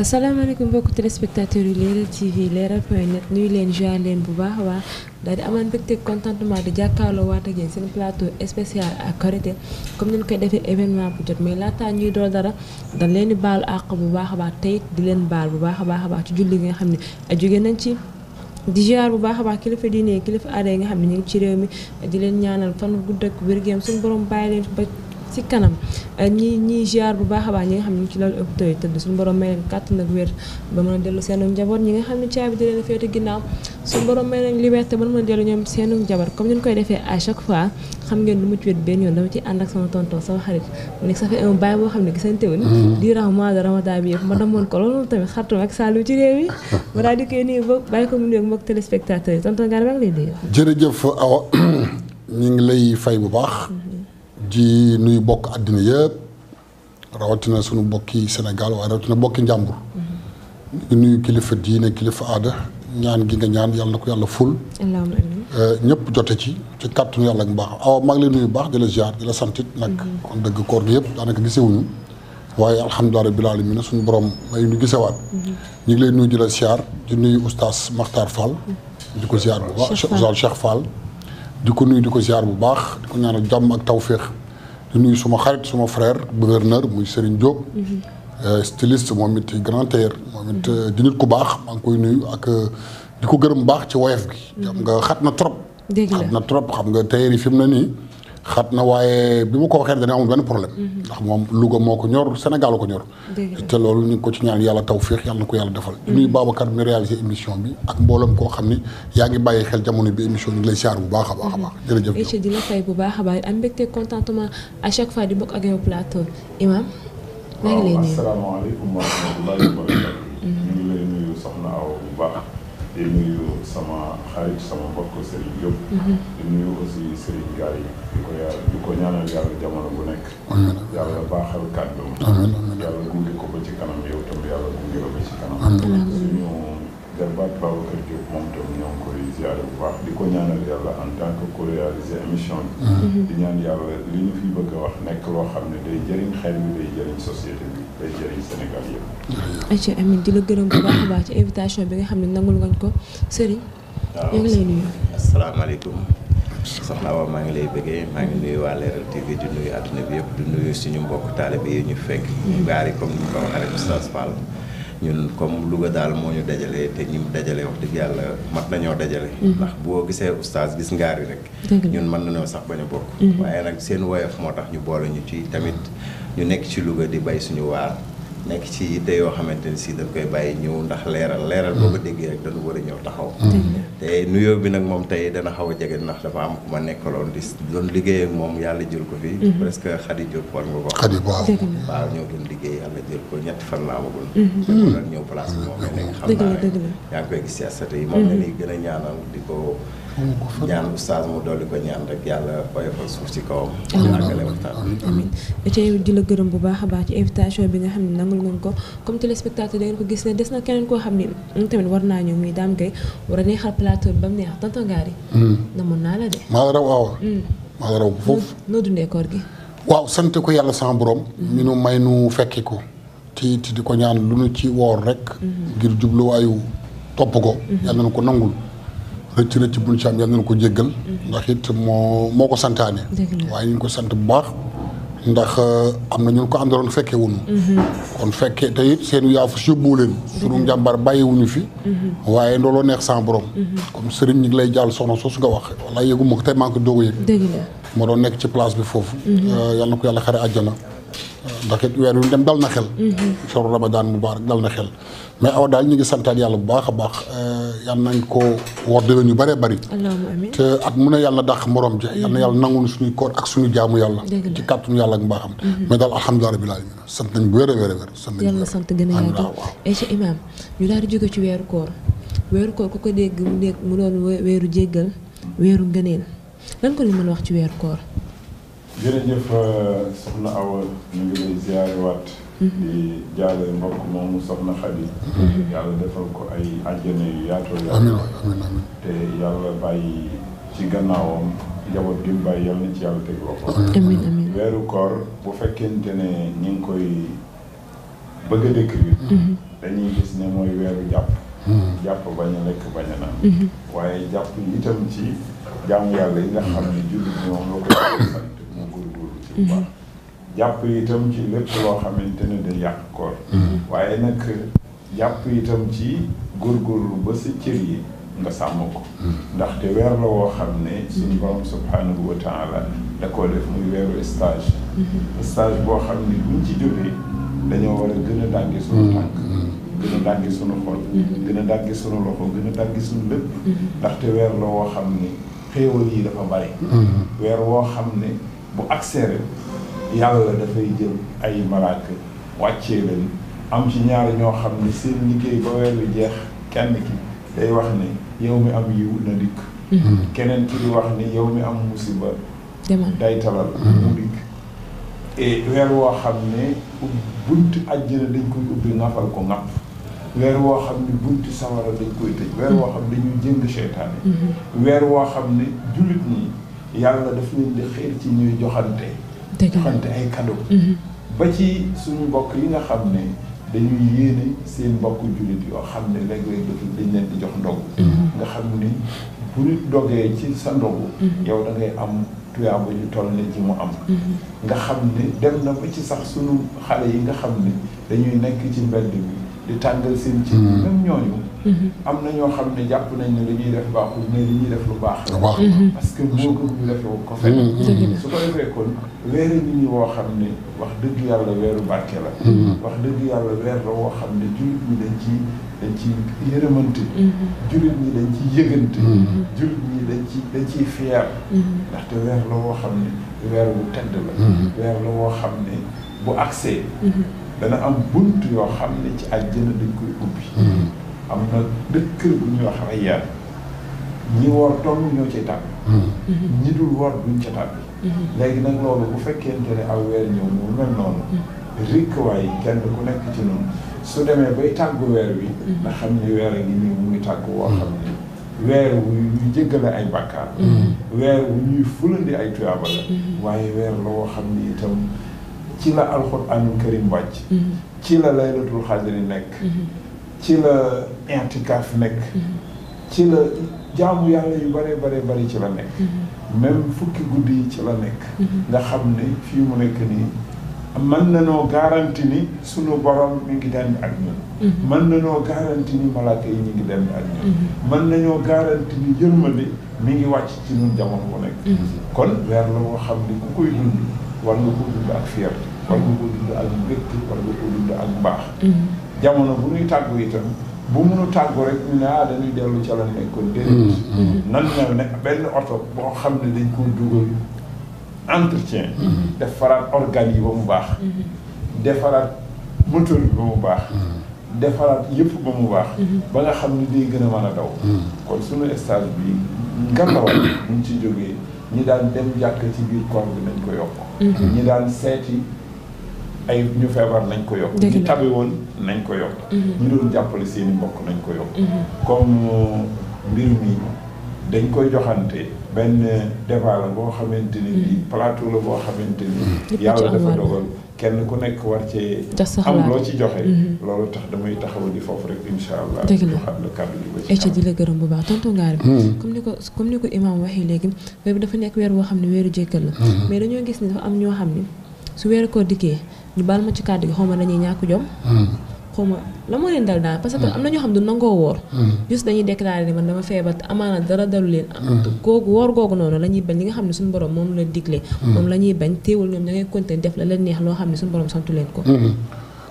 asalaamaaleykum mbokki téléspectateur yu Leral TV Leral point net nuyu leen jox leen bu baax waa daal di amaan mbégte contentement di jàkkaarloo waat gen yéen seen plateau spécial ak Korité comme ni ñu koy defee événement bu jot mais laataa ñuy dool dara dañ leen di baalu àq bu baax a baax tey di leen baal bu baax a a baax ci julli nga xam ne jóge nañ ci. di ziar bu baax a baax kilifa diine kilifa aada yi nga xam ne ñu ngi ci réew mi di leen ñaanal fan gudd ak wér-gu-yaram suñu borom bàyyi leen ba. ci kanam euh, ñi ñii ziar bu baax a baax ñi nga xam ne ñu ci loolu hôpital yi tëdd suñu borom may leen kàttan ak wér ba mën a dellu seen ñi nga xam ne caabi di leen féete ginnaaw suñu borom may leen liberté ba mën a comme koy defee à fois xam ngeen lu mu ci wét benn yoon dama boo xam ne gisante wuñ mm-hmm. durant mois de ramadan bi yëpp ma demoon ko loolu tamit xartum ak Saliou ci réew yi ma daal di koy nuyu ba bàyyi ko ñu ngi lay fay bu baax mm-hmm. di nuy bokk àddina yëpp rawatina sunu bokki Sénégal waaye rawatina bokki njàmbur di nuyu kilifa diine kilifa aada ñaan gi nga ñaan yàlla na ko yàlla ful eh, ñëpp jote ci ci kàttanu yàlla ak mbaax awa maa lay nuyu baax di la ziar di la santit nag mm-hmm. dëgg koor gi yëpp daanaka gisewuñu waaye alhamdulilah rabbil alamin suñu borom may ñu gisewaat mm-hmm. ñu lay nuyu di la ziar di nuyu oustaz Makhtar Fall mm-hmm. di ko ziar bu baax oustaz Cheikh di ko nuyu di ko ziar di nuyu suma xarit suma frère gouverneur muy Serigne Diop. Mm-hmm. Euh, styliste moom it grand tailleur. moom it euh, di nit ku baax maa ngi koy nuyu ak euh, di ko gërëm baax ci woyof gi. Mm-hmm. xam nga xat na trop. xat na trop xam nga tailleur yi fi mu ne nii. xat na waaye bi mu ko waxee dana amul benn problème. Mhm. ndax moom Louga moo ko ñor Sénégal ko ñor. te loolu ñu ngi ko ci ñaan yàlla tawféex yàlla na ko yàlla defal. di mhm. nuyu Babacar mi réalisé émission bi ak mbooloom koo xam ni yaa ngi bàyyi xel jamono bi émission ñu lay siyaar bu baax a baax a mhm. baax. jërëjëf la baax a baax am mbégte contentement à chaque fois di bokk ak yow plateau Imaam. maa ngi lay nuyu waaw asalaamaaleykum wa rahmatulah. ñu ngi baax. di nuyu sama xarit sama mbokk Serigne Diop. Mhm. di nuyu aussi Serigne Gaye yi ko yàlla di ko ñaanal yàlla jamono bu nekk. yàlla baaxal kàddoom. yàlla gunge ko ba ci kanam yow tam yàlla gunge ko ba ci kanam. suñu jarbaat Babacar Diop moom tam ñoo ngi koy ziare bu baax di ko ñaanal yàlla en tant que émission bi. di ñaan yàlla li ñu fi bëgg a wax nekk loo xam ne day jëriñ xel bi day jëriñ société bi. day jëriñ di la gërëm bu baax a ci invitation bi nga xam ne nangul ngañ ko Serigne. waaw ñu ngi lay nuyu. asalaamaaleykum. soxna wa maa ngi lay bëggee maa ngi nuyu waa Leral TV di nuyu àdduna bi yëpp di nuyu suñu mbokk taalibe yi ñu fekk. ñu mm-hmm. baari comme ni ñu ko waxee rek Oustaz Fall ñun comme Louga daal moo ñu dajale te ñi mu dajale wax dëgg yàlla mat nañoo dajale. Mhm. ndax boo gisee oustaz gis ngaari rek. ñun mën nañoo sax bañ a bokk. Mhm. waaye nag seen woyof moo tax ñu boole ñu ci tamit ñu nekk ci Louga di bay suñu waar. nekk ci yitte yoo xamante ni si daf koy bàyyi ñëw ndax leeral leeral boo ko déggee rek dañu war a ñëw taxaw mm. te nuyoo bi nag moom tey dana xaw a jege ndax dafa am ku ma nekkaloon di doon liggéey ak moom yàlla jël ko fi mm-hmm. presque Xadi Diop war nga ko Xadi waaw waaw ñëw doon liggéey yàlla jël ko ñetti fan laa amagul ko nag ñëw place bi moom ne mm-hmm. nekk xam naa yaa ngi koy gis yi moom ne ni mm-hmm. gën a ñaanal di ko ñaan oustaz mu dolli ko ñaan rek yàlla oyofal suuf si kawam. ñu àggale la gërëm bu baax a baax ci invitation bi nga xam ne nangul ngeen ko comme téléspectateur da ko gis ne des na keneen koo xam ne tamit war naa ñëw muy Dame Gueye war a neexal plateau bi ba mu neex tonton Ngari. Hmm. naa la de. maa la raw waaw. Hmm. maa de raw foofu. noo dundee koor gi. waaw sant ko yàlla sama borom. Hmm. mi nu may nu fekki ko. ci ci di ko ñaan lu nu ci woor rek. ngir jubluwaayu topp ko. yàlla na ko nangul. rëcc na ci bu ñu ci am yal nañu ko jéggal. Mhm. ndax it moo moo ko santaane. waaye ñu ngi ko sant bu baax. ndax euh, am na ñun ko àndaloon fekke wuñu mhm. kon fekkee te it seen yaafu si yóbbuwu leen. sunu njàmbaar bàyyiwuñu fi. Mhm. waaye looloo neex sans borom. comme sëriñ ñi ngi lay jàll soxna soosu nga wax wala yëgu ko tey maa ko doog a yëg. moo doon nekk ci place bi foofu. Euh, yal na ko yàlla xare àjjana. ndax it weer wi dem dal na xel. Mhm. sooru Ramadan Mubarak dal na xel. mais aw daal ñu ngi santaat yàlla bu baax a baax euh, yal nañ ko woor déwén yu bëree bëri. te at mu ne yàlla dàq morom ja na yàlla mhm. nanguñu suñuy koor ak suñu jaamu yàlla. ci kàttanu yàlla ak mbaaxam. Mhm. mais daal alhamdulilah rabbil alamin sant nañ a a a yaatu ko dégg mu nekk mu doon weeru jéggal weeru ngëneel lan ko mën a wax ci weeru koor jërëjëf euh, soxna Awa ñu ngi lay ziarewaat mhm. di jaale mbokk moomu soxna Xadi mhm. yàlla defal ko ay àjjana yu yaatu yaatu te yàlla bàyyi ci gannaawam njaboot gi mu bàyyi yàlla na ci yàlla teg loxo weeru koor bu fekkente ne ñi ngi koy bëgg a décrire mhm. dañuy gis ne mooy weeru jàpp jàpp bañ a lekk bañ a naan waaye jàpp itam ci jaamu yàlla yi nga xam ne jullit moom la ko sant waaw mhm. jàpp itam ci lépp loo xam ne day yàq koor mhm. waaye nag jàpp yitam ci góorgóorlu ba sa cër yi nga sàmm ko mhm. ndaxte weer la woo xam ne suñ borom subhanahu wa taala da koo muy weeru stage stage boo xam ne buñ ci jógee dañoo war a gën a dàngi suñu tànk gën a dàngi suñu xol gën a dàngi suñu loxo gën a dàngi suñu lépp ndaxte weer la woo xam ne xéewal yi dafa bari weer woo xam ne bu accéléré yàlla dafay jël ay malaaka wàccee leen am ci ñaar ñoo xam ni seen liggéey ba weer wi jeex kenn ki day wax ni yow mi am yiw na dikk mm-hmm. keneen ki di wax ne yow mi am musiba day talal mm-hmm. mu dikk e weer woo xam ne buntu àjjana dañ koy ubbi ngafal ko ngàpp weer woo xam ne buntu sawara dañ koy tëj weer woo mm-hmm. xam ne dañuy jëng seytaane weer woo xam ne jullit nii yàlla daf leen di xëy ci ñuy joxante. joxante ay cadeau. Mhm. ba ci suñu mbokk yi nga xam ne dañuy yéene seen mbokk jullit yoo xam ne léeg-léeg dañ leen di jox ndog. Mhm. nga xam ni bu nit dogee ci sa ndogu. Mhm. yow da ngay am tuyaaba ñu toll ne ji mu am. nga xam ne dem na ba ci sax suñu xale yi nga xam ne dañuy nekk ci mbedd bi di tàngal seen. ci même ñooñu. am na ñoo xam ne jàpp nañ ne li ñuy def baaxul mais li baax la parce que moo gën ñu def ko fen mm-hmm. su ko defee kon weer ni ñu woo xam ne wax dëgg yàlla weeru barke la mm-hmm. wax dëgg yàlla weer la woo xam ne jullit ñi dañ ci dañ ci yërëmante mm-hmm. jullit ñi dañ ci yëgante jullit ñi dañ ci dañ ciy fier ndaxte weer la woo xam ne weer wu tedd la weer la woo xam ne bu agsee dana am bunt yoo xam ne ci àjjana dañ koy ubbi am na dëkk bu ñuy wax rayyaan ñi woor toll ñoo ci tàbbi hmm. mm-hmm. ñi dul woor duñ ca tàbbi mm-hmm. léegi nag loolu bu fekkee ne aw weer ñëw mu mel noonu mm-hmm. rikk waaye kenn ku nekk ci noonu su demee bay tàggu weer bi nga xam ni weer a ngi nii muy tàggu woo xam ni weer wu ñuy jéggale ay bàkkaar weer wu ñuy fulandi ay tuyaaba waaye weer la woo xam ni itam ci la alxuraanul karim wàcc ci la laylatul xadri nekk ci la intikaaf nekk mm-hmm. ci la jaamu yàlla yu bare bare bari ci la nekk mm-hmm. même fukki guddi ci la nekk mm-hmm. nga xam ne fii mu nekk nii mën na noo garanti ni sunu borom mi ngi dem ak ñun mën na noo garanti ni malaaka yi ñu ngi dem ak ñun mën nañoo garanti ni yërmande mi ngi wàcc ci ñun jamono bu nekk kon weer la moo xam ne ku koy dund war nga ko dund ak fierté war nga ko dund ak mbégte war nga ko dund ak mbaax jamono bu ñuy tàggu itam bu mënu tàggu rek ñu ne ah dañuy dellu ca la nekkoon mm, déedéet mm, mm. nan na ne benn oto boo xam ne dañ ko dugal entretien mm-hmm. defaraat organes yi ba mu baax mm-hmm. defaraat moteur bi ba mu baax mm-hmm. defaraat yëpp ba mu baax ba nga xam ne day gën a mën a daw kon suñu stage bi gàllawal ñu ci jógee ñi daan dem jàkk ci biir koor bi nañ ko yokk ñi daan seeti ay ñu feebar nañ ko yokk ñu tabe woon nañ ko yokk mhm. ñu doon jàppale seen mbokk nañ ko yokk mhm. comme euh, mbir mi dañ koy joxante benn euh, débat la boo xamante ni bi mhm. plateau la boo xamante ni yàlla dafa dogal kenn ku nekk war cee am loo ci joxe loolu tax damay taxaw di foofu rek insha allah dëgg la xam la kàddu ba ci di la gërëm bu baax tonton Ngaari comme ni ko comme ko imaam waxee léegi weer bi dafa nekk weer boo xam ne weeru jékkal la mais dañoo gis ni dafa am ñoo xam ne su weeru koo dikkee ñu baal ma ci kàddu gi xaw ma ñàkk jom. Hmm. xaw la moo leen dal daal parce que hmm. am na ñoo xam du nangoo woor. Hmm. juste dañuy déclaré ne man dama feebar te amaana dara dalu leen. googu woor googu noonu la ñuy bañ li nga xam ne suñ borom moom la digle. moom la ñuy bañ teewul ñoom da ngay continuer def la leen neex loo xam ne suñu borom santu leen ko.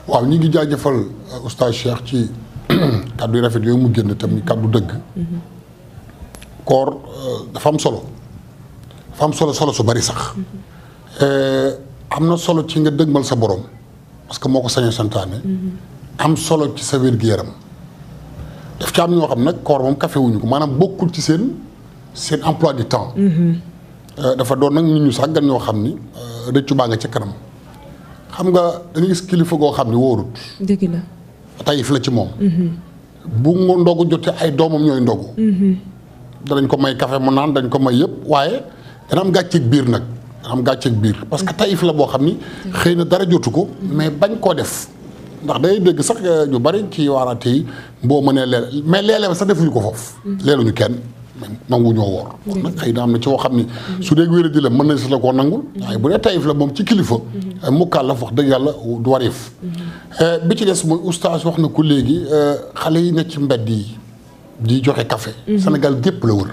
waaw ñu ngi jaajëfal euh, oustaz Cheikh ci kàddu yu rafet yooyu mu génn tamit kàddu dëgg. koor euh, dafa am solo dafa am solo su bari sax. Euh, am na solo ci nga dëgmal sa borom parce que moo ko sañoo santaane. Mm-hmm. am solo ci sa wér-gu-yaram. daf am ñoo xam nag koor moom café wuñu ko maanaam bokkul ci seen seen emploi de temps. Mm-hmm. Euh, dafa doon nag nit ñu sàggan ñoo xam ni euh, rëccu baa nga ca xam nga dañuy gis kilifa goo xam ni wóorut. dëgg la. ci moom. Mm-hmm. bu mu ndogu jotee ay doomam ñooy ndogu. danañ ko may café mu naan dañ ko may yëpp waaye dana am gàcceeg biir nag. xam gàcceeg biir parce que Taïf la boo xam ni. xëy na dara jotu ko. mais bañ koo def. ndax day dégg sax ñu bari ci waaraate yi boo mënee leel mais leeleem sax defuñu ko foofu. leeluñu kenn nangu ñoo woor. xëy na am na ci woo xam ni. su dee wér di la mën nañ si la koo nangul. waaye bu dee Taïf la moom ci kilifa. mu kàllaf wax dëgg yàlla du warif. Eh, bi ci des mooy oustaz wax na ko léegi eh, xale yi ne ci mbedd yi. di joxe kafe mhm. senegal gépp la wër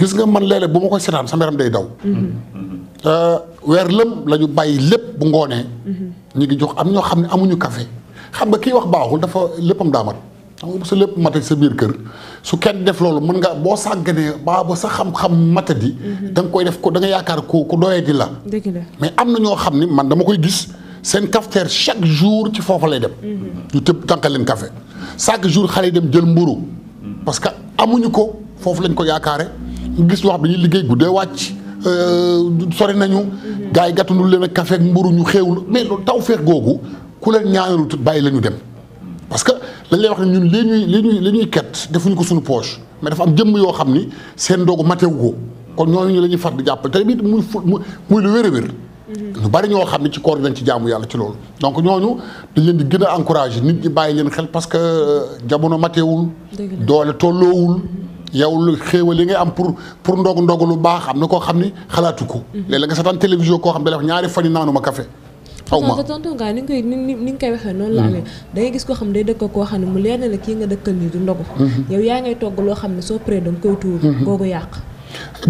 gis nga man léeg bu ma koy seetaan sama yaram day daw mhm. Mhm. Euh, weer lëm lañu ñu bàyyi lépp bu ngoonee ñu ngi jox am ñoo xam ne amuñu kafe xam nga kii wax baaxul dafa léppam daa mat xam sa lépp matadi sa biir kër su kenn def loolu mën nga boo sàgganee baa ba sa xam-xam matadi koy def ko da yaakaar ko ku doyee di la mais am na ñoo xam ni man dama koy gis seen cafetière chaque jour ci foofa lay dem ñu tëb tànqal kafe café chaque jour xale yi dem jël mburu parce que amuñu ko foofu lañ ko yaakaare gis wax bi ñuy liggéey guddee wàcc euh, sori nañu. gars yi gàttandu leen ak mburu ñu xéewlu mais loolu taw feex googu ku leen ñaanalu bàyyi la ñu dem. parce que lañ lay wax ne ñun li ñuy li li ñuy ket defuñu ko suñu poche mais dafa am jëmm yoo xam ni seen doogu matewu ko kon ñooñu la ñuy far di jàppale te it muy muy lu wér-wér. bari ñoo xam ne ci koor dañ ci jaamu yàlla ci loolu. donc ñooñu dañ leen di gën a encouragé nit ñi bàyyi leen xel parce que euh, jamono matewul. doole tolloowul. yow lu xéewal li ngay am pour pour ndog ndog lu baax am na koo xam ni xalaatu ko. Mhm. léeg-léeg nga seetaan télévision koo xam ne dafa ñaari fan yi naanuma aw ma tonton Ngaye ni nga koy waxee noonu la mhm. amee da ngay gis koo xam ne day dëkk koo xam ne mu leer na la kii nga dëkkal nii du ndogu mhm. yow yaa ngay togg loo xam ne soo paree danga koy tuur kooku yàq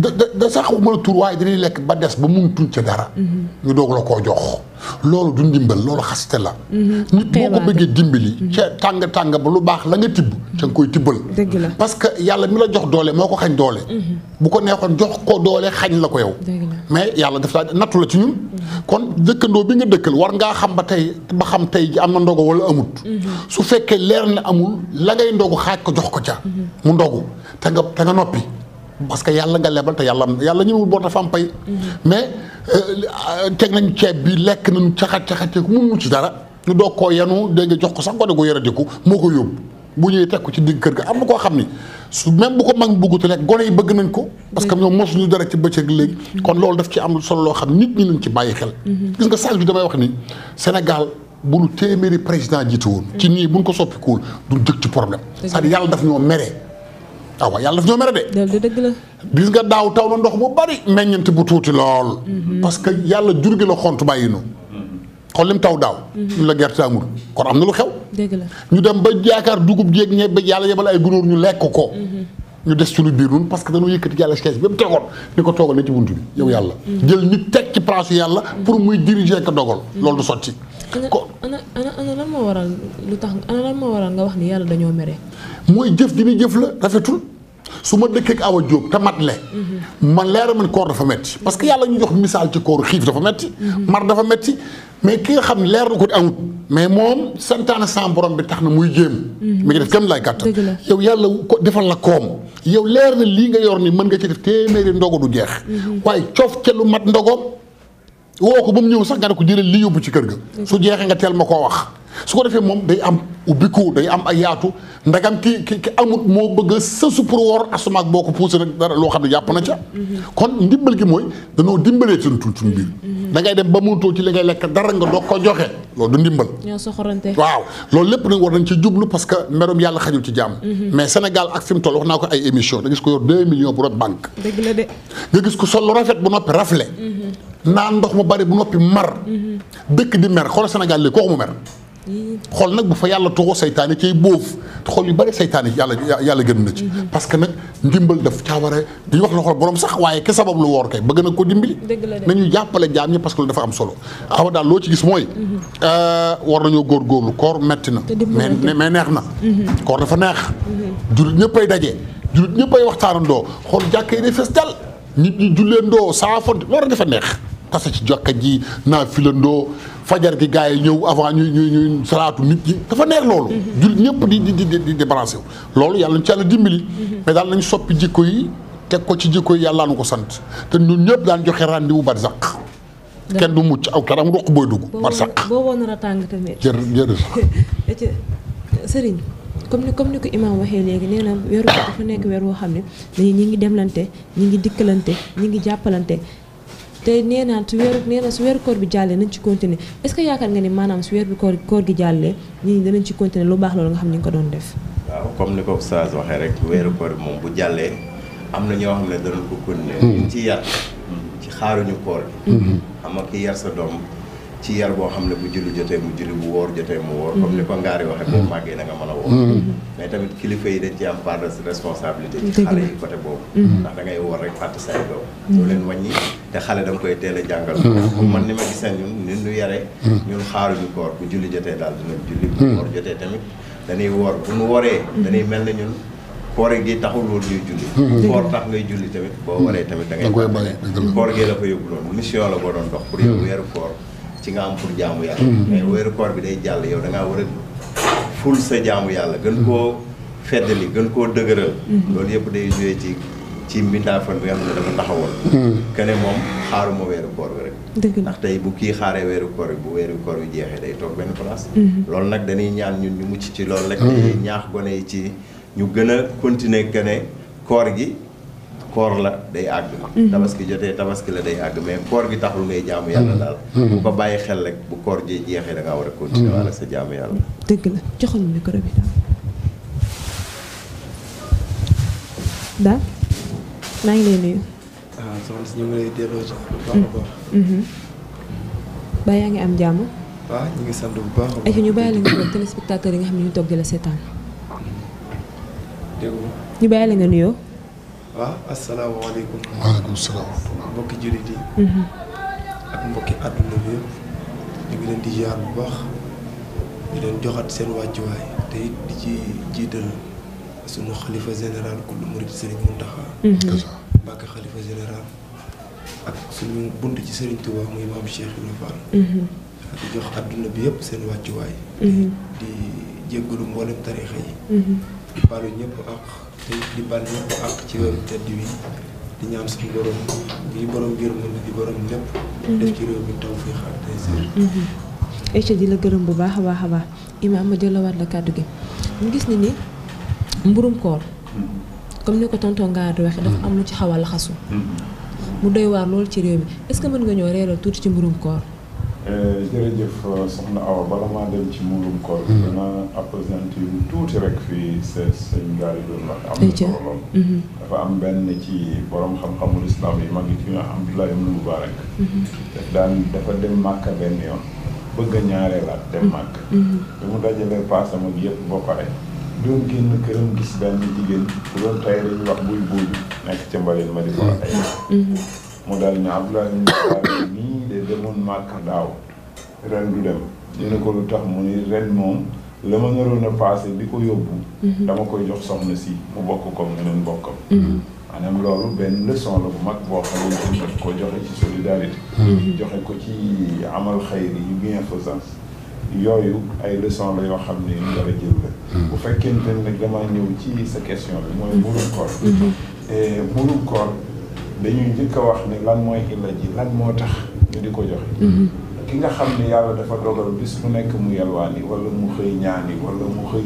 da da sax mën a tur waaye dañuy lekk ba des ba mun tuñ ca dara. Mhm. ñu doog la koo jox. loolu du ndimbal loolu xaste la. Mhm. nit boo ko bëggee dimbali. Mhm. ca tàng tàng ba lu baax la nga tibb. ca nga koy tibbal. dëgg parce que yàlla mi la jox doole moo ko xañ doole. bu ko neexoon jox ko doole xañ la ko yow. mais yàlla daf laa nattu la ci ñun. kon dëkkandoo bi nga dëkkal war ngaa xam ba tey ba xam tey ji am na ndogo wala amut. su fekkee leer na amul la ngay ndogu xaaj ko jox ko ca. parce que yàlla nga lebal te yàlla yàlla ñu wul bor dafa am pay. mais euh, teg nañ ceeb bi lekk nañu caxat caxat ku mu ci dara ñu doog koo yanu dégg nga jox ko sax gone gu yaradiku moo ko yóbbu bu ñëwee teg ci digg kër ga am na koo xam ni su même bu ko mag bëggut lekk gone yi bëgg nañ ko. parce que ñoom mosuñu dara ci bëccëg léegi. kon loolu daf ci am solo loo xam nit ñi nañ ci bàyyi xel. gis nga sànq bi damay wax ni Sénégal. bu nu téeméeri président jiitu ci nii bu ñu ko soppikuwul du jëg ci problème. cest yàlla daf ñoo mere. ah waaw yàlla daf ñoo mere de. dëgg la. gis nga daaw taw na ndox bu bari meññeent bu tuuti lool. Mhm. parce que yàlla jur gi la xont bàyyi nu xool lim taw daaw. ñu mhm. la gerte amul kon am na lu xew. ñu dem ba jaakaar dugub jeeg ñebe yàlla yebal ay gunóor ñu lekk ko. Mhm. ñu des ci lu biir nun parce que dañoo yëkkati yàlla chaise bi mu tegoon ni ko toogal ne ci buntu bi yow yàlla. jël nit teg ci place yàlla. pour muy diriger ka dogal. loolu du sotti. ko ana ana moo waral lu tax ana lan moo waral nga wax ni yàlla dañoo mere. mooy jëf ji muy jëf la rafetul su ma dëkkee ak Awa Diop te mat le man leera man koor dafa metti parce que yàlla ñu jox misaal ci koor xiif dafa metti mar dafa metti mais ki nga xam ne leer na ko amut mais moom santaane sans borom bi tax na muy jéem mi ngi def kam lay gàttal yow yàlla ko defal la koom yow leer na lii nga yor ni mën nga ci def téeméeri ndogu du jeex mhm. waaye coof ca lu mat ndogoom woo ko ba mu ñëw sax nga ne ko jëlal lii yóbbu ci kër ga su jeexee nga teel ma koo wax su ko defee moom day am ubbiku day am ay yaatu ndagam ki ki ki amut moo bëgg a sësu pour wor asumaak boo ko poussé nag loo xam ne jàpp na ca. Mm-hmm. kon ndimbal gi mooy danoo dimbalee suñu tuuti biir. Mm-hmm. da ngay dem ba mënutoo ci li ngay lekk dara nga doog ko joxe loolu du ndimbal. waaw loolu lépp nag war nañ ci jublu parce que merum yàlla xajul ci jàmm. Mm-hmm. mais Sénégal ak fi mu toll wax naa ko ay da gis ko yor 2 millions bu doon ko sol lu rafet bu noppi rafle naan ndox mu bari bu noppi mar. dëkk di mer xoolal Sénégal léegi kooku mu mer xol nag bu fa yàlla toxoo seytaane ci bóof xol yu bëri saytaane yàlla yàlla gën na ci. Mhm. parce que nag ndimbal def caa war a di wax loxol borom sax waaye ke sabab lu woor kay bëgg na ko dimbali. nañu jàppale jaam ñi parce que lu dafa am solo. awa daal loo ci gis mooy. Mhm. Euh, war nañoo góorgóorlu koor metti na. mais mais neex na. Mhm. koor dafa neex. jullit ñëppay daje. jullit ñëppay waxtaanandoo xool jàkka yi fees dal nit ñi julleendoo saafo war nga fa neex. tase ci jokka ji naa filandoo fajar gi gars yi ñëw avant ñu ñu salaatu nit ñi dafa neex loolu. Mhm. ñëpp di di di di branché loolu yàlla ñu ci yàlla dimbali. Mhm. mais nañ soppi jikko yi teg ko ci jikko yàlla nu ko sant te ñun daan joxe rendez-vous barzak. kenn du mucc aw dara am ruq booy dugg. barzak boo woon comme ni comme ni ko waxee léegi nee na nekk weer woo xam ne dañuy ñi ngi demlante ñi ngi dikkalante ñi ngi jàppalante. te nee naa su weeru nee na su bi jàllee nañ ci continuer est-ce que yaakaar nga ni maanaam su weer bi koor koor gi jàllee nit ñi danañ ci continuer lu baax loolu nga xam ni ko doon def. waaw comme ni ko Oustaz waxee rek weeru koor moom bu jàllee am na ñoo xam ne danañ ko continuer. Hmm. ci yar ci xaaruñu koor bi. Hmm. Hmm. ki yar sa doom ci yar boo xam ne bu julli jotee mu julli bu woor jotee mu woor. comme ni ko ngaari waxee boo màggee na mën a woor. mais tamit kilifa yi dañ ci am part de responsabilité. ci xale yi côté boobu. ndax da ngay woor rek fàtte say doom. doo leen te xale da nga koy teel a jàngal. Mm-hmm. man ni ma gisee ñun ni ñu yare mm-hmm. ñun xaaruñu koor bu julli jotee daal dinañ julli. bu mm-hmm. koor jotee tamit dañuy woor bu ñu waree. dañuy mel na ñun koor gi taxul woon ñuy julli. koor tax ngay julli tamit boo waree tamit da ngay. da koy bàyyi koor gee la ko yóbbu loon mission la boo doon dox. pour yow weeru koor ci nga am pour jaamu yàlla. mais weeru koor bi day jàll yow da ngaa war a ful sa jaamu yàlla gën koo feddali gën koo dëgëral. loolu yëpp day joué ci. ci mbindaafon bi nga xam ne dafa taxawal. Hmm. que ne moom xaaruma weeru koor bi rek. ndax tey bu kii xaaree weeru koor bu weeru koor yu jeexee day toog benn place. Hmm. loolu nag dañuy ñaan ñun ñu mucc ci loolu rek. Hmm. dañuy ñaax gone yi ci ñu gën a continuer que ne koor gi koor la day àgg. tabaski jotee tabaski la day àgg mais koor gi taxul ngay jaamu yàlla daal. bu ko bàyyi xel rek bu koor ji jeexee da war a continuer wala sa jaamu yàlla. dëgg la joxal micro bi daal. maa ngi lay nuyu. ah soxna si ñu ngi lay delloo si bu baax a mm-hmm. baax. Mm-hmm. ba yaa ngi am jàmm. waaw ah, ñu ngi sant bu baax a baax. ñu bàyyi la nga nuyoo téléspectateur yi nga xam ne ñu toog di la seetaan. dégg ñu bàyyi la nga nuyoo. waaw ah, asalaamaaleykum. waaleykum salaam. mbokki jullit yi. Mm-hmm. ak mbokki àdduna bi yëpp. ñu ngi leen di ziar bu baax. di leen joxat seen wàccuwaay te it di ci jiital. sunu xalifa général kullu murid Serigne Mountakha. Mhm. Mbacké xalifa général ak suñu bunt ci Serigne Touba muy maam Cheikh Ibrahima Fall. Mhm. di jox àdduna bi yëpp seen wàccuwaay. Mhm. di ak te di baal ñëpp ak ci weeru tedd wi di ñaan suñu borom bii borom biir moom di borom lépp. def ci réew mi taw fii xaar tey seer. di la gërëm bu baax a baax a baax Imaam ma jëlawaat la kàddu gi mu gis ni ni. mburum koor mm-hmm. comme ni ko tonton Ngaar di waxee dafa am lu ci xaw a laxasu mm-hmm. mu doy waar loolu ci réew mi est-ce que mën nga ñoo reeral tuuti ci mburum koor euh, jërëjëf euh, soxna Awa bala maa dem ci mburum mm-hmm. tuuti rek fii sa sëñ Ngaar yi dafa am benn ci borom xam-xamul islam yi mag yi ci Abdullah ibn Mubarak daf daan dafa dem Màkka benn yoon bëgg a ñaareelaat dem Màkka bi mu dajalee paasam ak yëpp ba pare doon génn këram gis benn jigéen bu doon tay dañuy wax buy buuju nekk ca ma di ko wax ay mm-hmm. mu daal ne Abdoulaye ñu ne nii de demoon màkk daaw ren du dem ñu ne ko lu tax mu ni ren moom la ma naroon a passé ko yóbbu mm-hmm. dama koy jox soxna si mu bokk comme neneen bokkam mm-hmm. maanaam loolu benn leçon la bu mag boo xamante ni daf ko joxe ci solidarité joxe ko ci amal xayri yu bienfaisance yooyu ay leçon la yoo xam ne ñu war a jël la hmm. bu fekkente ne nag damaa ñëw ci sa question bi mooy mburum hmm. koor hmm. mburum koor dañuy njëkk wax ne lan mooy illa ji lan moo tax ñu di ko joxe ki nga xam ne yàlla dafa dogal bis bu nekk mu yalwaani wala mu xëy ñaani wala mu xëy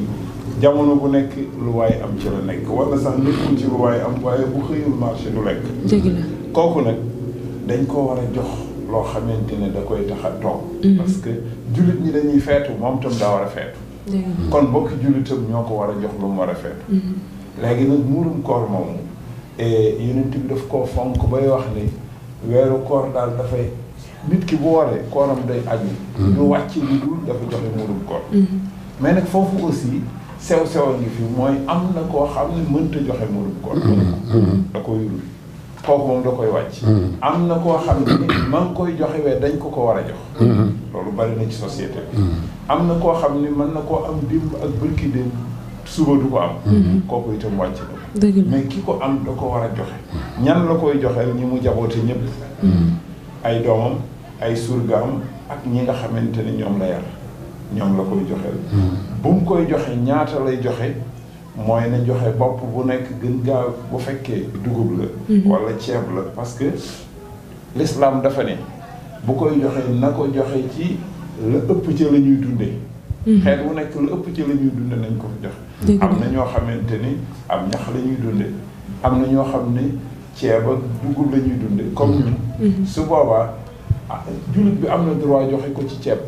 jamono bu nekk lu waaye am ci la nekk walla sax nekkul ci lu waaye am waaye bu xëyul marché du lekk kooku nag dañ ko war a jox loo xamante ne da koy tax a toog jullit ñi dañuy feetu moom tam daa war a feetu kon bokki jullitam ñoo ko war a jox lu mu war a feetu mm-hmm. léegi nag muurum koor moomu e, yonent bi daf koo fonk bay wax ni weeru koor daal dafay nit ki bu waree kooram day aju ñu mm-hmm. wàcc lu dul dafa joxe muurum koor mm-hmm. mais nag foofu aussi sew sewa ngi fi mooy am na koo xam ne mënta joxe muurum koor da ko yurul kooku moom da koy wàcc. Mm-hmm. am na koo xam ne ma ngi koy joxe weer dañ ko ko war a jox. Mm-hmm. loolu bari na ci société bi. Mm-hmm. am na koo xam ni mën na koo am dimb ak bërki démb suba du ko am. kooku itam wàcc na. mais ki ko am da ko war a joxe. ñan la koy joxeel ñi mu jaboote ñëpp. ay doomam ay surgaam ak ñi nga xamante ne ñoom la yar ñoom la koy joxeel. bu mu koy joxee ñaata lay joxe. mooy na joxe bopp bu nekk gën gaaw bu fekkee dugub la mhm. wala ceeb la parce que l'islam dafa ne bu koy joxe na ko joxe ci la ëpp ci la ñuy dundee mhm. xeet wu nekk la ëpp ci la ñuy nañ ko fa joxe am na ñoo xamante ni am ñax lañuy ñuy dunde am na ñoo xam ne ceeba dugub lañuy ñuy dunde comme ñun mhm. su boobaa ah, jullit bi am na droit joxe ko ci ceeb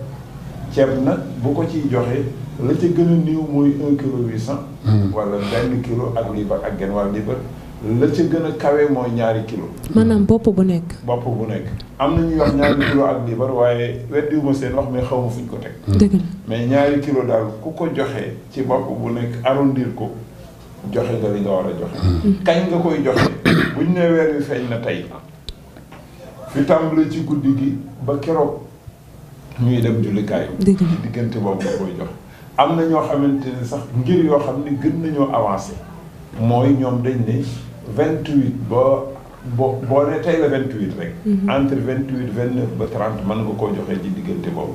ceeb na bu ko ciy joxe la ca gën a néew mooy un kilo huit cent. Hmm. wala benn kilo ak liibar ak genn wàll liibar la ca gën a kawe mooy ñaari kilo maanaam bopp bu nekk. bopp bu nekk am na ñuy wax ñaari kilo ak liibar waaye weddiwuma seen wax mais xaw ma fuñ ko teg. Hmm. dëgg la mais ñaari kilo daal ku ko joxe ci bopp bu nekk arrondir ko. joxe nga li nga war a joxe. Hmm. kañ nga koy joxe buñ ne weer wi feeñ na tey fi tàmbali ci guddi gi ba keroog ñuy dem jullikaay. dëgg la diggante boobu nga am na ñoo xamante ne sax ngir yoo xam ne gën nañoo avancé mooy ñoom dañ ne vingt huit ba boo boo ne tey la vingt huit rek. Mhm. entre vingt huit vingt neuf ba trente mën nga koo joxee ci diggante boobu.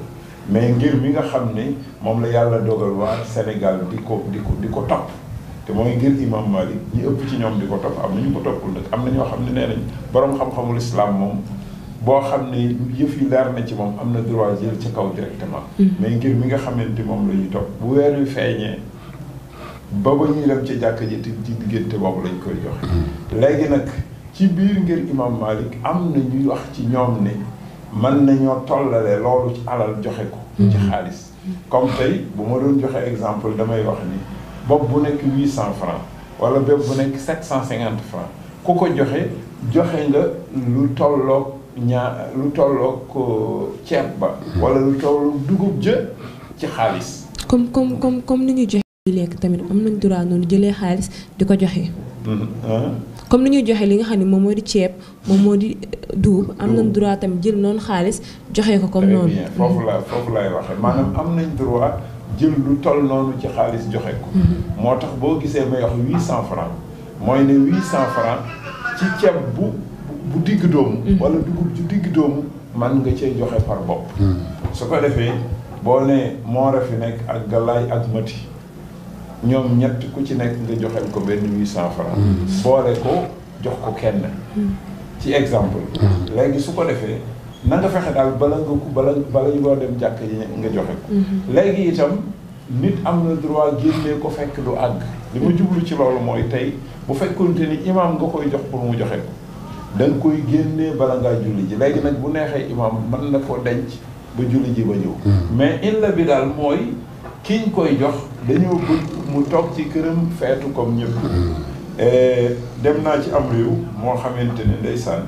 mais ngir mi nga xam ne moom la yàlla dogal ak Sénégal di ko di ko di ko topp te mooy ngir imam Malik ñi ëpp ci ñoom di ko topp am na ñu ko toppul nag am na ñoo xam ne nee nañ boroom xam-xamul islam moom. boo xam ne yëf yi leer na ci moom am na droit jël ci kaw directement. Mm. mais ngir mi nga xamante moom la ñuy topp bu weer wi feeñee ba ba ñuy dem ci jàkka ji te ci diggante boobu lañ koy joxe. Mm. léegi nag ci biir ngir imam Malik am na ñuy wax ci ñoom ne mën ñoo tollale loolu alal joxe ko. Mm. ci xaalis comme tey bu ma doon joxe exemple damay wax ni bopp bu nekk huit cent franc wala bopp bu nekk sept cent cinquante franc ku ko joxe joxe nga lu tolloog. ñaa lu tollook ceeb ba. wala lu tollook dugub jë ci xaalis. comme comme comme comme ni ñuy joxe li lekk tamit am nañ droit noonu jëlee xaalis di ko joxe. Mm-hmm. Uh-huh. comme ni ñuy joxe li nga xam ne moom moo di ceeb moom moo di uh, dugub am nañ droit tamit jël noonu xaalis joxe ko comme noonu. très bien foofu la foofu lay waxee maanaam am nañ droit jël lu toll noonu ci xaalis joxe ko. Mm-hmm. moo tax boo gisee may wax huit cent franc mooy ne huit cent franc ci ceeb bu. bu digg doomu. Mm. wala dugub ju digg doomu man nga cee joxe par bopp. Mm. su ko defee boo nee moore fi nekk ak galaay ak mati ñoom ñett ku ci nekk nga joxel ko benn huit cent franc. Mm. boole ko jox ko kenn. ci exemple. léegi su ko defee na nga fexe daal bala nga ko bala bala ñu war dem jàkk nga joxe ko. Mm-hmm. léegi itam nit am na droit génnee ko fekk du àgg. li ma jublu ci loolu mooy tey bu fekkonte ni imaam nga koy jox pour mu joxe ko. da koy génne bala ngaa julli ji léegi nag bu neexee imaam man na ko denc ba julli ji ba ñëw hmm. mais illa bi daal mooy kiñ koy jox dañoo bëgg mu toog ci këram feetu comme ñëpp hmm. eh, dem naa ci am réew moo xamante ne ndeysaan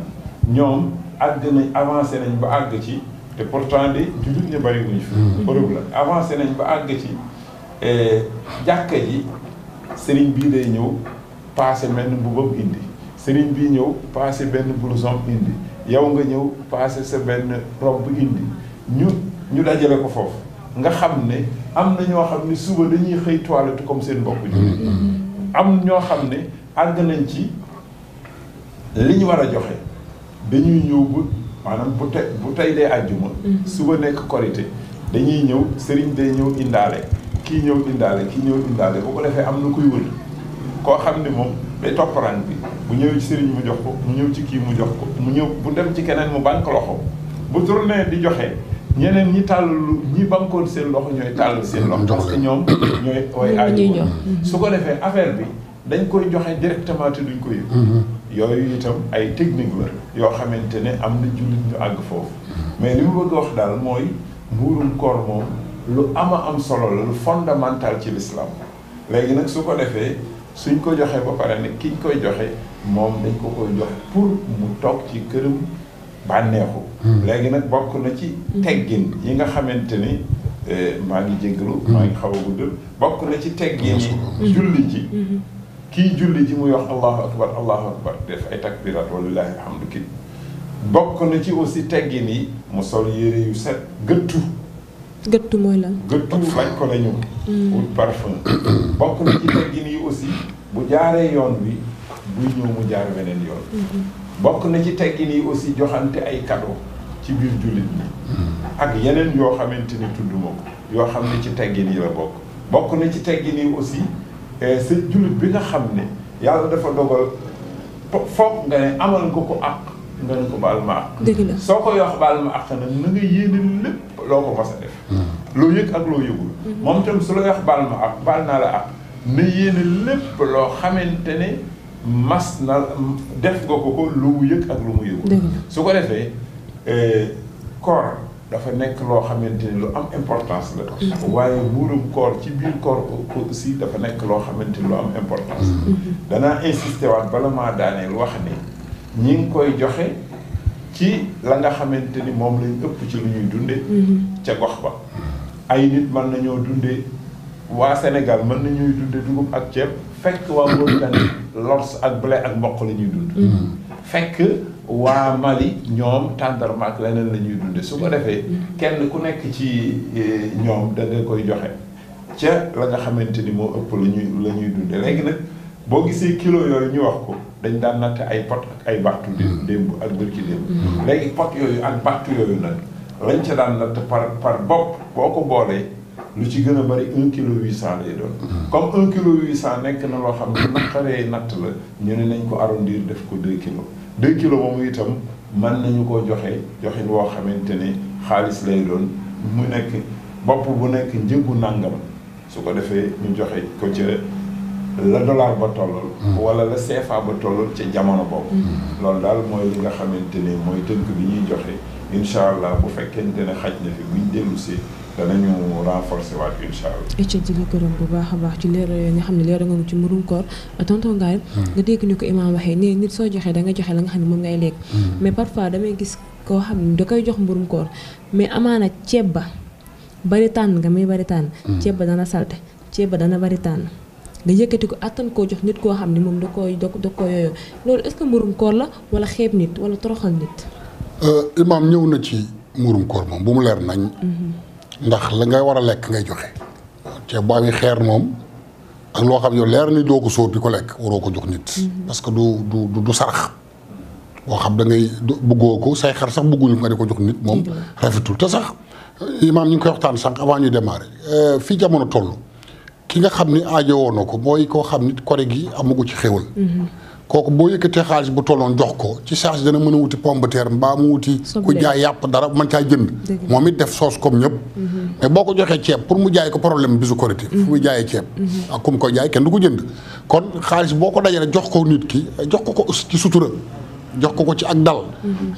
ñoom àgg nañ avancé nañ ba àgg ci te pourtant de jullit ñu bari wuñ fi hmm. bërëb la avancé nañ ba àgg ci eh, jàkka ji sëriñ bii lay ñëw paase mel ni bu bëgg sëriñ bi ñëw passé benn blouson indi yow nga ñëw passé sa benn robe indi ñu ñu dajale ko foofu nga xam ne am na ñoo xam ne suba dañuy xëy toilette comme seen bopp ji mm-hmm. am ñoo xam ne àgg nañ ci li ñu war a joxe dañuy ñëw bu maanaam bu tey bu tey dee àjjuma mm-hmm. suba nekk korité dañuy ñëw sëriñ day ñëw indaale kii ñëw indaale kii ñëw indaale bu ko defee am na kuy wër koo xam ne moom day topp bi bu ñëw ci sëriñ mu jox ko mu ñëw ci kii mu jox ko mu ñëw bu dem ci keneen mu banque loxo bu tourné di joxe ñeneen ñi tàll lu ñi bankoon seen loxo ñooy tàll seen loxo parce que ñoom ñooy ooy aaju su ko defee affaire bi dañ koy joxe directement te duñ ko yëg mm-hmm. yooyu itam ay technique la yoo xamante ne am na jullit ñu àgg foofu mais li mu bëgg wax daal mooy mbuurum koor moom lu am a am solo la lu fondamental ci lislaam léegi nag su ko defee suñ ko joxee ba pare ne kiñ koy joxe moom dañ ko koy jox pour mu toog ci këram bànneexu hmm. léegi nag bokk na ci hmm. teggin yi nga xamante ni eh, maa ngi jéggalu hmm. maa ngi xaw a guddal bokk na ci teggin yi julli ji kii julli ji muy wax allahu akbar allahu akbar def ay takbirat walilahi alhamdu ki bokk na ci aussi teggin yi mu sol yére yu set gëttu gëttu mooy lan. gëttu bañ ko la ñu. Mm. wut parfum. bokk na ci teggin yi aussi bu jaaree yoon bi buy ñëw mu jaar beneen yoon. Mm-hmm. bokk na ci teggin nii aussi joxante ay cadeau ci biir jullit ñi. Mm. ak yeneen yoo xamante ni tudd ma ko yoo xam ne ci teggin nii la bokk. bokk na ci teggin yi aussi eh, sa jullit bi nga xam ne yàlla dafa dogal foog nga ne amal nga ko àq nga ne ko baal ma àq. dëgg la soo ko yox baal ma àq nag na nga yéene lépp loo ko mas a def. loo yëg ak loo yëgul moom itam su la wax baal ma ak baal naa la ak na yéene lépp loo xamante ne mas na def nga ko ko lu mu yëg ak lu mu yëgul su ko defee euh, koor dafa nekk loo xamante ne lu am importance la mm-hmm. waaye muurum ci biir koor aussi dafa nekk loo xamante ne lu am importance mm-hmm. danaa insister waat bala maa daaneel wax ni ñi koy joxe ci la nga xamante ni moom lañ ëpp ci lu ñuy dunde mhm. ca gox ba ay nit mën nañoo dunde waa senegal mën nañuy dunde dugub ak ceeb fekk waa Mauritanie lors ak blé ak mboq la dund mhm. fekk waa Mali ñoom tàndarma ak leneen la ñuy su ko defee mhm. kenn ku nekk ci eh, ñoom da koy joxe ca la nga xamante ni moo ëpp la ñuy la léegi nag boo gisee kilo yooyu ñu wax ko dañ daan natt ay pot ak ay baxtu hmm. démb ak bërki démb hmm. léegi pot yooyu ak baxtu yooyu nag lañ ca daan natt par par bopp boo ko boolee lu ci gën a bari un kilo huit cent lay doon hmm. comme un kilo huit cent nekk na loo xam ne naqaree natt la ñu ne nañ ko arrondir def ko deux kilos deux kilos moomu itam mën nañu ko joxe joxin woo xamante ni xaalis lay doon mu nekk bopp bu nekk njëgu nàngam su ko defee ñu joxe ko ca la dollar ba tollool hmm. wala la CFA ba tollool ca jamono boobu hmm. loolu daal mooy li xamante ne mooy tënk bi ñuy joxe incha allah bu fekkente ne xaj na fi buñ dellu si danañu renforcer waat incha allah. et di la gërëm bu baax a baax ci leeral yooyu nga xam ne leeral nga ci mbirum koor tonton Ngaye. Hmm. nga dégg ni ko imaam waxee ne ngir soo joxee da nga joxe la nga xam ne moom ngay lekk. mais parfois damay gis koo xam ne da koy jox mbirum koor mais amaana ceeb ba bari tànn nga muy bari tànn. ceeb ba dana salte ceeb ba dana bari tànn. nga yëkkati ko àttan koo jox nit koo xam ne moom da koy da koo yooyoo loolu est mburum koor la wala xeeb nit wala toroxal nit. Euh, imaam ñëw na ci mburum koor moom bu mu leer nañ. Mm-hmm. ndax la ngay war a lekk ngay joxe. te bu amee xeer moom ak loo xam yow leer ni doo ko sóor di ko lekk waroo ko jox nit. Mm-hmm. parce que du du du sarax. boo xam da ngay bëggoo ko say xar sax bëgguñu nga di ko jox nit moom. rafetul te sax imaam ñu ngi koy waxtaan sànq avant ñuy démarrer euh, fii jamono toll. ki nga xam ni aajowoo na ko mooy koo xam ni kore gi amagu ci xéwal. kooku boo yëkkatee xaalis bu tolloon jox ko ci charge dana mën a wuti pomme de terre mbaa mu wuti. ku jaay yàpp dara mën caa jënd. moom it def soos comme ñëpp. Mm-hmm. boo ko joxee ceeb pour mu jaay ko problème bisu korité fu muy mm-hmm. jaayee ceeb. Mm-hmm. ak ku mu koy jaay kenn du ko jënd. kon xaalis boo ko dajale jox ko nit ki eh, jox ko ko ci sutura. jox ko ko ci ak dal.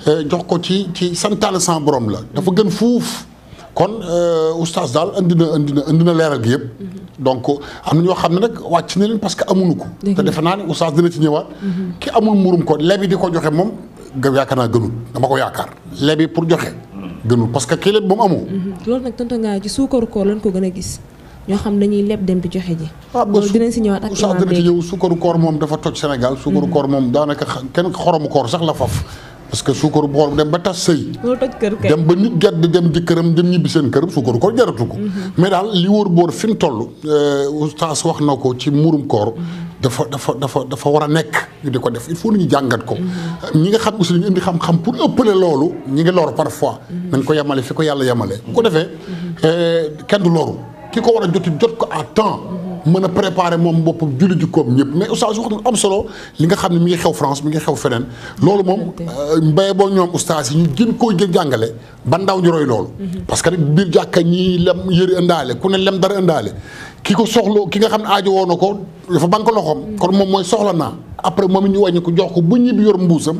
Eh, jox ko ci ci santaale san borom la dafa gën fuuf. kon euh, oustaz daal indi na indi na indi na leeral gi yëpp. donc am na ñoo xam ne nag wàcc na leen parce que amuñu ko. te defe naa ne oustaz dina ci ñëwaat. Mhm. ki amul murum ko lebi di ko joxe moom yaakaar naa gënul ko yaakaar lebi pour joxe. Mhm. gënul parce que kii lépp moom amoo. Mhm. loolu nag tonton Ngaye ci suukaru koor lañ ko gën gis ñoo xam dañuy leb dem bi joxe ji. Ah, si ñëwaat ak imaam beeg waaw dina ñëw suukaru koor moom dafa toj Sénégal. suukaru koor moom daanaka kenn xoromu koor sax la faf. parce que suukaru bu xool dem ba tas sëy dem ba nit gedd dem di këram dem ñibbi seen këram suukaru koor jaratu ko mm-hmm. mais daal li wóor boor fi mu toll euh, wax na ko ci murum koor mm-hmm. dafa dafa dafa dafa war a nekk ñu di ko def il faut ñu jàngat ko mm-hmm. ñi nga xam aussi ñu indi xam-xam pour ëppale loolu ñi ngi lor parfois nañ ko yemale fi ko yàlla yemale bu ko defee euh, kenn du loru ki ko war a joti jot ko à temps mën a préparer moom boppam julli jikkoom ñëpp mais oustaz wax na am solo li nga xam ne mi ngi xew France mi ngi xew feneen loolu moom euh, mbéye boo ñoom oustaz yi ñu gën koo jël jàngale ba ndaw ñu roy loolu mhm. parce que rek biir jàkk ñi lem yëri ndaale ku ne lem dara indaale ki ko soxla ki nga xam ne aajo woon na ko dafa banque loxoom mhm. kon moom mooy soxla naa après moom it ñu wàññi ko jox ko bu ñibbi yor mbuusam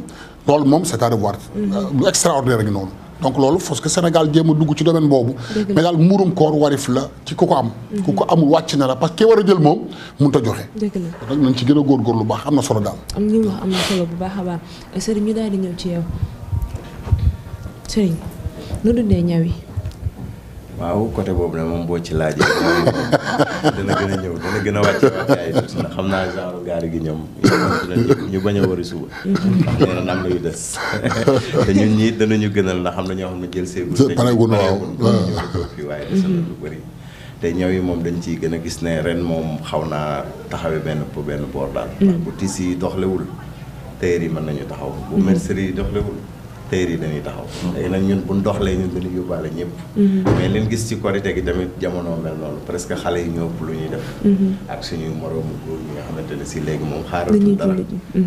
loolu moom c'est à revoir mhm. euh, lu extraordinaire noonu donc loolu parce que Sénégal jéem dugg ci domaine boobu. mais daal muurum koor warif la ci ku ko am. ku ko amul wàcc na la parce que ki war a jël moom mënut a joxe. dëgg la nañ ci gën a góor góor lu baax am na solo daal. am ñu wax am na solo bu baax a baax sëriñ ñu daal di ñëw ci yow sëriñ nu dundee ñaw yi. waaw côté boobu nag moom boo ci laajee dana gën a ñëw dana gën a wàcce wàccaay tuuti ndax xam naa genre gaari gi ñoom ñu bañ a wari suba ndax nee na am na yu des te ñun ñii danañu gënal ndax xam na ñoo xam ne jël seegul te pareegul waaw ah. fii waaye te ñëw yi moom dañ ciy gën a gis ne ren moom xaw naa taxawee benn benn boor daal mm. bu tiis yi doxlewul téer yi mën nañu taxaw bu mm-hmm. mercerie yi doxlewul teyr yi dañuy taxaw mm-hmm. léegi nag ñun ndox doxlee ñun dañuy yóbbaale ñëpp mm-hmm. mais leen gis ci korité gi tamit jamono mel noonu presque xale yi ñoo ëpp lu ñuy def mm-hmm. ak suñuy moroomu góor xamante ne si léegi moom xaaratul dara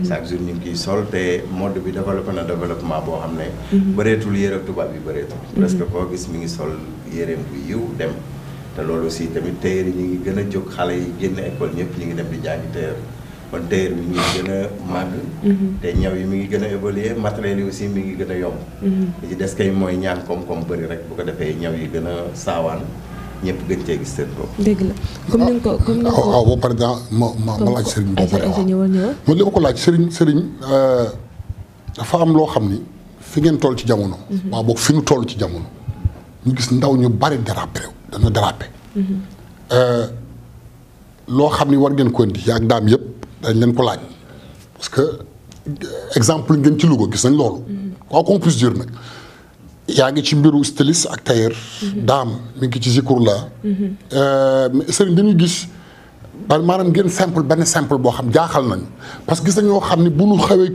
chaque jour ñu ngi kiy sol te mode bi développé na développement boo xam ne bëreetul yére tubaab yi bëreetul presque koo gis mi ngi sol yéreem bu yiw dem te loolu aussi tamit teyr yi ñu ngi gën a jóg xale yi génn école ñëpp ñu ngi dem di jàngi teyr kon tailleur bi mi ngi gën a màgg mhm. te ñaw yi mi ngi gën a évoluer matériel yi aussi mi ngi gën a yomb mhm. li ci des kay mooy ñaan koom-koom bëri rek bu ko defee ñaw yi gën a saawaan ñëpp gën cee gis seen bopp dëgg la comme ni ah, ah, ma ma ma laaj sëriñ boo pare ma li ma ko laaj sëriñ sëriñ euh, dafa am loo xam ni fi ngeen tool ci jamono mhm. waaw boog fi ñu toll ci jamono ñu gis ndaw ñu bari dérapé dañoo dérapé euh, loo xam ni war ngeen ko indi yaa daam yëpp dañ leen ko parce que exemple ngeen ci Louga gis nañ loolu. quoi qu'on puisse yaa ngi ci mbiru styliste ak tailleur. daam mi ngi ci Zikroullah. Mhm. Euh, mais sëriñ dañuy gis ba maanaam ngeen simple benn simple boo xam jaaxal nañu parce que gis nañoo xam ni bu ñu xawee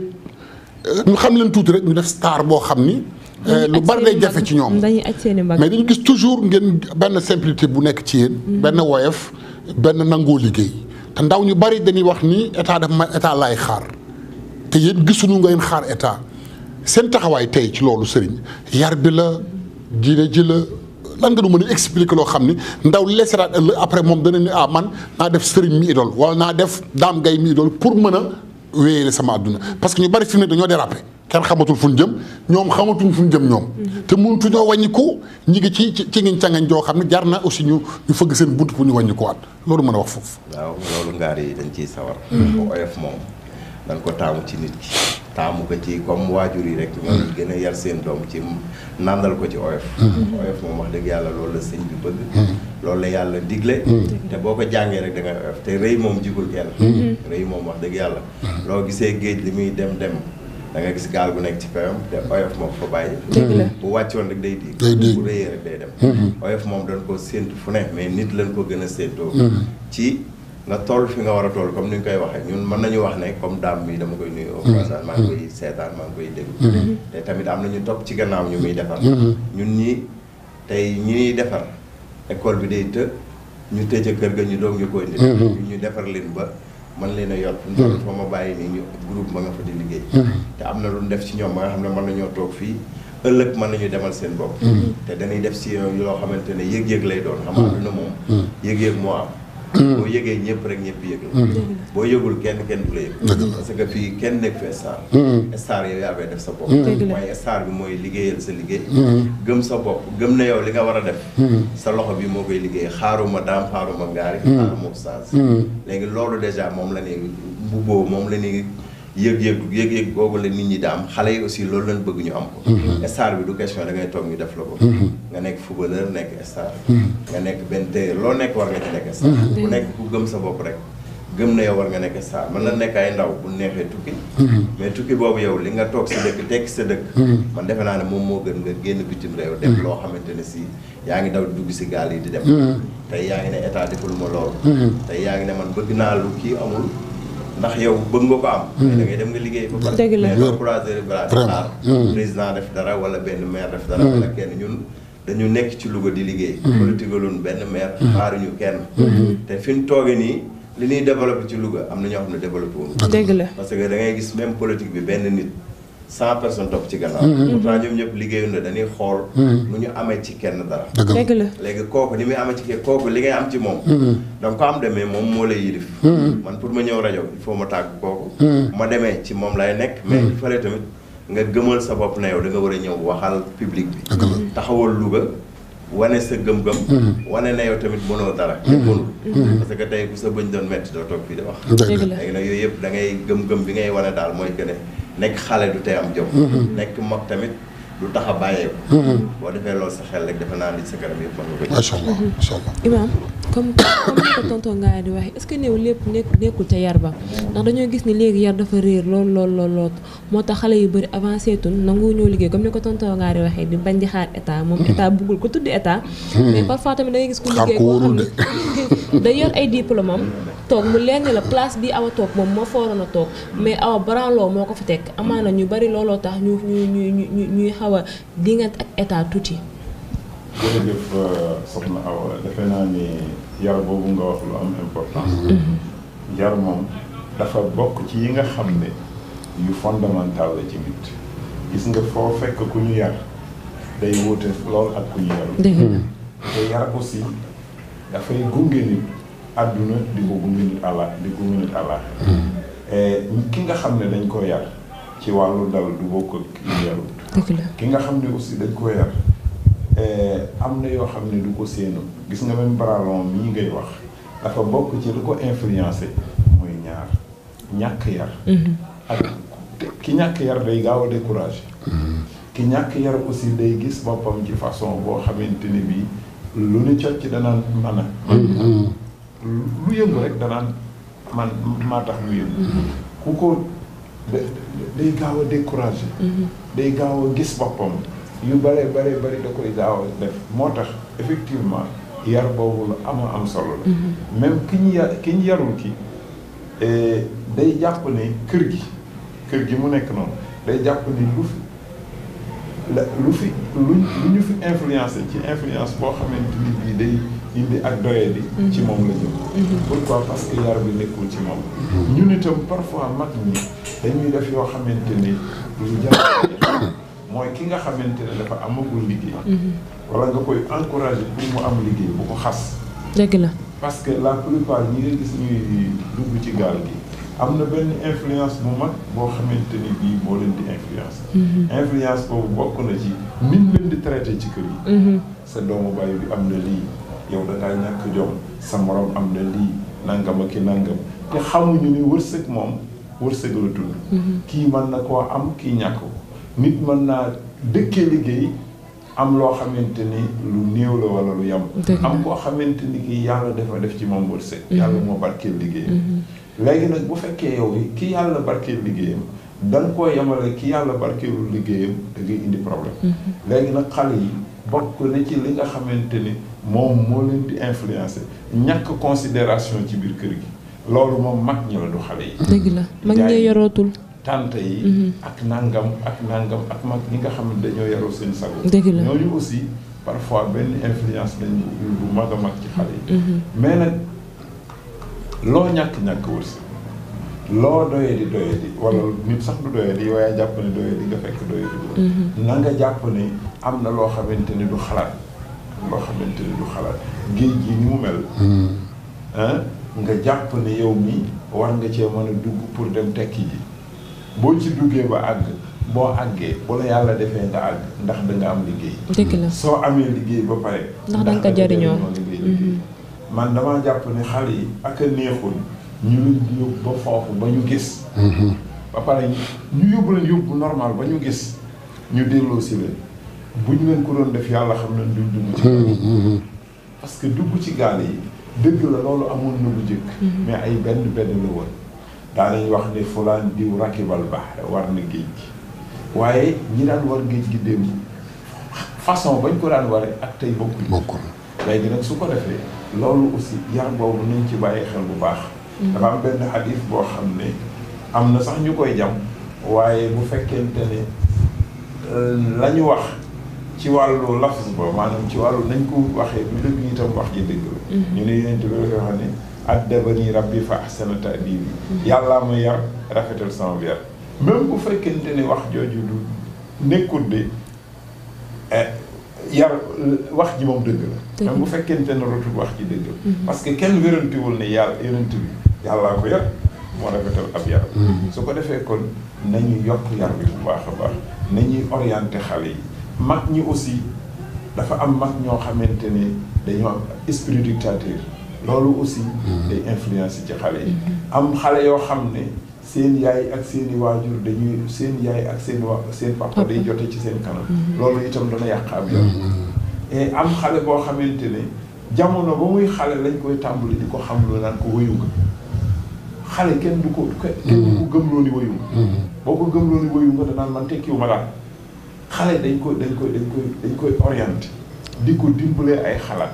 euh, ñu xam leen tuuti rek ñu def star boo xam ni. Euh, lu bari day jafe ci ñoom mais dañu gis toujours ngeen benn simplicité bu nekk ci yéen. Mhm. benn woyof benn nangoo liggéey. te ndaw ñu bari dañuy wax nii état daf ma état laay xaar te yéen gisuñu ngeen xaar état seen taxawaay tey ci loolu sëriñ yar bi la diine ji la lan nga nu mën a expliquer loo xam ni ndaw leeseraat ëllëg après moom dana ni ah man naa def sëriñ mi idol wala naa def daam gay mi idol pour mën a wéyale sama àdduna parce que ñu bari fi mu ne dañoo déraper. kenn xamatul fu ñu jëm ñoom xamatuñ fu ñu jëm ñoom. Mhm. te mënut ñoo wàññiku ñi ngi ci ci ci ngiñ joo xam ne jar na aussi ñu ñu fëgg seen bunt pour ñu wàññikuwaat loolu mën a wax foofu. waaw loolu ngaar yi dañ ciy sawar. bu mhm. oyof moom dañ ko taamu ci nit ki. taamu ko ci comme waajur yi rek. ñoom gën a yar seen doom ci nàndal ko ci oyof. Mhm. oyof moom wax dëgg yàlla loolu la sëñ bi bëgg. loolu la yàlla digle. te boo ko jàngee rek da ngay oyof te rëy moom jigul kenn. moom wax dëgg yàlla. loo gisee géej li muy dem dem da nga gis gaal bu nekk ci peyam te oyof moom fa bàyyi. bu wàccoon rek day diig. day diig bu rëyee rek day dem. Mm-hmm. oyof moom doon ko séentu fu ne mais nit lañ ko gën a séentoo. Mm-hmm. ci nga toll fi nga war a toll comme ni nga koy waxee ñun mën nañu wax ne comme daam bi dama koy nuyu. au mm-hmm. passage maa ngi koy seetaan maa ngi koy déglu. te tamit am na ñu topp ci gannaaw ñu muy defar. ñun ñi tey ñuy defar école bi day të ñu tëj a kër ga ñu doog ñu koy indi. ñu defar leen ba. man leen a yor. Hmm. ndax ma bàyyi nii groupe ma nga fa di liggéey. Hmm. te am na lu ñu def ci ñoom ba nga xam ne mën nañoo toog fii ëllëg mën nañu demal seen bopp. Hmm. te dañuy def si loo xamante ne yëg-yëg lay doon. xam nga moom. yëg-yëg moo am. Hmm. boo yëgee ñëpp rek ñëpp yëg la hmm. boo yëgul kenn kenn du la yëg parce que fii kenn nekk fi star hmm. star yow yaa def sa bopp waaye star bi mooy liggéeyal sa liggéey gëm sa bopp gëm na yow li nga war a def sa loxo bi moo koy liggéey xaaruma daam xaaruma ngaari xaaruma sag léegi loolu dèjà moom la ne bu moom la ne yëg-yëg yëg-yëg la nit ñi da am xale yi aussi loolu lañ bëgg ñu am ko mhm. star bi du question da toog ñu def la ko mhm. nga nekk footballeur nekk star mhm. nga nekk benn téer loo nekk war nga ci nekk star ku nekk ku gëm sa bopp rek gëm na yow war nga nekk star man na nekk ay ndaw bu neexee tukki mais tukki boobu yow li nga toog sa dëkk tekki sa dëkk man defe naa ne moom moo gën nga génn bitim réew def loo xamante ne si yaa ngi daw dugg si gaal yi di dem tey yaa ngi ne état deful yaa ngi ne man bëgg naa lu kii amul ndax yow bëgg nga ko am. Hmm. da dem nga liggéey ba pare. dëgg la mais croiser les bras hmm. président def dara wala benn maire def dara. Hmm. wala kenn ñun dañu nekk ci Louga di liggéey. politique luñu benn maire. xaaruñu kenn. te fi ñu toogee nii li ñuy développé ci Louga am na ñoo xam ne développé wuñu. dëgg la parce que da gis même politique bi benn nit. cent personnes topp ci gannaaw. Mm-hmm. pourtant ñoom ñëpp na dañuy xool. lu mm-hmm. ñu amee ci kenn dara. dëgg la léegi kooku li muy amee ci kenn kooku li ngay am ci moom. Mm-hmm. danga ko am demee moom moo lay yilif. man pour ma ñëw rajo il faut ma tàgg kooku. ma demee ci moom lay nekk. mais il fallait tamit nga gëmal sa bopp na yow da war a ñëw waxal public bi. taxawal Louga. wane sa gëm-gëm. wane na yow tamit mënoo dara. mënul parce que tey bu sa bëñ doon métti doo toog fii di wax. dëgg la léegi yooyu yëpp da ngay gëm-gëm bi ngay wane daal mooy que nekk xale du tee am jom mm-hmm. nekk mag tamit du tax a bàyyeeku. Mm-hmm. boo defee loolu sa xel rek naa ni sa kanam yëpp mën nga mm-hmm. Imaam comme comme ni ko tonton Ngaye di waxee est-ce que néew lépp nekk nekkul ca yar ba ndax dañoo gis ni léegi yar dafa réer lool lool lool lool moo tax xale yu bëri avancé tun nangu ñoo liggéey comme ko tonton Ngaye di bañ di xaar moom mm-hmm. état buggul ko tudd état. mais parfois tamit da ngay gis ku liggéey toog mu la place bi awa toog moom moo fooroon mais awa ko fa teg amaana ñu bari looloo tax ñu ñu ñuy xaw xaw a dingat ak état tuuti. jërëjëf euh, soxna Awa defe naa ni yar boobu nga wax lu am importance. Mhm. Mm-hmm. yar moom dafa bokk ci yi nga xam ne yu fondamental la ci nit. gis nga foo fekk ku ñu yar day wuute lool ak ku ñu yarul. Mm-hmm. te yar aussi dafay gunge nit àdduna di ko gunge nit àlla di gunge nit àlla. Mm-hmm. ki nga xam ne dañ ko yar ci wàllu dal du bokk ak ki ki nga xam ne aussi dañ ko yar eh, am na yoo xam ne du ko séenu gis nga même baralon mi ngay wax dafa bokk ci lu ko influencé mooy ñaar ñàkk yar mhm. ak ki ñàkk yar day gaaw a découragé mhm. ki ñàkk yar aussi day gis boppam ci façon boo xamante ni bii lu ni cot ci danaan man a mhm. lu yëngu rek danaan man maa tax lu yëngu ku ko day gaaw a découragé day gaaw a gis boppam yu bare bare bari da koy gaaw a def moo tax effectivement yar boobu la ama am solo la mm-hmm. même kiñ yar ki yarul ki eh, day jàpp ne kër gi kër gi mu nekk noonu day jàpp ne lu fi lu fi lu lu ñu fi influencé ci influence boo xamante nit bi day indi ak doye bi mm-hmm. ci moom la jëm mm-hmm. pourquoi parce que yar bi nekkul ci moom ñun itam parfois mag ñi dañuy def yoo xamante ni duñ jàpp mooy ki nga xamante ne dafa amagul liggéey. Mhm. wala nga koy encouragé pour mu am liggéey bu ko xas. dëgg la parce que la plupart ñi nga gis ñuy dugg ci gaal gi am na benn influence bu mag boo xamante ni bii boo leen di influence. Mhm. influence boobu bokk na ci min leen di traité ci kër yi. Mhm. sa doomu bàyyi bi am na lii yow da ñàkk jom sa morom am na lii nangam ki nangam te xamuñu ni wërsëg moom. wërsëg la tudd. kii mën na koo am kii ñàkk ko nit mën naa dëkkee liggéey am loo xamante ni lu néew la wala lu yam am koo xamante ni kii yàlla defa def ci moom wërsëg. Mhm. yàlla moo barkeel liggéeyam. Mhm. léegi nag bu fekkee yow ki yàlla barkeel liggéeyam da koo yemale ki yàlla barkeelul liggéeyam da ngay indi problème. Mhm. léegi nag xale yi bokk na ci li nga xamante ni moom moo leen di influencer ñàkk considération ci biir kër gi. loolu moom mag ñi la du xale yi. dëgg la mag ñi yorootul. tante yi. Mhm. ak nangam ak nangam ak mag ñi nga xam ne dañoo yaroo seen sago. dëgg la ñooñu aussi parfois benn influence lañ bu mag a mag ci xale yi. Mhm. mais nag loo ñàkk ñàkk wërsëg loo doyee di doyee nit sax du doyee di yow yaa jàpp ne doyee nga fekk doyee di mhm. na nga jàpp am na loo xamante ni du xalaat loo xamante du xalaat géej gi ni mu mel. nga jàpp ne yow mi war nga cee man a dugg pour dem tekki ji boo ci duggee ba àgg boo àggee bu la yàlla defee nga àgg ndax da am liggéey. dëgg la soo amee liggéey ba pare. ndax da nga ko jariñoo mhm. man damaa jàpp ne xale yi ak a neexoon ñu leen yóbbu ba ñu gis. Mhm. ba ñu yóbbu leen normal ba ñu gis ñu delloo si leen bu ñu leen ko doon def yàlla xam nañ duñ dugg ci. Mhm, parce que dugg ci gaal yi. dëgg la loolu amoon na lu jëkk mhm. mais ay benn benn la woon daanañ wax ne fulaan diw rakibal ba war na géej waaye ñi daan war géej gi démb façon bañ ko daan waree ak tey bokkul bokkul léegi nag su ko defee loolu aussi yar boobu nañ ci bàyyi xel bu baax mhm. dafa am benn xadis boo xam ne am na sax ñu koy jam waaye bu fekkente ne euh, la ñu wax ci wàllu lafz ba maanaam ci wàllu nañ ko waxee bu dëgg itam wax ji dëgg la mm-hmm. ñu ne yonente bi dafa wax ne addabani rabbi fa ahsana ta'dibi mm-hmm. yàllaa ma yar rafetal sama yar même bu fekkente ne wax jooju du nekkul de eh, yar wax ji moom dëgg la même bu fekkente ne rotul wax ji dëgg la mm-hmm. parce que kenn wérantiwul ne yàlla yonente bi yàllaa ko yar moo rafetal ab yar su ko defee kon nañu yokk yar bi bu baax a baax nañuy orienté xale yi mag ñi aussi dafa am mag ñoo xamante ne dañoo am esprit dictateur loolu aussi mm-hmm. day influence ci xale yi mm-hmm. am xale yoo xam ne seen yaay ak seen waajur dañuy seen yaay ak seen wa seen day jote ci seen kanam mm-hmm. loolu itam dana yàq am yoon et am xale boo xamante ne jamono ba muy xale lañ koy tàmbali di ko xam lu naan ko wëyu nga xale kenn du ko kenn du ko gëmloo ni wëyu boo ko gëmloo ni wëyu nga danaan man tekkiwu ma daal xale dañ koy dañ koy dañ dañ koy orienté di ko dimbalee ay xalaat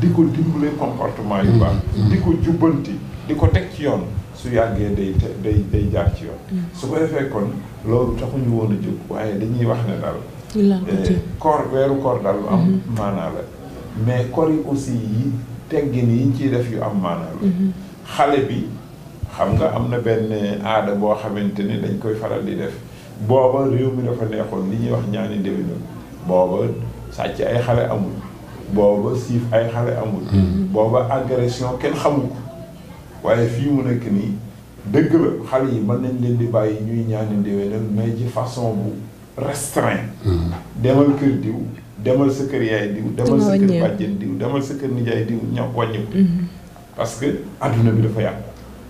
di ko dimbalee comportement yu baax mm-hmm. Mm-hmm. di ko jubbanti di ko teg ci yoon su yàggee day day day ci yoon mm-hmm. su ko defee kon loolu taxuñu woon a jóg waaye dañuy wax ne daal eh, koor weeru koor daal lu am maanaa mais koor yi aussi yi teggin yi ciy def yu am maanaa xale bi xam nga am na benn aada boo xamante ni dañ koy faral di def booba réew mi dafa neexoon li ñuy wax ñaani ndéwénal booba sàcc ay xale amul booba siif ay xale amul hmm. booba agression kenn xamu ko waaye fii mu nekk nii dëgg la xale yi mën nañ leen di bàyyi ñuy ñaani ndéwénal mais ci façon bu restreint hmm. demal kër diw demal sa kër yaay diw demal sa kër bàjjen diw demal sa kër nijaay diw ña wàññiku hmm. parce que adduna bi dafa yàqu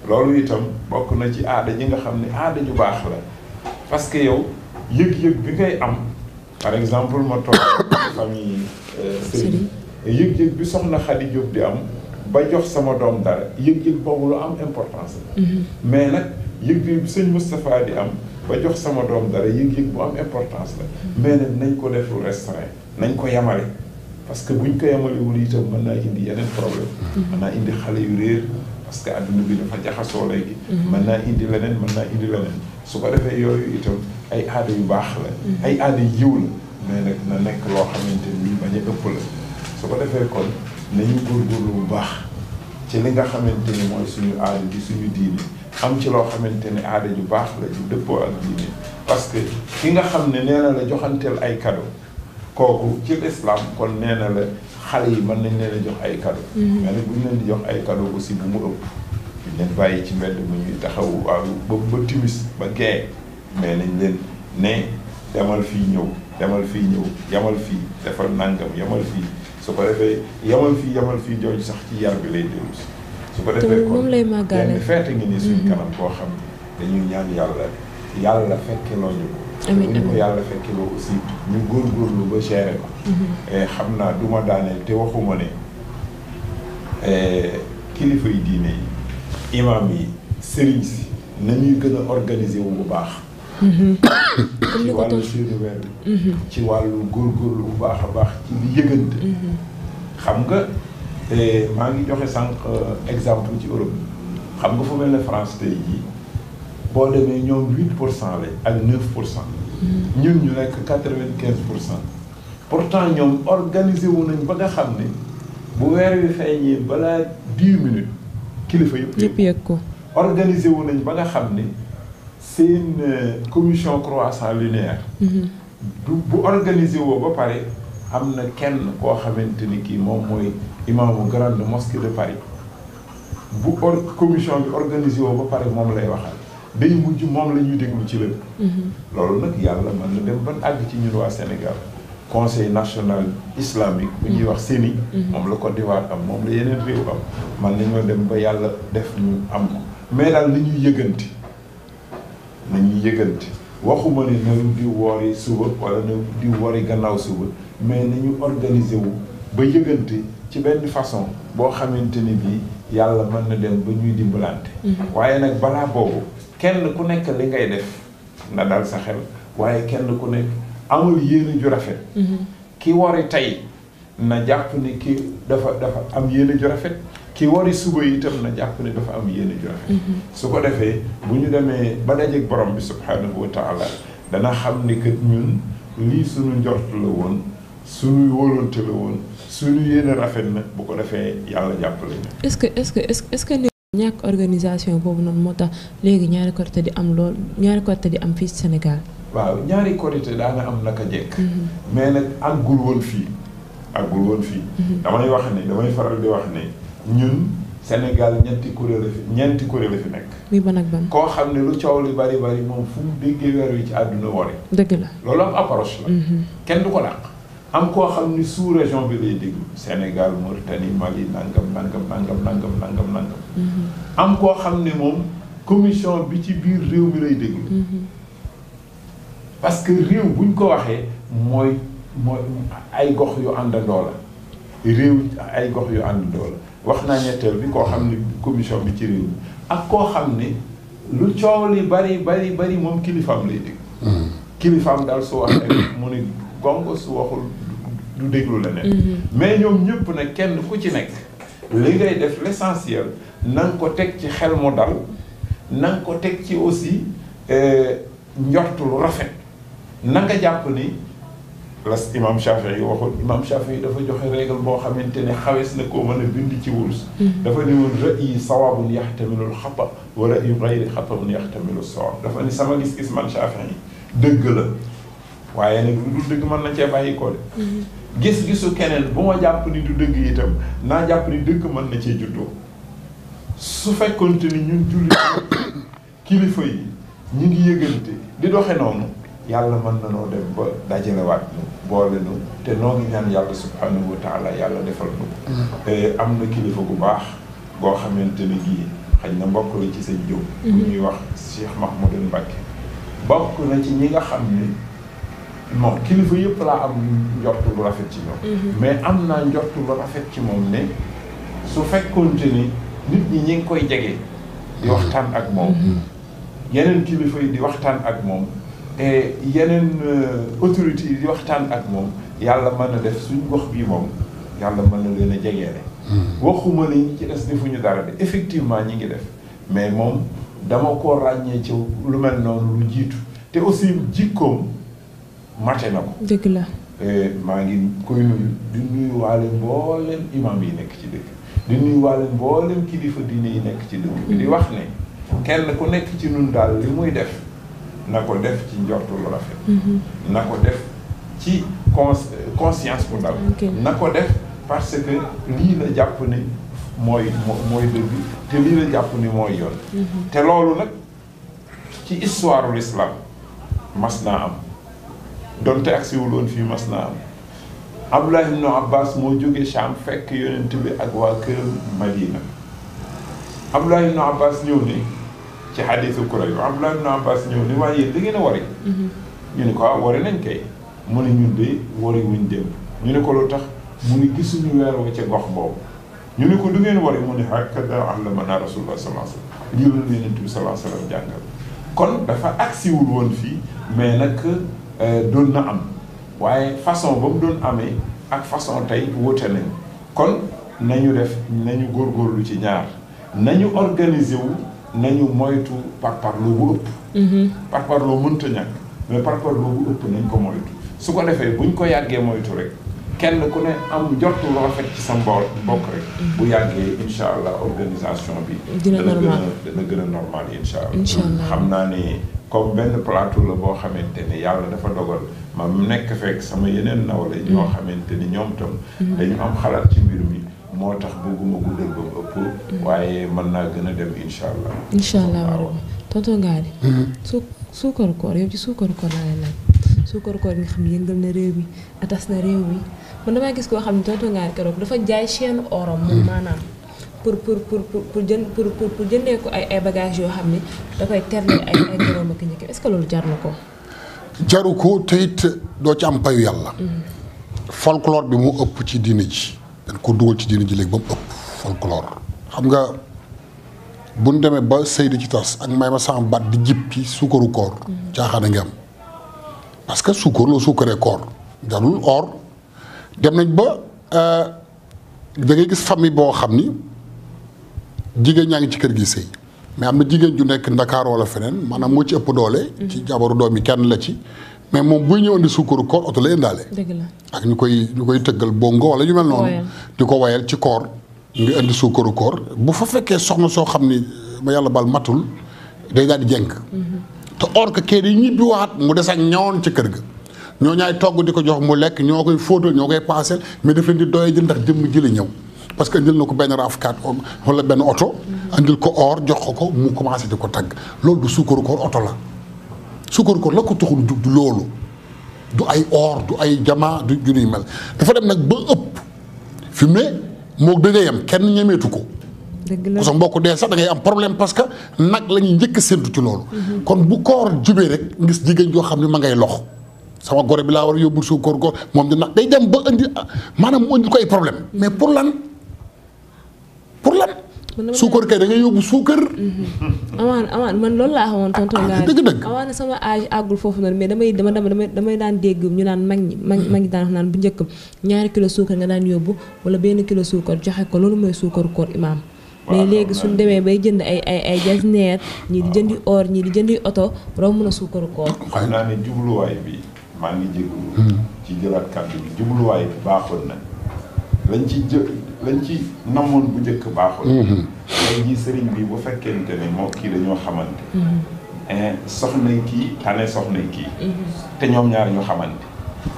loolu itam bokk na ci aada ji nga xam ni aada ju baax la parce que yow yëg-yëg bi ngay am par exemple ma toog famille euh, Serigne yëg-yëg bi soxna Khady Diop di am ba jox sama doom dara yëg-yëg boobu lu am importance la mhm. mais nag yëg-yëg bi di am ba jox sama doom dara yëg-yëg importance la mhm. mais nañ ko def lu restreint nañ ko yemale parce que buñ ko yemalewul itam mën naa indi yeneen problème mhm. mën naa indi xale yu réer parce que adduna bi dafa jaxasoo léegi mën naa indi leneen mën naa indi leneen su ko defee yooyu itam ay aada yu baax la mm-hmm. ay aada yu yiw la mais nag na nekk loo xamante ni bañ a ëpp la su ko defee kon nañu góorgóorlu bu baax ci li nga xamante ni mooy suñu aada bi suñu diine am ci loo xamante ni aada ju baax la ju dëppoo ak diine parce que ki nga xam ne nee na la joxanteel ay cadeau kooku ci l'islam kon nee na la xale yi mën nañ leen a jox ay cadeau mm-hmm. mais nag bu ñu leen di jox ay cadeau aussi bu mu ëpp leen bàyyi ci mbedd mu ñuy taxaw waaw ba ba timis ba gee mais nañ leen ne demal fii ñëw demal fii ñëw yamal fii defal nàngam yamal fii su ko defee yamal fii yamal fii jooju sax ci yar bi lay dellu si su ko defee kon benn feete ngi ni suñ mm-hmm. kanam koo xam ne dañuy ñaan yàlla yàlla fekke loo ñu ko ñu ko yàlla fekke loo aussi ñu góorgóorlu ba géré ko mm-hmm. eh, xam naa duma ma daaneel te waxuma ne eh, kilifa yi diine yi imaam yi sëriñ si nañuy gën a organiser wu bu baax. ci wàllu seeni bi mhm. ci wàllu góorgóorlu bu baax a baax ci li yëgante. Mhm. xam nga eh, maa ngi joxe sànq euh, exemple ci Europe xam nga fu mel ne France tey jii boo demee ñoom huit pour cent lañ ak neuf pour cent. Mhm. ñun ñu nekk quatre vingt quinze pour cent. pourtant ñoom organiser wu nañ ba nga xam ni bu weer wi feeñee balaa dix minutes. kilifa yëpp yëpp yëg ko organisé wu nañ ba nga xam ni seen euh, commission croissant lunaire mhm. du bu organisé woo ba pare am na kenn koo xamante ni kii moom mooy imaamu grande mosquée de Paris bu or commission bi organiser woo ba pare moom lay waxal day mujj moom la ñuy déglu ci lépp mhm. loolu nag yàlla mën na dem ban àgg ci ñun waa Sénégal conseil national islamique bu ñuy wax CENI mm-hmm. moom la ko d'Ivoire am moom la yeneen réew am man nañoo dem ba yàlla def ñu am ko mais daal li ñuy yëganti nañuy yëganti waxuma ne nañu di woori suba wala nañu di gannaaw suba mais nañu organiser wu ba yëgante ci benn façon boo xamante ni bii yàlla mën na dem ba ñuy dimbalante mm-hmm. waaye nag balaa boobu kenn ku nekk li ngay def na dal sa xel waaye kenn ku nekk amul yéene ju rafet. Mhm. ki wari tey na jàpp ne ki dafa dafa am yéene ju rafet ki wari suba itam na jàpp ne dafa am yéene ju rafet. Mhm. su ko defee bu ñu demee ba dajeeg borom bi subhanahu wa taala dana xam ne que ñun lii suñu njort la woon suñu wóolante la woon suñu yéene rafet na bu ko defee yàlla jàppale na. est-ce que est-ce que est-ce que. ñàkk organisation boobu noonu moo tax léegi ñaari Korité di am lool ñaari Korité di am fii Sénégal. waaw ñaari korité daana am naka jekk mais nag àggul woon fii àggul woon fii mhm. damay wax ne damay faral di wax ne ñun Sénégal ñetti kuréel la fi ñeenti kuréel la fi nekk. muy ban ak ban koo xam ne lu coow li bari bari moom fu mu déggee weer wi ci àdduna wari. dëgg la loolu am approche la. Mhm. kenn du ko dàq. am koo xam ne sous région bi lay déglu Sénégal Mauritanie Mali nangam nangam nangam nangam nangam mhm. am koo xam ne moom commission bi ci biir réew mi lay déglu. parce que réew buñ ko waxee mooy mooy ay gox yu àndandoo la yu àndandoo wax naa ñetteel bi koo xam ne commission bi ci réew ak koo xam ni lu coow li bari bari bari moom kilifaam lay dégg. Hmm. kilifaam daal su waxee mu ne gongo su waxul du déglu leneen. Hmm. mais ñoom ñëpp nag kenn ku ci nekk. li ngay def l'essentiel na nga ko teg ci xel mu dal na nga ko teg ci aussi euh, njort lu rafet. na nga jàpp ni la imam Shafi'i yi waxoon imam Shafi'i yi dafa joxe règle boo xamante ne xawes na koo mën a bind ci wurus mm-hmm. dafa ni woon ra'yi sawaabun yaxtamilul xata wa ra'yu gayri xatabun yaxtamilul sawaab dafa ne sama gis-gis man Shafi'i yi dëgg la waaye nag lu dul dëgg mën na cee bàyyi ko de mm-hmm. gis-gisu keneen bu ma jàpp ni du dëgg itam naa jàpp ni dëgg mën na cee juddoo su fekkonte ni ñun jullit kilifa yi ñu ngi yëgante di doxe noonu yàlla mën na noo def ba dajalewaat ñu boole ñu te noo ngi ñaan yàlla subhanahu wa yàlla defal ñu mm-hmm. am na kilifa gu baax boo xamante ni gii xañ na mbokk la ci sëñ Jóob mm-hmm. bu wax Cheikh Mahmoudou Mbacke bokk na ci ñi nga xam ni non kilifa yëpp laa am njortu rafet ci ñoom mm-hmm. mais am naa njortu lu rafet ci moom ne su fekkoonte ni nit ñi ñi ngi koy jege di waxtaan ak moom yeneen kilifa yi di waxtaan ak moom te yeneen euh, autorités yi di waxtaan ak moom yàlla mën na def suñ gox bii moom yàlla mën na leen a jegeere hmm. waxuma ni ci des defuñu dara de effectivement ñi ngi def mais moom dama ko ràññee ci lu mel noonu lu jiitu te aussi jikkoom mate na ko dëgg la maa ngi koy nuyu di nuyu waale mboolem imam yi nekk ci dëkk di nuyu waale mboolem kilifa diine nekk ci dëkk bi di wax ne kenn ku nekk ci nun daal li muy def na ko def ci njortu lu rafet. Mhm. na ko def ci cons conscience bu na ko def parce que lii la jàpp ni mooy mooy dëgg te lii la jàpp ni mooy yoon. Mhm. te loolu nag ci histoire u l'islam mas naa am donte ak si wul fii mas naa am. Abdullah ibn Abbas moo jóge Sham fekk yonent bi ak waa këram Madina Abdullah ibn Abbas ñëw ne. ci xadiisu kuréel yi Abdullah ibn Abbas ñëw ni waaye yéen da ngeen a wari mm-hmm. ñu ne ko ah wari nañ kay mu ne ñun de wari wuñ démb ñu ne ko lu tax mu ne gisuñu weer wa ca gox boobu ñu ne ko du ngeen wari mu ne hakada allamana rasulullah sallallahu alayhi wasallam lii la yonent bi sallallahu alayhi wasallam jàngal kon dafa agsiwul woon fii mais nag euh, doon na am waaye façon ba mu doon amee ak façon tey wute nañ kon nañu def nañu góorlu ci ñaar nañu organiser wu nañu moytu par parloo bu ëpp. Mhm. par parloo mënta ñàkk mais par parloo bu ëpp nañ ko moytu su ko defee buñ ko yàggee moytu rek kenn ku ne am jot lu rafet ci sa mbool bokk rek. Mhm. bu yàggee incha allah organisation bi. dina normal dana gën a normal incha allah. xam naa ne comme benn plateau la boo xamante ne yàlla dafa dogal ma nekk fekk sama yeneen nawle. Mhm. ñoo xamante ni ñoom tam. dañu am xalaat ci mbir mi. moo tax bëgguma guddal ba mu ëpp. Mm-hmm. waaye mën naa gën a dem incha allah. incha allah waaw tonton Ngari. Mm-hmm. koor yow ci suukar koor laa lay laaj suukar koor nga xam ne na réew mi atas na réew gis koo xam ne tonton Ngari keroog dafa jaay chaîne oram. moom mm-hmm. maanaam pour pour pour pour jën pour pour jëndee ko ay ay bagages yoo xam ne dafay koy terle ay ay borom ñëkk est-ce loolu jar na ko. jaru ko te doo ci am payu yàlla. folklore bi mu ëpp ci diini ji. dañ ko dugal ci ji léegi ba mu xam nga bu demee ba sëy ci tas ak may ma sama baat di jib ci suukaru koor mhm. caaxaana que suukar loo suukaree koor jarul dem nañ ba euh, da ngay gis famille boo xam ni jigéen ñaa ngi ci kër gi sëy mais am na jigéen ju nekk Ndakaar wala feneen maanaam moo ci ëpp doole. Mhm. ci jabaru doom yi kenn la ci. mais moom buy ñëw indi suukaru koor oto lay indaale. dëgg ak ñu koy ñu koy tëggal bongo wala ñu mel noonu. di ko wayal ci koor. ngi indi suukaru koor bu fa fekkee soxna soo xam ni ma yàlla bal matul day daal di jënk. Mhm. te or que kër yi ñibbi waxaat mu des ak ñawoon ci kër gi ñoo ñaay togg di ko jox mu lekk ñoo koy fóotal ñoo koy paaseel mais daf leen di doyee jël ndax jëmm ji ñëw. parce que indil na ko benn raafkaat wala benn oto. indil mhm. ko or jox ko ko mu commencé di ko tagg loolu du suukaru oto la. sukkar ko la ko taxul jug du loolu du ay or du ay jamaa du ju nuy mel dafa dem nag ba ëpp fi mu moo dëgg yam kenn ñemeetu ko. dëgg la ku sa mbokk dee sax da ngay am problème parce que nag la ñuy njëkk séentu ci loolu. Mhm. kon bu koor jubee rek ngis jigéen joo xam ne ma ngay lox. sama gore bi laa war a yóbbul su koor góor moom di nag day dem ba indi maanaam mu indi ko ay problème mais pour lan pour lan. suukar kay da ngay yóbbu suukar. Mm-hmm. amaan amaan man loolu laa xamoon tonton ah, Ndao dëgg-dëgg amaan sama âge àggul foofu noonu mais damay dama damay damay daan dégg ñu naan mag ñi mag mag ñi daan naan bu njëkk ñaari kilo suukar nga daan yóbbu wala benn kilo suukar joxe ko loolu mooy suukaru koor imaam. mais léegi suñ demee bay jënd ay ay ay jasneer ñii di jëndi or ñii di jëndi oto romb na suukaru koor. xam naa ne jubluwaay bi maa ngi jégalu. Hmm. ci jëlaat kàddu bi jubluwaay lañ ci namoon bu njëkk baaxul. tey mhm. jii sëriñ bii bu fekkente ne moo kii dañoo xamante. Mhm. Eh, soxna kii tane soxna kii. Mhm. te ñoom ñaar ñu xamante.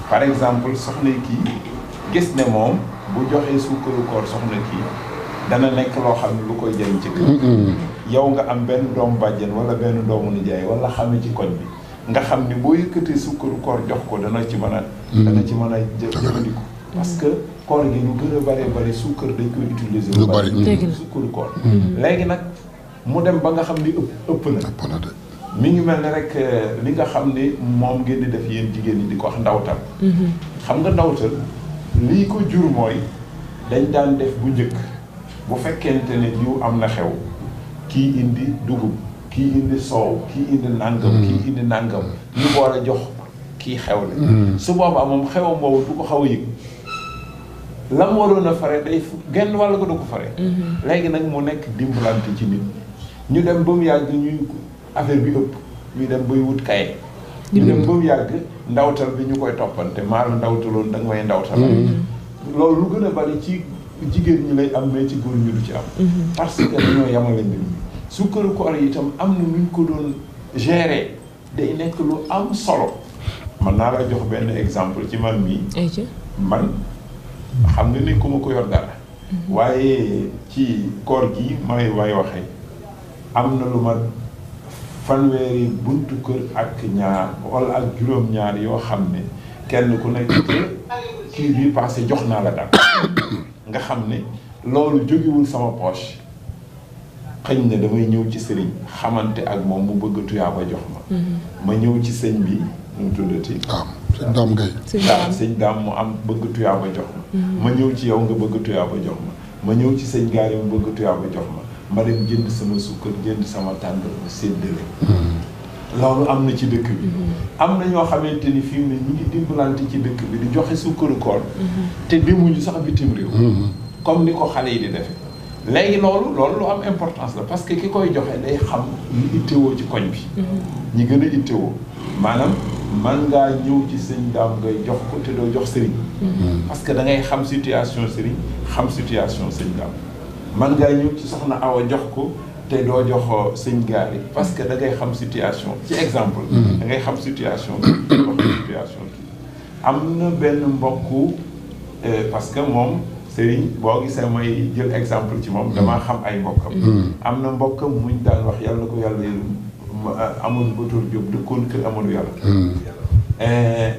par exemple soxna kii gis ne moom bu joxee suukaru koor soxna kii dana nekk loo xam ne lu koy jëriñ ci yow nga am benn doomu bàjjen wala benn doomu nijaay wala xame ci koñ bi. nga xam ni boo yëkkatee sukkaru koor jox ko dana ci mën a. dana ci mën a jëfandiku. parce koor gi lu gën a bëree bëri suukar dañ koy utiliser. lu bëri mm. suukaru koor. Mm. léegi nag mu dem ba nga xam ni ëpp ëpp na. ëpp na de. mi ngi mel ni rek euh, li nga xam ni moom ngeen di def yéen jigéen ñi di ko wax ndawtal. Mm-hmm. xam nga ndawtal lii ko jur mooy dañ daan def bu njëkk bu fekkente ne jiw am na xew kii indi dugub kii indi soow kii indi nàngam mm. kii indi nàngam ñu boole jox kii xew la su boobaa moom xewam boobu du ko xaw a yëg. la mu waroon a fare day genn wàll ko du ko fare mhm. léegi nag mu nekk dimbalante ci nit ñu dem ba mu yàgg ñuy affaire bi ëpp ñu dem bay wut kaye ñu dem ba mu yàgg ndawtal bi ñu koy toppante maa la ndawtaloon da nga may ndawtal mhm. loolu lu gën a bari ci jigéen ñi lay am mais ci góor ñu du ci am mhm. parce que dañoo yamale mbir mi kër koor yi itam am na nuñ ko doon gérer day nekk lu am solo mën naa la jox benn exemple ci man mii man xam nga ma ko yor dara. waaye ci koor gi may way waxee am na lu ma fanweeri buntu kër ak ñaar wala ak juróom-ñaar yoo xam ne kenn ku nekk kii bii passé jox naa la dara nga xam ne loolu jógewul sama poche xëñ na damay ñëw ci sëriñ xamante ak moom mu bëgg tuyaa jox ma mm-hmm. ma ñëw ci sëñ bi mu tuddati sëñ Dame Guèye. Ah, sëñ Dame mu am bëgg tuyaaba jox ma. ma ñëw ci yow nga bëgg tuyaaba jox ma. ma ñëw ci sëñ Gaare mu bëgg tuyaaba jox ma. ma dem jënd sama sukkar jënd sama tàng ma séddale. Hmm. loolu am na ci dëkk bi. Hmm. am na ñoo xamante ni fii mu ñu ngi dimbalante ci dëkk bi di joxe sukkaru koor. Hmm. te demuñu sax bitim réew. comme ni ko xale yi di defee. léegi loolu loolu lu am importance la parce que ki koy joxe day xam lu ittewoo ci koñ bi. ñi gën a ittewoo maanaam. man ngaa ñëw ci sëñ daam ngay jox ko te doo jox sëriñ mm-hmm. parce que da ngay xam situation sëriñ xam situation sëñ daam man ngaa ñëw ci soxna awa jox ko te doo jox uh, sëñ gaari parce que da ngay xam situation ci exemple mm-hmm. da ngay xam situation bi situation kii am na benn mbokku eh, parce que moom sëriñ boo gisee may jël exemple ci moom mm-hmm. damaa xam ay mbokkam am na mbokkam muñ daal wax yàlla ko yàlla yërëm amoon eh, Amadou Batour Diop dëkkoon kër Amadou Yàlla hmm. eh,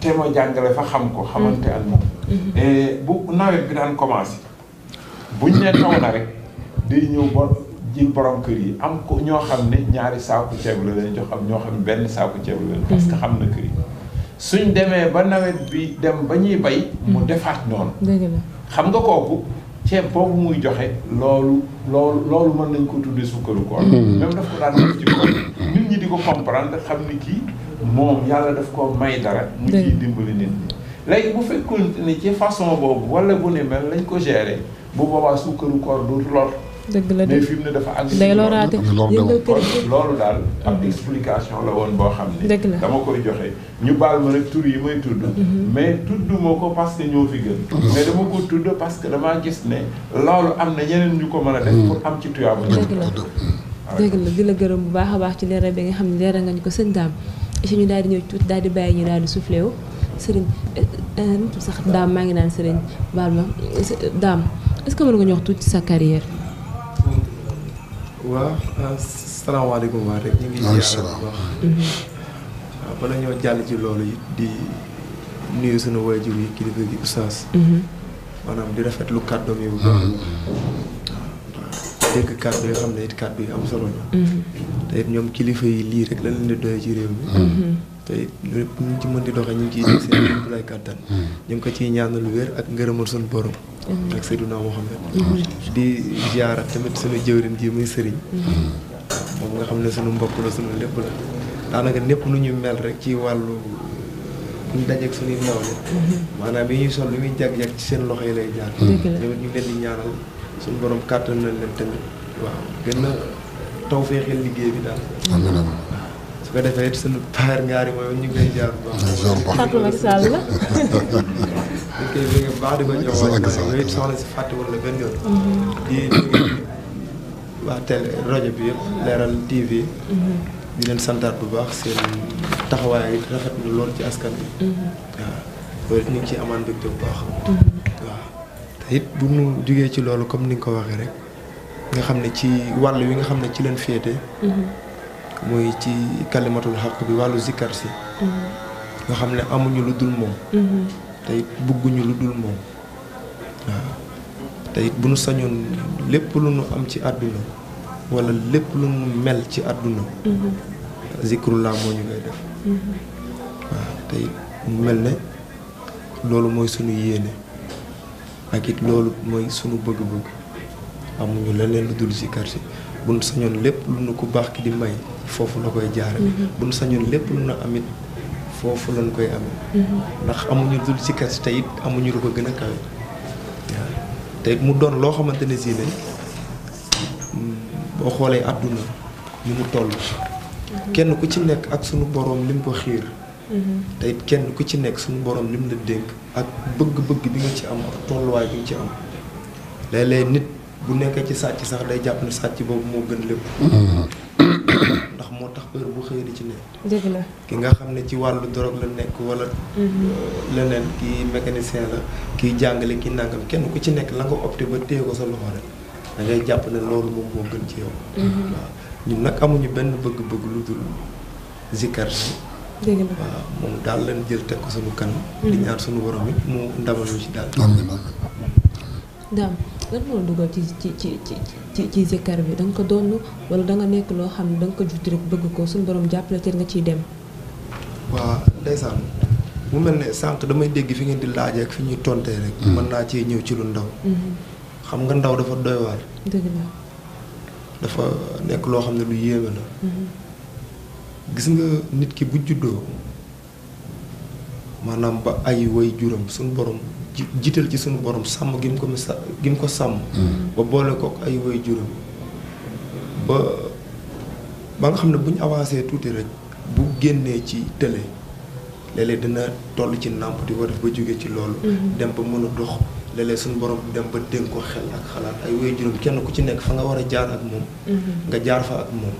te ma jàngale fa xam ko xamante ak moom hmm. eh, bu nawet bi daan commencé buñ ne taw na rek day ñëw ba jël borom kër yi am ko ñoo xam ne ñaari saaku ceeb la leen jox am ñoo xam ne benn saaku ceeb la leen parce que xam na kër yi suñ demee ba nawet bi dem ba ñuy bay mu hmm. defaat noonu xam nga kooku ceeb boobu muy joxe loolu loolu loolu mën nañ ko tuddee sukkaru koor hmm. même daf ko daan def nit ñi di ko comprendre xam ni kii moom yàlla daf ko may dara mu ciy dimbali nit ñi léegi bu fekkoon ni ci façon boobu wala bu ne mel lañ ko gérer bu boobaa sukkaru koor du lool dëgg la mais fi ne dafa àgg si loolu daal ab explication la woon boo xam ne dama koy joxe ñu baal ma rek tur yi may tudd mhm. mais tudd moo ko parce que ñoo fi dama gis ne loolu am na ñeneen ñu ko mën a def pour am ci tuyaaba dëgg la di la gërëm bu baax a baax ci leeral bi nga xam ne leeral nga ñu ko sëñ daam si ñu daal di ñëw tuuti daal di bàyyi ñu daal di soufflé wu euh, euh, sax daam maa ngi naan sëriñ baal ma daam est-ce que mën nga ñu wax tuuti sa carrière waaw ah, salaamaaleykum waa rek ñu ngi ziar bu baax bala ah, ñoo jàll ci loolu yi di nuyu suñu waajur yi kilifa gi oustaz mhm. maanaam di rafetlu kàddoom yi bu baax waaw mhm. ah, dégg kàddu yoo xam ne it kàddu am solo la mhm. te ñoom kilifa yi lii rek la leen di doye ci réew mi te it ñu ci mën di doxee ñu ngi ciy def seen lay kàttan ñu ngi ko ciy ñaanal wér ak ngërëmal suñu borom ak mm-hmm. Seydina Mohamed mm-hmm. di ziara tamit suñu jëwrin ji muy sëriñ mm-hmm. moom nga xam ne suñu mbokk la suñu lépp la daanaka népp nu ñu mel rek ci wàllu ñu dajeeg suñuy nawle maanaam yi ñuy sol lu muy jag-jag ci seen loxo yi lay jaar ñu leen di ñaanal suñu borom kàttan na leen tamit waaw gën a taw feexeel liggéey bi daal su ko defee it suñu paar ñaari mooy ñu ngi lay jaar bu baax Fatuma Sall koy bëgg bu baax di ko jox waaye it soxla si fàtte wala benn yoon. Mhm. waa télé rajo bi yëpp leeral TV. Mhm. di leen santaat bu baax seen taxawaay it rafet na lool ci askan bi mhm. waaw loolu ngi ciy amaan mbégte bu te it bu ñu jugee ci loolu comme ni nga ko waxee rek nga xam ne ci wàll wi nga xam ne ci leen féete. muy ci kalimatul xaq bi wàllu zikkar si. nga xam ne amuñu lu dul moom. tey bëgguñu lu dul moom waaw tey bu nu sañoon lépp lu nu am ci àdduna walla lépp lu nu mel ci àdduna mm-hmm. zikrullah moo ñu koy def mm-hmm. waaw tey mu mel ne loolu mooy sunu yéene ak it loolu mooy sunu bëgg-bëgg amuñu leneen lu dul zikar si bu nu sañoon lépp lu nu ku baax ki di may foofu la koy jaare mm-hmm. bu nu sañoon lépp lu nu amit foofu lañ koy amee. Mm-hmm. ndax amuñu dul sikkat si tey amuñu lu ko gën a kawe. waaw mu doon loo xamante ne si boo xoolee àdduna ni mu toll. Mm-hmm. kenn ku ci nekk ak sunu boroom lim ko xiir. Mm-hmm. tey kenn ku ci nekk sunu boroom lim la dénk ak bëgg-bëgg bi nga ci am ak tolluwaay bi nga ci am léeg-léeg nit bu nekk ci sàcc sax day jàpp ne sàcc boobu moo gën lépp. moo tax heure bu xëy di ci ne dëgg ki nga xam ne ci wàllu drogue la nekk walla mhm. euh, leneen kii mécanicien la kii jàngale kii nangam kenn ku ci nekk la nga opté ba téye ko sa loxo rek da jàpp ne loolu moom moo gën ci yow mhm. waaw nag amuñu benn bëgg-bëgg lu dul zikkar dëgg la waaw moom daal lañ jël teg ko suñu kanam. di mhm. ñaan suñu borom it mu ndamal ñu ci daal. amiin amiin. lan moo dugal ci ci ci ci ci zikkar bi da nga ko doon wala da nga nekk loo xam ne da nga ko jut rek bëgg ko suñu borom jàppale te nga ciy dem. waaw ndeysaan mu mel ne sànq damay dégg fi ngeen di laajee ak fi ñuy tontee rek. Mm-hmm. mën naa cee ñëw ci lu ndaw. Mm-hmm. xam nga ndaw dafa doy waar. dëgg la. dafa nekk loo xam ne lu yéeme la. Mm-hmm. gis nga nit ki bu juddoo maanaam ba ay way juram suñu borom. ji jiital ci suñu boroom sàmm gi mu ko ko sàmm. Mm. ba boole ko ay woy juróom ba ba nga xam ne bu ñu avancé tuuti rek bu génnee ci télé léeg-léeg dina toll ci nàmp di war ba jóge ci loolu. Mm-hmm. dem ba mën a dox léeg-léeg suñu borom dem ba dénk ko xel ak xalaat ay way juróom kenn ku ci nekk fa nga war a jaar ak moom. Mm-hmm. nga jaar fa ak moom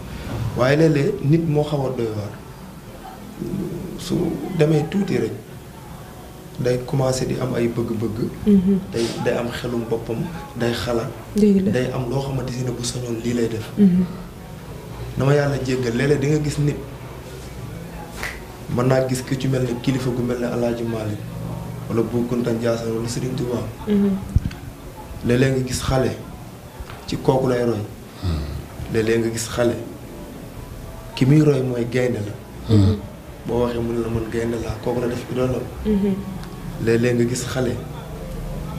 waaye léeg nit moo xaw a doy waar su demee tuuti rek. day commencé di am ay bëgg-bëgg. Mhm. day day am xelum boppam day xalaat. day am loo xamante si ne bu sañoon lii lay def. Mhm. na ma yàlla jéggal léeg-léeg di nga gis nit mën naa gis ku ci mel ne kilifa gu mel ne El Hadj Malick wala Bou Kounta Ndiassane nga gis xale ci kooku lay roy. Hmm. léeg nga gis xale ki muy roy mooy gaynde la. Hmm. boo waxee mu ne la man gaynde laa kooku la def idolam. léeg-léeg nga gis xale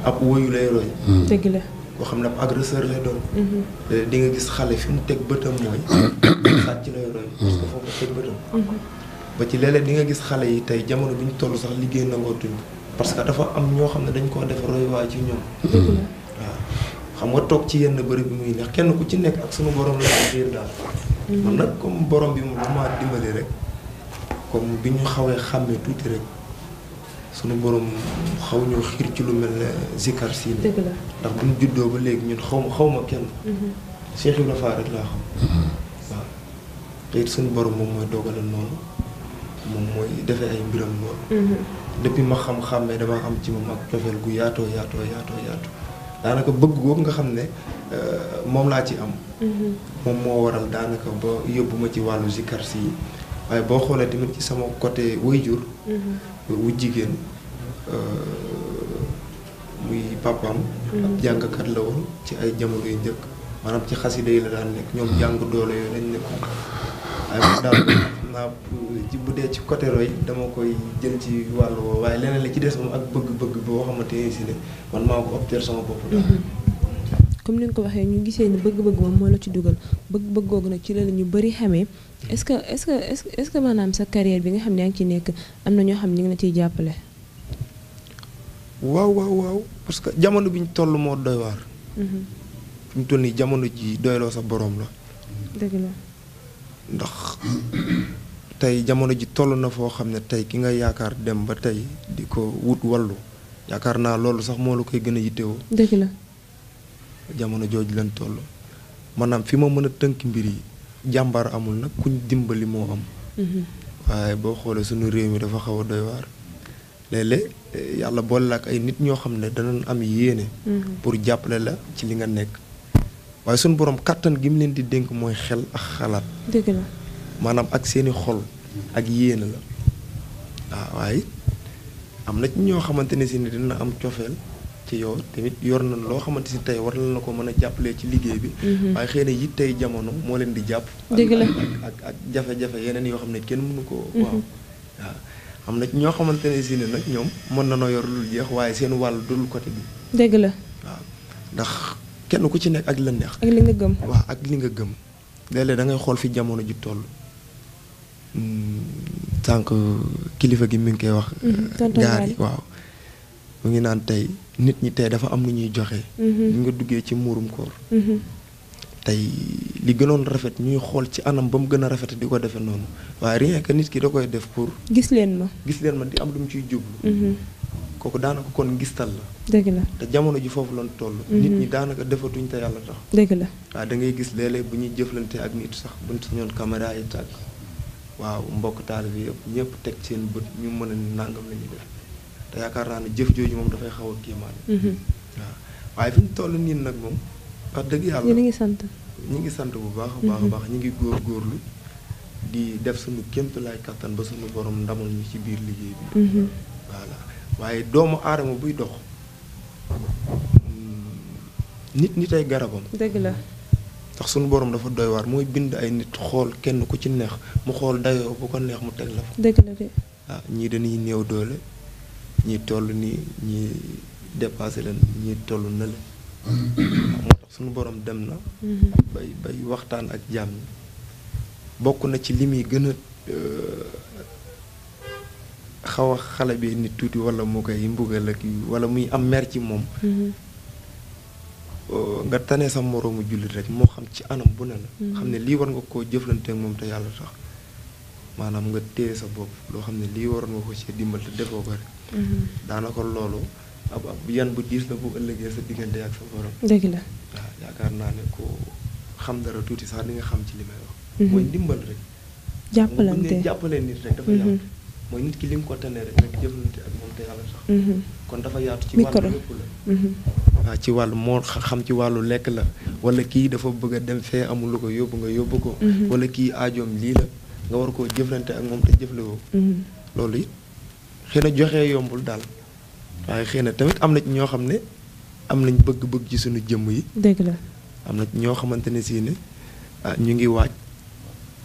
ab woyu lay roy. Hmm. dëgg la. koo xam ne ab agresseur lay doon. Mm-hmm. di nga gis xale fi mu teg bëtam mooy. Hmm. sàcc lay hmm. mm-hmm. ba ci léeg-léeg nga gis xale yi tey jamono bi ñu toll sax liggéey nangootuñ parce que dafa am ñoo xam ne dañ koo def royuwaay ci ñoom. waaw xam nga toog ci yenn bërëb bi muy neex kenn ku ci nekk ak sunu borom la biir daal. man nag bi mu lu dimbali rek comme bi ñu xawee xàmmee tuuti rek. sunu borom xaw ñu xiir ci lu mel ne zikar siin ndax bu juddoo ba léegi ñun xaw xaw ma kenn mhm. Cheikh Ibrahima Fall rek laa xam mhm. waaw te it sunu borom moom mooy dogalal noonu moom mooy defee ay mbiram noonu mhm. depuis ma xam-xàmmee dama xam ci moom mag cofeel gu yaatoo yaatoo yaatoo yaatoo daanaka bëgg googu nga xam ne euh, moom laa ci am moom moo waral daanaka ba yóbbu ma ci wàllu zikar si waaye boo xoolee tamit ci sama côté wayjur wu jigéen euh, muy papaam mm-hmm. ab jàngkat la woon ci ay jamono yu njëkk maanaam ci xasida yi la daan nekk ñoom mm-hmm. jàng doole yooyu dañ nekkoon waaye mu daal bu dee ci côté roy dama koy jën ci wàll woowu waaye leneen la ci des moom ak bëgg-bëgg boo xamante ni si ne man maa ko opter sama bopp daal mm-hmm. comme ni nga ko waxee ñu gisee ni bëgg-bëgg moom moo la ci dugal bëgg-bëgg googu nag ci la ñu bëri xamee est-ce que est-ce que est-ce que maanaam sa carrière bi nga xam ne yaa nekk am na ñoo xam ne ñu ngi la ciy jàppale. waaw waaw parce que jamono bi ñu toll moo doy waar. Mm-hmm. fi toll nii jamono ji doyloo sa boroom la. dëgg ndax tey jamono ji toll na foo xam ne tey ki ngay yaakaar dem ba tey di ko wut wallu yaakaar naa loolu sax moo la koy gën a yittewoo. la. jamono jooju lan toll maanaam fi ma mën a tënk mbir yi jàmbaar amul nag kuñ dimbali moo am. Mhm. waaye boo xoolee suñu réew mi dafa xaw a doy waar léeg-léeg eh, yàlla boole la ak ay nit ñoo xam ne danañ am yéene. Mhm. pour jàppale la ci li nga nekk. waaye suñu borom kàttan gi leen di dénk mooy xel ak xalaat. maanaam ak seeni xol ak yéene la ah, am na ñoo xamante ne si ne dina am cofeel ci yow tamit yor na loo xamante si tey war na ko mën a jàppalee ci liggéey bi. Mhm. waaye xëy na it tey jamono moo leen di jàpp. dëgg la yoo xam ne kenn mënu ko. Mhm. waaw waaw na ñoo xamante ne si nag ñoom mën na noo yor lu jeex waaye seen wàll dul côté ndax kenn ku ci nekk ak la neex. ak li nga gëm waaw ak li nga gëm. léeg-léeg da ngay xool fi jamono ji toll. Hmm, sànq kilifa gi mi ngi koy wax. Mhm, euh, tonton gaar yi waaw mu ngi naan tey. nit ñi tey dafa am lu ñuy joxe. Mhm. ñu nga duggee ci muurum koor. Mhm. tey li gënoon rafet ñuy xool ci anam ba mu gën a rafet di ko defee noonu waaye rien que nit ki da koy def pour. gis leen ma gis leen ma di am lu mu ciy jublu. Mhm. kooku daanaka kon gistal la. dëgg la te jamono ji foofu lan toll. nit ñi daanaka defatuñ te yàlla tax. dëgg la waaw da ngay gis léeg bu ñuy jëflantee ak nit sax bu buñ sañoon caméra yi tàkk waaw mbokk taal bi yëpp ñëpp teg seen bët ñu mën a nangam la ñuy yaakaar naa ne jëf jooju moom dafay xaw a kéemaan. Mhm. waaye fi ñu toll niin nag moom wax dëgg yàlla. ñu ngi sant. ñu ngi sant bu baax a baax mhm. baax ñu ngi góorgóorlu di def suñu kémt lay kattan ba suñu borom ndamal ñu ci biir liggéey bi. Mhm. waaye doomu aadama buy dox mm, nit nitay garabam. dëgg la. ndax suñu borom dafa doy war mooy bind ay nit xool kenn ku ci neex mu xool dayoo bu ko neex mu teg la fa. dëgg la de. Ah, ñii dañuy néew doole. ñi toll nii ñi dépassé leen ñi tollu na leen moo tax suñu borom dem na bay bay waxtaan ak jaam ñi bokk na ci li muy gën a euh, xaw xale bi nit tuuti wala mu koy mbugal ak yu wala muy am merci moom mm-hmm. nga tane sa moroomu jullit rek moo xam ci anam bu ne la mm-hmm. xam ne lii war nga koo jëflante moom te yàlla tax maanaam nga téye sa bopp loo xam ne lii waroon nga ko ci dimbal te defoo ko rek mhm. daanaka loolu ab ab yan bu diis la bu ëllëgee sa diggante ak sa borom dëgg la naa ne ko xam dara tuuti sax di nga xam ci li may wax mhm. mooy ndimbal rek mhm. ki li nga ko tane moom te yàlla sax kon dafa yaatu ci wàllu ci wàllu moo xam ci wàllu lekk la wala kii dafa bëgg a dem fee amul ko yóbbu nga yóbbu ko wala kii aajoom lii la nga war koo jëflante ak moom te jëflewoo mm-hmm. loolu it xëy joxe yombul daal waaye xëy na tamit am na ci ñoo xam ne am nañ bëgg-bëgg ci suñu jëmm yi dëgg la am na ñoo xamante ne sii ah, ñu ngi waaj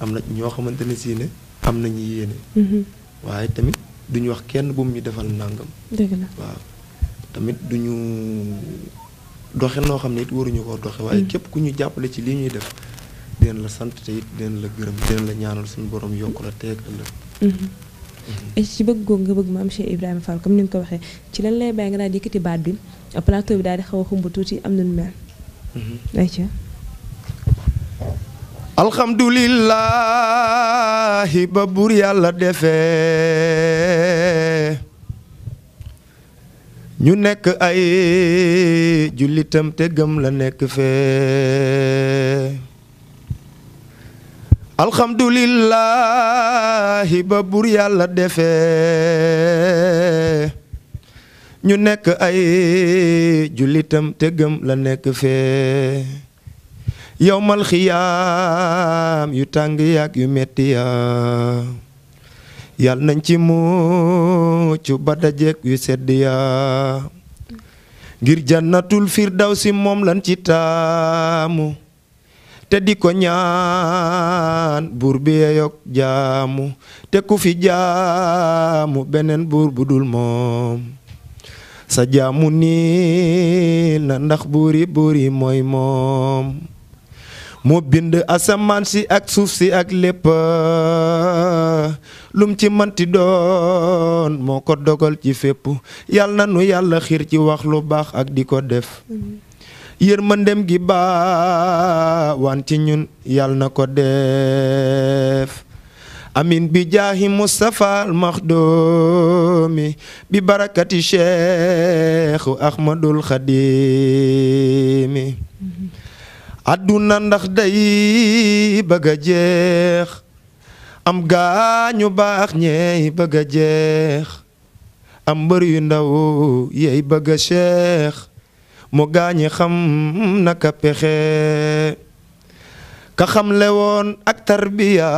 am na ñoo xamante ne sii ne am nañu yéene mm-hmm. waaye tamit duñu wax kenn bu ñu defal nàngam dëgg la waaw tamit duñu doxe noo xam ne it waruñu ko doxe waaye mm-hmm. képp ku ñu jàppale ci lii ñuy def dinañ la sant te it dinañ la gërëm dinañ la ñaanal suñu borom yokk la teeg ëllëg. Mhm. ci bëgg googu nga bëgg maam Cheikh Ibrahima Fall comme ni nga ko waxee ci lan lay bàyyi nga daal di yëkkati baat bi plateau bi daal di xaw a xumb tuuti am nañu mel. Mhm. nekk ay la nekk alxamdulillaahi ba buur yàlla defee ñu nekk ay jullitam te la nekk fee yowmal xiyaam yu tàng yaak yu metti ya yàlla nañ ci mucc ba dajeek yu sedd ya ngir jannatul firdawsi moom lan ci taamu te di ko ñaan buur bi yeyog jaamu te ku fi jaamu beneen buur bu dul moom sa jaamu niil na ndax buuri buuri mooy moom moo bind asamaan si ak suuf si ak lépp lum ci manti doon moo ko dogal ci fépp yàlla na nu yàlla xiir ci wax lu baax ak di ko def yërmandem gi baawaan ci ñun yàlla na ko def amin bi jaahi Mustafa al maxdoomi bi barakati cheikhu Ahmadul Xadimi àdduna ndax day bëgg a jeex am gaañu baax ñey bëgg a am mbër yu ndaw yey bëgg a mu gaañi xam naka pexe ka xamle woon ak tarbiya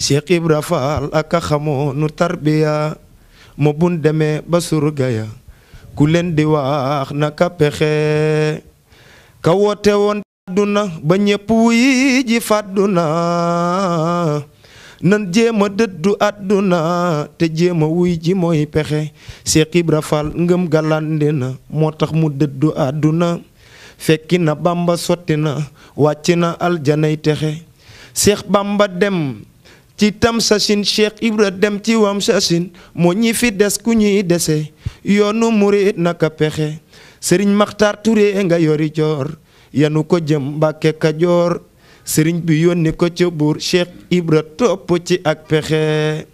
Cheikh Ibra Fall ak a xamoonu tarbiya mu bun demee ba surga ya ku leen di wax naka pexe ka woote woon àdduna ba ñépp wuy ji fàdduna nan jéem a dëddu àdduna te jéema wuy ji mooy pexe Cheikh Ibra Fall ngëm galande moo tax mu dëddu àdduna fekki na Bamba sotti na wàcc na aljanay texe Cheikh Bamba dem ci tam sasin Cheikh Ibra dem ci wam sasin moo ñi fi des ku ñuy dese yoonu murit naka pexe Sëriñ Maxtaar Ture nga yori joor yanu ko jëm Mbàkke Kajoor sëriñ bi yónni ko ca buur Cheikh Ibra topp ci ak pexe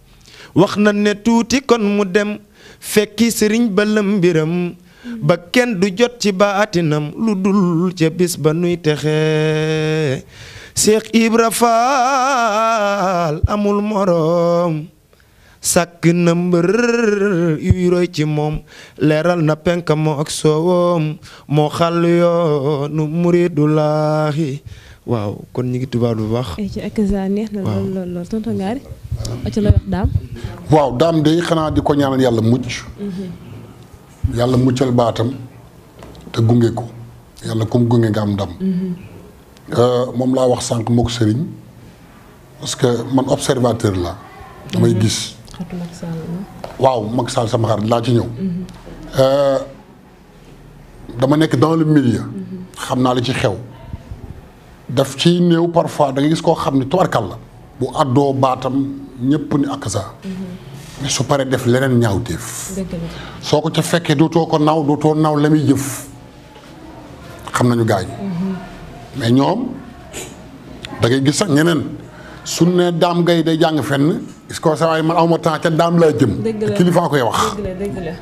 wax na ne tuuti kon mu dem fekki sëriñ ba lëmbiram ba kenn du jot ci ba baatinam lu dul ca bis ba nuy texe Cheikh Ibra Faal amul moroom sàkk na yuy roy ci moom leeral na penkam ak soowam moo xàll yoonu muridulaahi waaw kon ñu ngi tubaab wax baax. Eh, ci ak sa neex na la wax daam. waaw daam de xanaa di ko ñaanal yàlla mucc. Mhm. yàlla muccal baatam te gunge ko yàlla comme gunge nga am ndam. Mhm. Euh, moom laa wax sànq mook sëriñ parce que man observateur la damay mhm. gis. waaw Macky Sall sama xarit laa ci ñëw. Euh, dama nekk dans le milieu. xam naa la ci xew. daf ci néew parfois da gis koo xam ni tubarkal la bu àddoo baatam ñëpp ni ak sa su paree def leneen ñaaw ñaawteef soo ko ca fekkee dootoo ko naw dootoo naw la muy jëf xam nañu gaañ mm-hmm. mais ñoom dangay gis sax ñeneen su ne daam gay day jàng fenn is ko sa waay man awma temps ca daam laay jëm kilifaa koy wax da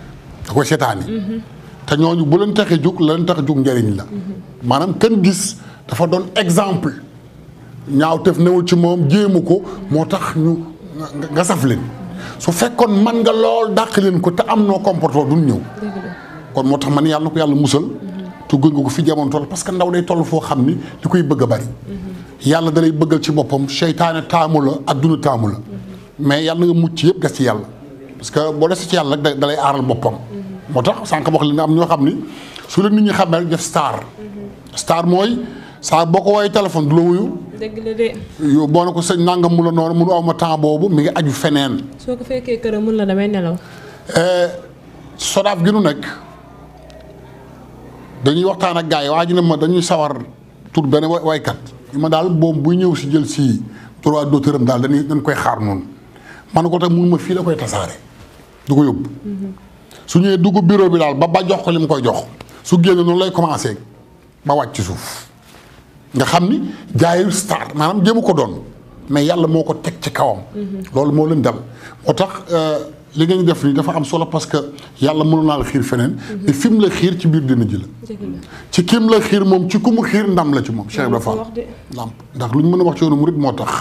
koy seetaani mm-hmm. te ñooñu bu leen taxee jug la leen tax jug njëriñ la mm-hmm. maanaam kenn gis dafa doon exemple ñaaw tef newul ci moom jéemu ko moo tax ñu nga saf leen su fekkoon man nga lool dàq leen ko te am noo comportement duñ ñëw kon moo tax man yàlla na ko yàlla musal tugg nga ko fi jamono toll parce que ndaw day toll foo xam ni li koy bëgg a bari yàlla dalay bëggal ci boppam seytaane taamu la adduna taamu la mais yàlla nga mucc yëpp des ci yàlla parce que boo des ci yàlla rek dalay aaral boppam moo tax sànq wax li nga am ñoo xam ni su la nit ñi xamee rek star mooy saa boo ko woowee téléphone du la wuyu. dëgg de. boo ne ko sëñ nangam mu la noonu munu aw ma temps boobu mi ngi aju feneen. soo ko fekkee këram mun la damay nelaw. Eh, sodaaf gi nu nekk dañuy waxtaan ak gars yi waa ji ne ma dañuy sawar tur benn waykat ñu ma daal boobu buy ñëw si jël si droit d'auteur daal dañuy dañ koy xaar noonu man ko te mun ma fii la koy tasaare du ko yóbbu. Mm-hmm. su ñëwee dugg bureau bi daal ba ba jox ko li mu koy jox su génn noonu lay commencé ba wàcc ci suuf. nga xam ni jaayul star maanaam jéem ko doon mais yàlla moo ko teg ci kawam. Mm-hmm. loolu moo leen dal moo tax euh, li ngeen def nii dafa am solo parce que yàlla mënu naa xiir feneen. mais mm-hmm. fi mu la xiir ci biir dina ji la. ci kim la xiir moom ci ku mu xiir ndam la ci moom. Cheikh Ibra Fall ndam ndax lu ñu mën a wax ci yoonu murit moo tax.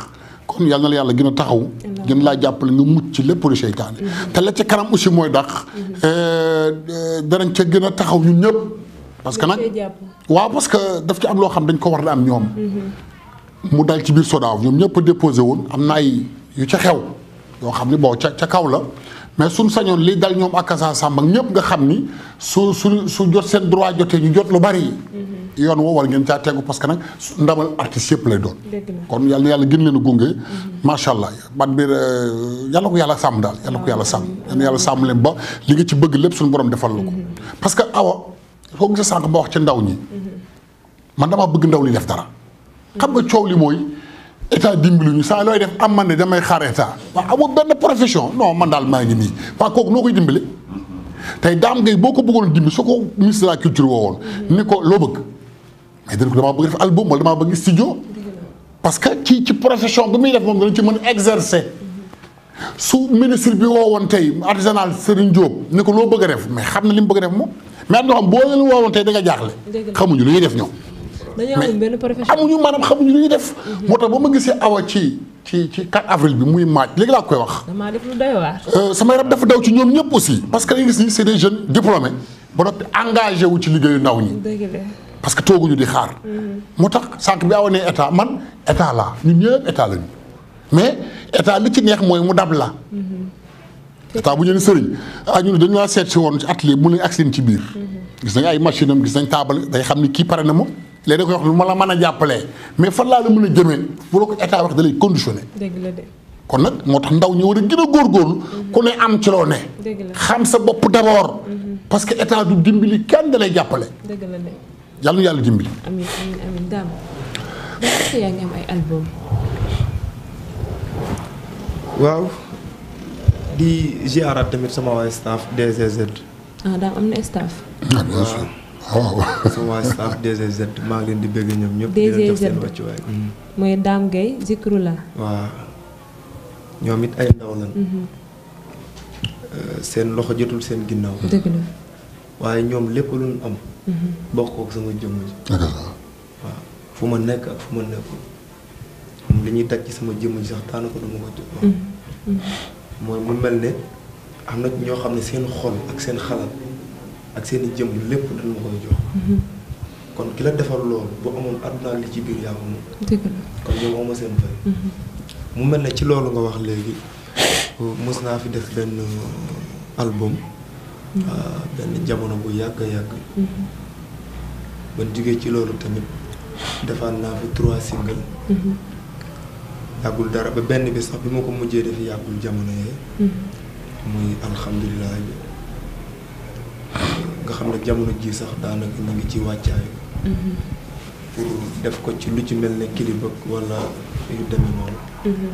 kon yal na la yàlla gën a taxaw gën laa jàppale nga mucc ci lépp ru seytaane mm-hmm. te la ca kanam aussi mooy dàq. Euh, danañ ca gën a taxaw ñun ñëpp. parce que nag waaw parce que daf ci am loo xam dañ ko war di am ñoom. Mm-hmm. mu dal ci biir Sodav ñoom ñëpp a déposé woon am naay yu ca xew yoo xam ni boo ca ca kaw la mais suñ sañoon lii dal ñoom ak Kasa Samba ñëpp nga xam ni su su su jot seen droit jotee ñu jot lu bari. Mm-hmm. yoon woo war ngeen caa tegu parce que nag ndamal artiste yëpp lay doon. kon yàlla yàlla gën leen a gunge. Mm-hmm. macha allah bat biir euh, yàlla ko yàlla sàmm daal yàlla ko yàlla sàmm. yàlla yàlla sàmm leen ba li nga ci bëgg lépp suñu borom defal la ko foog nga sànq ma wax ci ndaw ñi man damaa bëgg ndaw li def dara xam nga coow li mooy état dimbali ñu saa looy def am man ne damay xaar état waaw amul benn profession non man daal maa ngi nii waa kooku noo koy dimbali tey daam ngay boo ko bëggoon dimbali soo ko ministre la culture woowoon ni ko loo bëgg mais dana ko damaa bëgg def album wala damaa parce que ci ci profession bi muy def moom dana ci mën exercer su ministre bi woowoon tey artisanal Serigne Diop ni ko loo bëgg a def mais xam na li mu bëgg a def moom mais am na xam boo leen woowoon tey da nga jaaxle. xamuñu lu ñuy def ñoom. dañoo am benn profession amuñu maanaam xamuñu lu ñuy def. Mhm. moo tax ba ma gisee awa ci ci ci 4 avril bi muy maaj léegi laa koy wax. damaa def lu doy waar. Euh, sama yaram dafa daw ci ñoom ñëpp aussi parce que gis ni c'est des jeunes diplômés ba noppi engagé wu ci liggéeyu ndaw ñi. parce que tooguñu di xaar. Mhm. moo tax sànq bi awa nee état man état laa ñun ñëpp état lañu mais état li ci neex mooy mu dab la mhm. état bu ñu leen sëriñ ah ñu ne dañu laa seet si woon ci atelier mu ne ak seen ci biir. gis nañ ay machine am gis nañ taabal day xam ni kii pare na ma. léegi da koy lu ma la mën a jàppale mais fan laa la mën a jëmeen fu la ko état wax da lay kon nag moo tax ndaw ñi war a gën a góorgóorlu. ku ne am ci loo ne. xam sa bopp d' abord. Mhm. parce que état du dimbali kenn da lay jàppale. dëgg la de. yàlla na yàlla dimbali. amiin amiin amiin di ziaraat tamit sama waa staff DGZ. ah daam am na staff. ah bien sûr ah, sama waa staff DGZ maa ngi leen di bëgg ñoom ñëpp. di leen jox seen wàccuwaay. Mm-hmm. mooy Dame ñoom it ay ndaw lañ. Mm-hmm. Euh, seen loxo jotul seen ginnaaw. dëgg waaye ñoom lépp lu ñu am. Mm-hmm. bokk kook sama jëmm ji. waaw fu ma nekk ak fu ma nekkul. li ñuy daj ci sama jëmm ji sax daanaka du ma ko mooy mu mel ne am na ñoo xam ne seen xol ak seen xalaat ak seen jëm lépp dañu koy jox. Mhm. kon ki la defar loolu bu amoon àddunaa li ci biir yaa ko moom. dëgg la kon ñoom amoo seen fay. Mhm. mu mel ne ci loolu nga wax léegi mës naa fi def benn album. Mhm. Ah, benn jamono bu yàgg yàgg. ba jógee ci loolu tamit defaan naa fi trois single. yàggul dara ba benn bi sax bi ma ko mujjee def yàggul jamono yee hmm. muy alhamdulilah bi nga xam ne jamono ji sax daanaka ñu ngi ci wàccaayu hmm. pour def ko ci lu ci mel ne clip ak wala yu demee noonu hmm.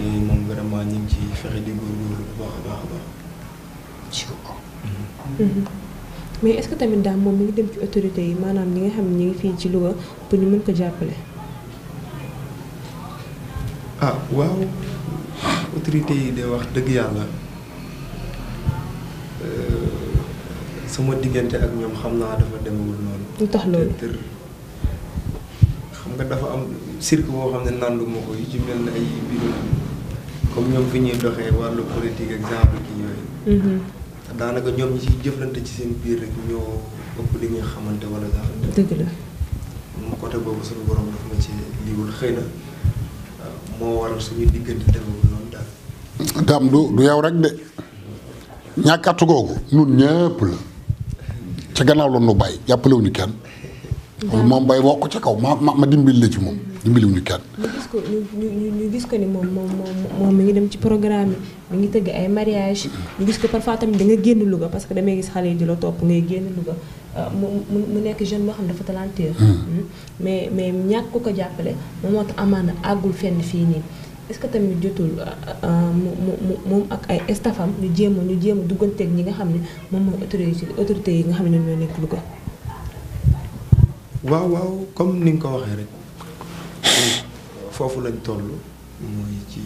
yooyu moom vraiment ñu ngi ci fexe di góorgóorlu bu baax a baax a ci ko mais est-ce tamit daal moom mu ngi dem ci autorités yi maanaam ñi nga xam ne ñu ngi fii ci Louga pour ñu mën ko jàppale ah waaw autorité yi de wax dëgg yàlla euh, sama diggante ak ñoom xam naa dafa demewul noonu. lu tax loolu xam nga dafa am cirque boo xam ne nandu ko yu ci mel ne ay mbirum comme ñoom fi ñuy doxee wàllu politique exemple kii mm-hmm. daanaka ñoom ñi ciy jëflante ci seen biir rek ñoo ëpp li ñuy xamante wala sax. dëgg la. moom côté boobu suñu borom dafa ma ci liiwul xëy na. moo waral suñu diggante demewul noonu daal. daam du du yow rek de ñàkkatu googu nun ñëpp la ca gannaaw la nu bàyyi jàppalewuñu kenn. wala moom bay woo ko ca kaw ma ma dimbali la ci moom dimbaliwuñu kenn. ñu gis ko ñu ñu gis ko ni moom moom moom mi ngi dem ci programme yi mi ngi tëgg ay mariage ñu gis ko parfois tamit génn Louga parce que damay gis xale yi di la topp ngay génn Louga. Euh, mu mu nekk jeune boo xam dafa talentueux. Hmm. Hmm. mais mais ñàkk ku ko jàppale moom moo tax amaana àggul fenn fii nii est-ce que tamit jotul euh, euh, mu moom ak ay stafam ñu jéem a ñu jéem a dugganteeg ñi nga xam ne moom mooy autorité autorité yi nga xam ne ñoo nekk Louga. waaw waaw comme ni nga ko waxee rek foofu lañ toll mooy ci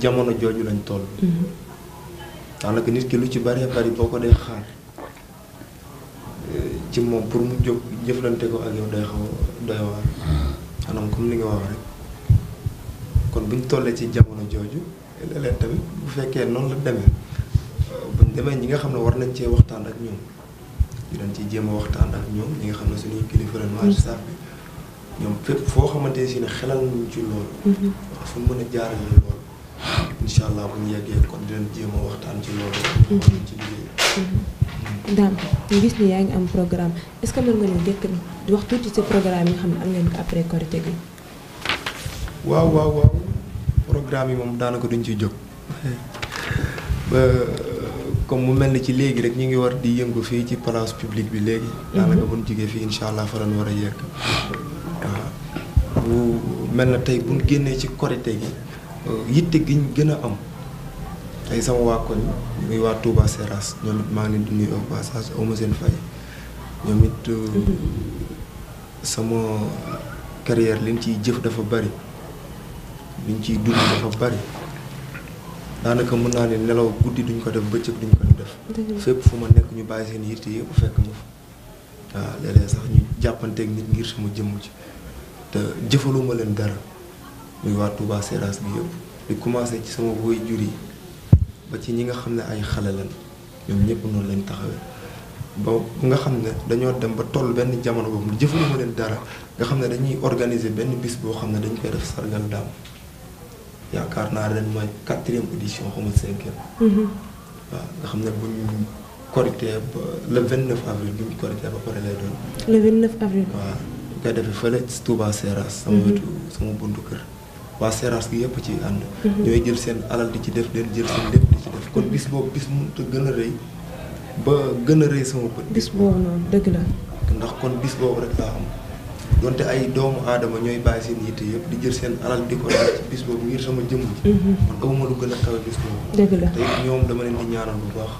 jamono jooju lañ toll. Hmm. daanaka nit ki lu ci bëree bëri boo ko dee xaar. ci moom pour mu jóg jëflante ko ak yow day xaw doy waar anam comme li nga wax rek kon buñ tollee ci jamono jooju léeg-léeg bu fekkee noonu la demee euh, buñ demee ñi nga xam ne war nañ cee waxtaan ak ñoom ñu dañ ciy jéem a waxtaan ak ñoom ñi nga xam ne suñuy kilifa ren marché bi ñoom fépp foo xamante si ne xelal nañ ci loolu mm-hmm. waaw fu mën a jaaral ñu loolu incha allah buñ yeggee kon dinañ jéem a waxtaan ci loolu mm-hmm. ci liggéey daam ñu gis ni yaa ngi am programme est-ce que mën nga ñu njëkk wax tuuti ci programme yi nga xam ne am ngeen ko après Korité gi. waaw waaw waaw programme yi moom daanaka duñ ci jóg ba comme mu mel ni ci léegi rek ñu ngi war di yëngu fii ci place publique bi léegi. Mhm. daanaka bu ñu fii incha allah faran war a yegg waaw bu mel na tey bu ñu génnee ci Korité gi euh, yitte gi ñu gën a am. tey sama waa koñ muy waa Touba Seras ñoom it maa ngi leen di nuyu au passage aw ma seen fay ñoom it euh, mm-hmm. sama carrière liñ ciy jëf dafa bari liñ ciy dund dafa bari daanaka mën naa ne nelaw guddi duñ ko def bëccëg duñ ko def. fépp fu ma nekk ñu bàyyi seen yitte yëpp fekk ma fa waaw léeg sax ñu jàppanteeg nit ngir sama jëmm ci te jëfaluma leen dara muy waa Touba Seras bi yëpp di commencé ci sama woy jur yi. ba ci ñi nga xam ne ay xale lañ ñoom ñëpp noonu lañ taxawee ba bu nga xam ne dañoo dem ba toll benn jamono boobu jëfandiku leen dara nga xam ne dañuy organiser benn bis boo xam ne dañ koy def sargal daam yaakaar naa ren mooy quatrième édition xamul cinquième. Mhm. waaw nga xam ne bu ñu korité ba le 29 avril bu ñu korité ba pare lay doon. le 29 avril. waaw nga defee fële Touba Seras. sama mhm. wetu sama buntu kër. waa Seras gi yëpp ci ànd. Mhm. ñooy jël seen alal di ci def den jël seen lépp di ci def kon bis boobu bis mu gën a rëy ba gën a rëy sama bët. bis boobu noonu dëgg la. ndax kon bis boobu rek laa xam donte ay doomu aadama ñooy bàyyi seen yitte yëpp di jël seen alal di ko def ci bis boobu ngir sama jëmm ji. man mhm. amuma lu gën a kawe bis boobu. dëgg la te ñoom dama leen di ñaanal bu baax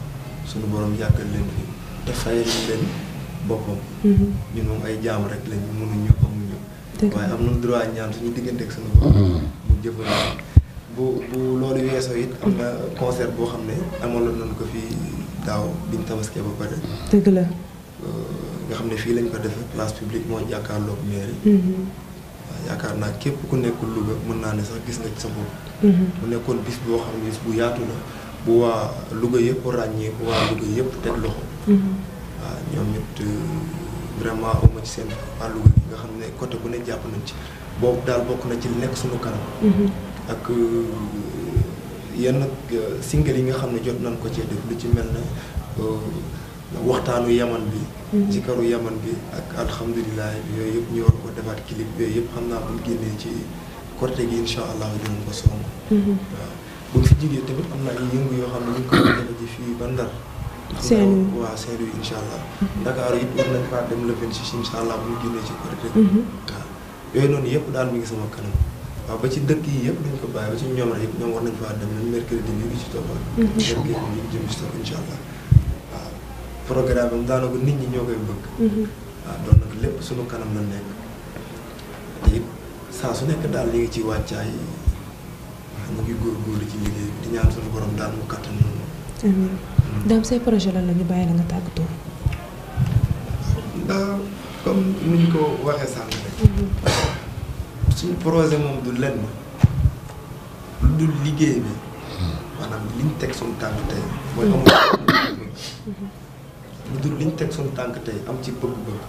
suñu boroom yàggal leen fi te leen boppam. Mhm. ñun moom ay jaam rek waaye am nañ droit ñaan suñu diggante ak suñu mm-hmm. mu jëfandikoo bu bu loolu weesoo it am na concert boo xam ne amoon la nañ ko fii daaw biñ tabaskee ba pare dëgg la euh, nga xam ne fii lañ ko defee place publique moo jàkkaarloog mairie mm-hmm. yaakaar naa képp ku nekkul Louga mën naa ne sax gis nga ci sa bopp. Mm-hmm. mu nekkoon bis boo xam bis bu yaatu la bu waa Louga yëpp ràññee bu waa Louga yëpp teg loxo. waaw ñoom it. Euh, vraiment aw ma ci seen wàllu nga xam ne côté bu ne jàpp nañ ci boobu daal bokk na ci li nekk suñu kanam. Mhm. ak euh, yenn euh, single yi nga xam ne jot nañ ko cee def lu ci mel na euh, waxtaanu yaman bi. Mhm. ci karu yaman bi ak alhamdulilah yooyu yëpp ñu war ko defaat clip yooyu yëpp xam naa bu ñu génnee ci corté gi incha allah dinañ ko song. Mhm. waaw bu fi jigee tamit am na yëngu yoo xam ne ñu ko defee fii ba Ndar. saint waa waaw Saint-Louis incha allah. Mhm. Dakar it war nañ faa dem le 26 incha allah bu ñu génnee ci côté. Mhm. waaw yooyu noonu yëpp daal mi ngi sama kanam waaw ba ci dëkk yi yëpp dañ ko bàyyi ba ci ñoom rek ñoom war nañ faa dem le mercredi ñu ngi ci toppal. incha allah mercredi ngi jëm ci toppal incha allah waaw programme am daanaka nit ñi ñoo koy bëgg. Mhm. waaw doon nag lépp sunu kanam la nekk saa su nekk daal ñu ngi ci wàccaay ñu ngi góor góorgóorlu ci liggéey bi di ñaan sunu borom daal mu kattan noonu. Dame say projet lan la ñu bàyyi la nga tàggatoo. ndax comme ni ñu ko waxee sànq rek. suñu projet moom du lenn lu dul liggéey bi maanaam liñ teg soon tànk tey mooy lu dul liñ teg soon tànk tey am ci bëgg-bëgg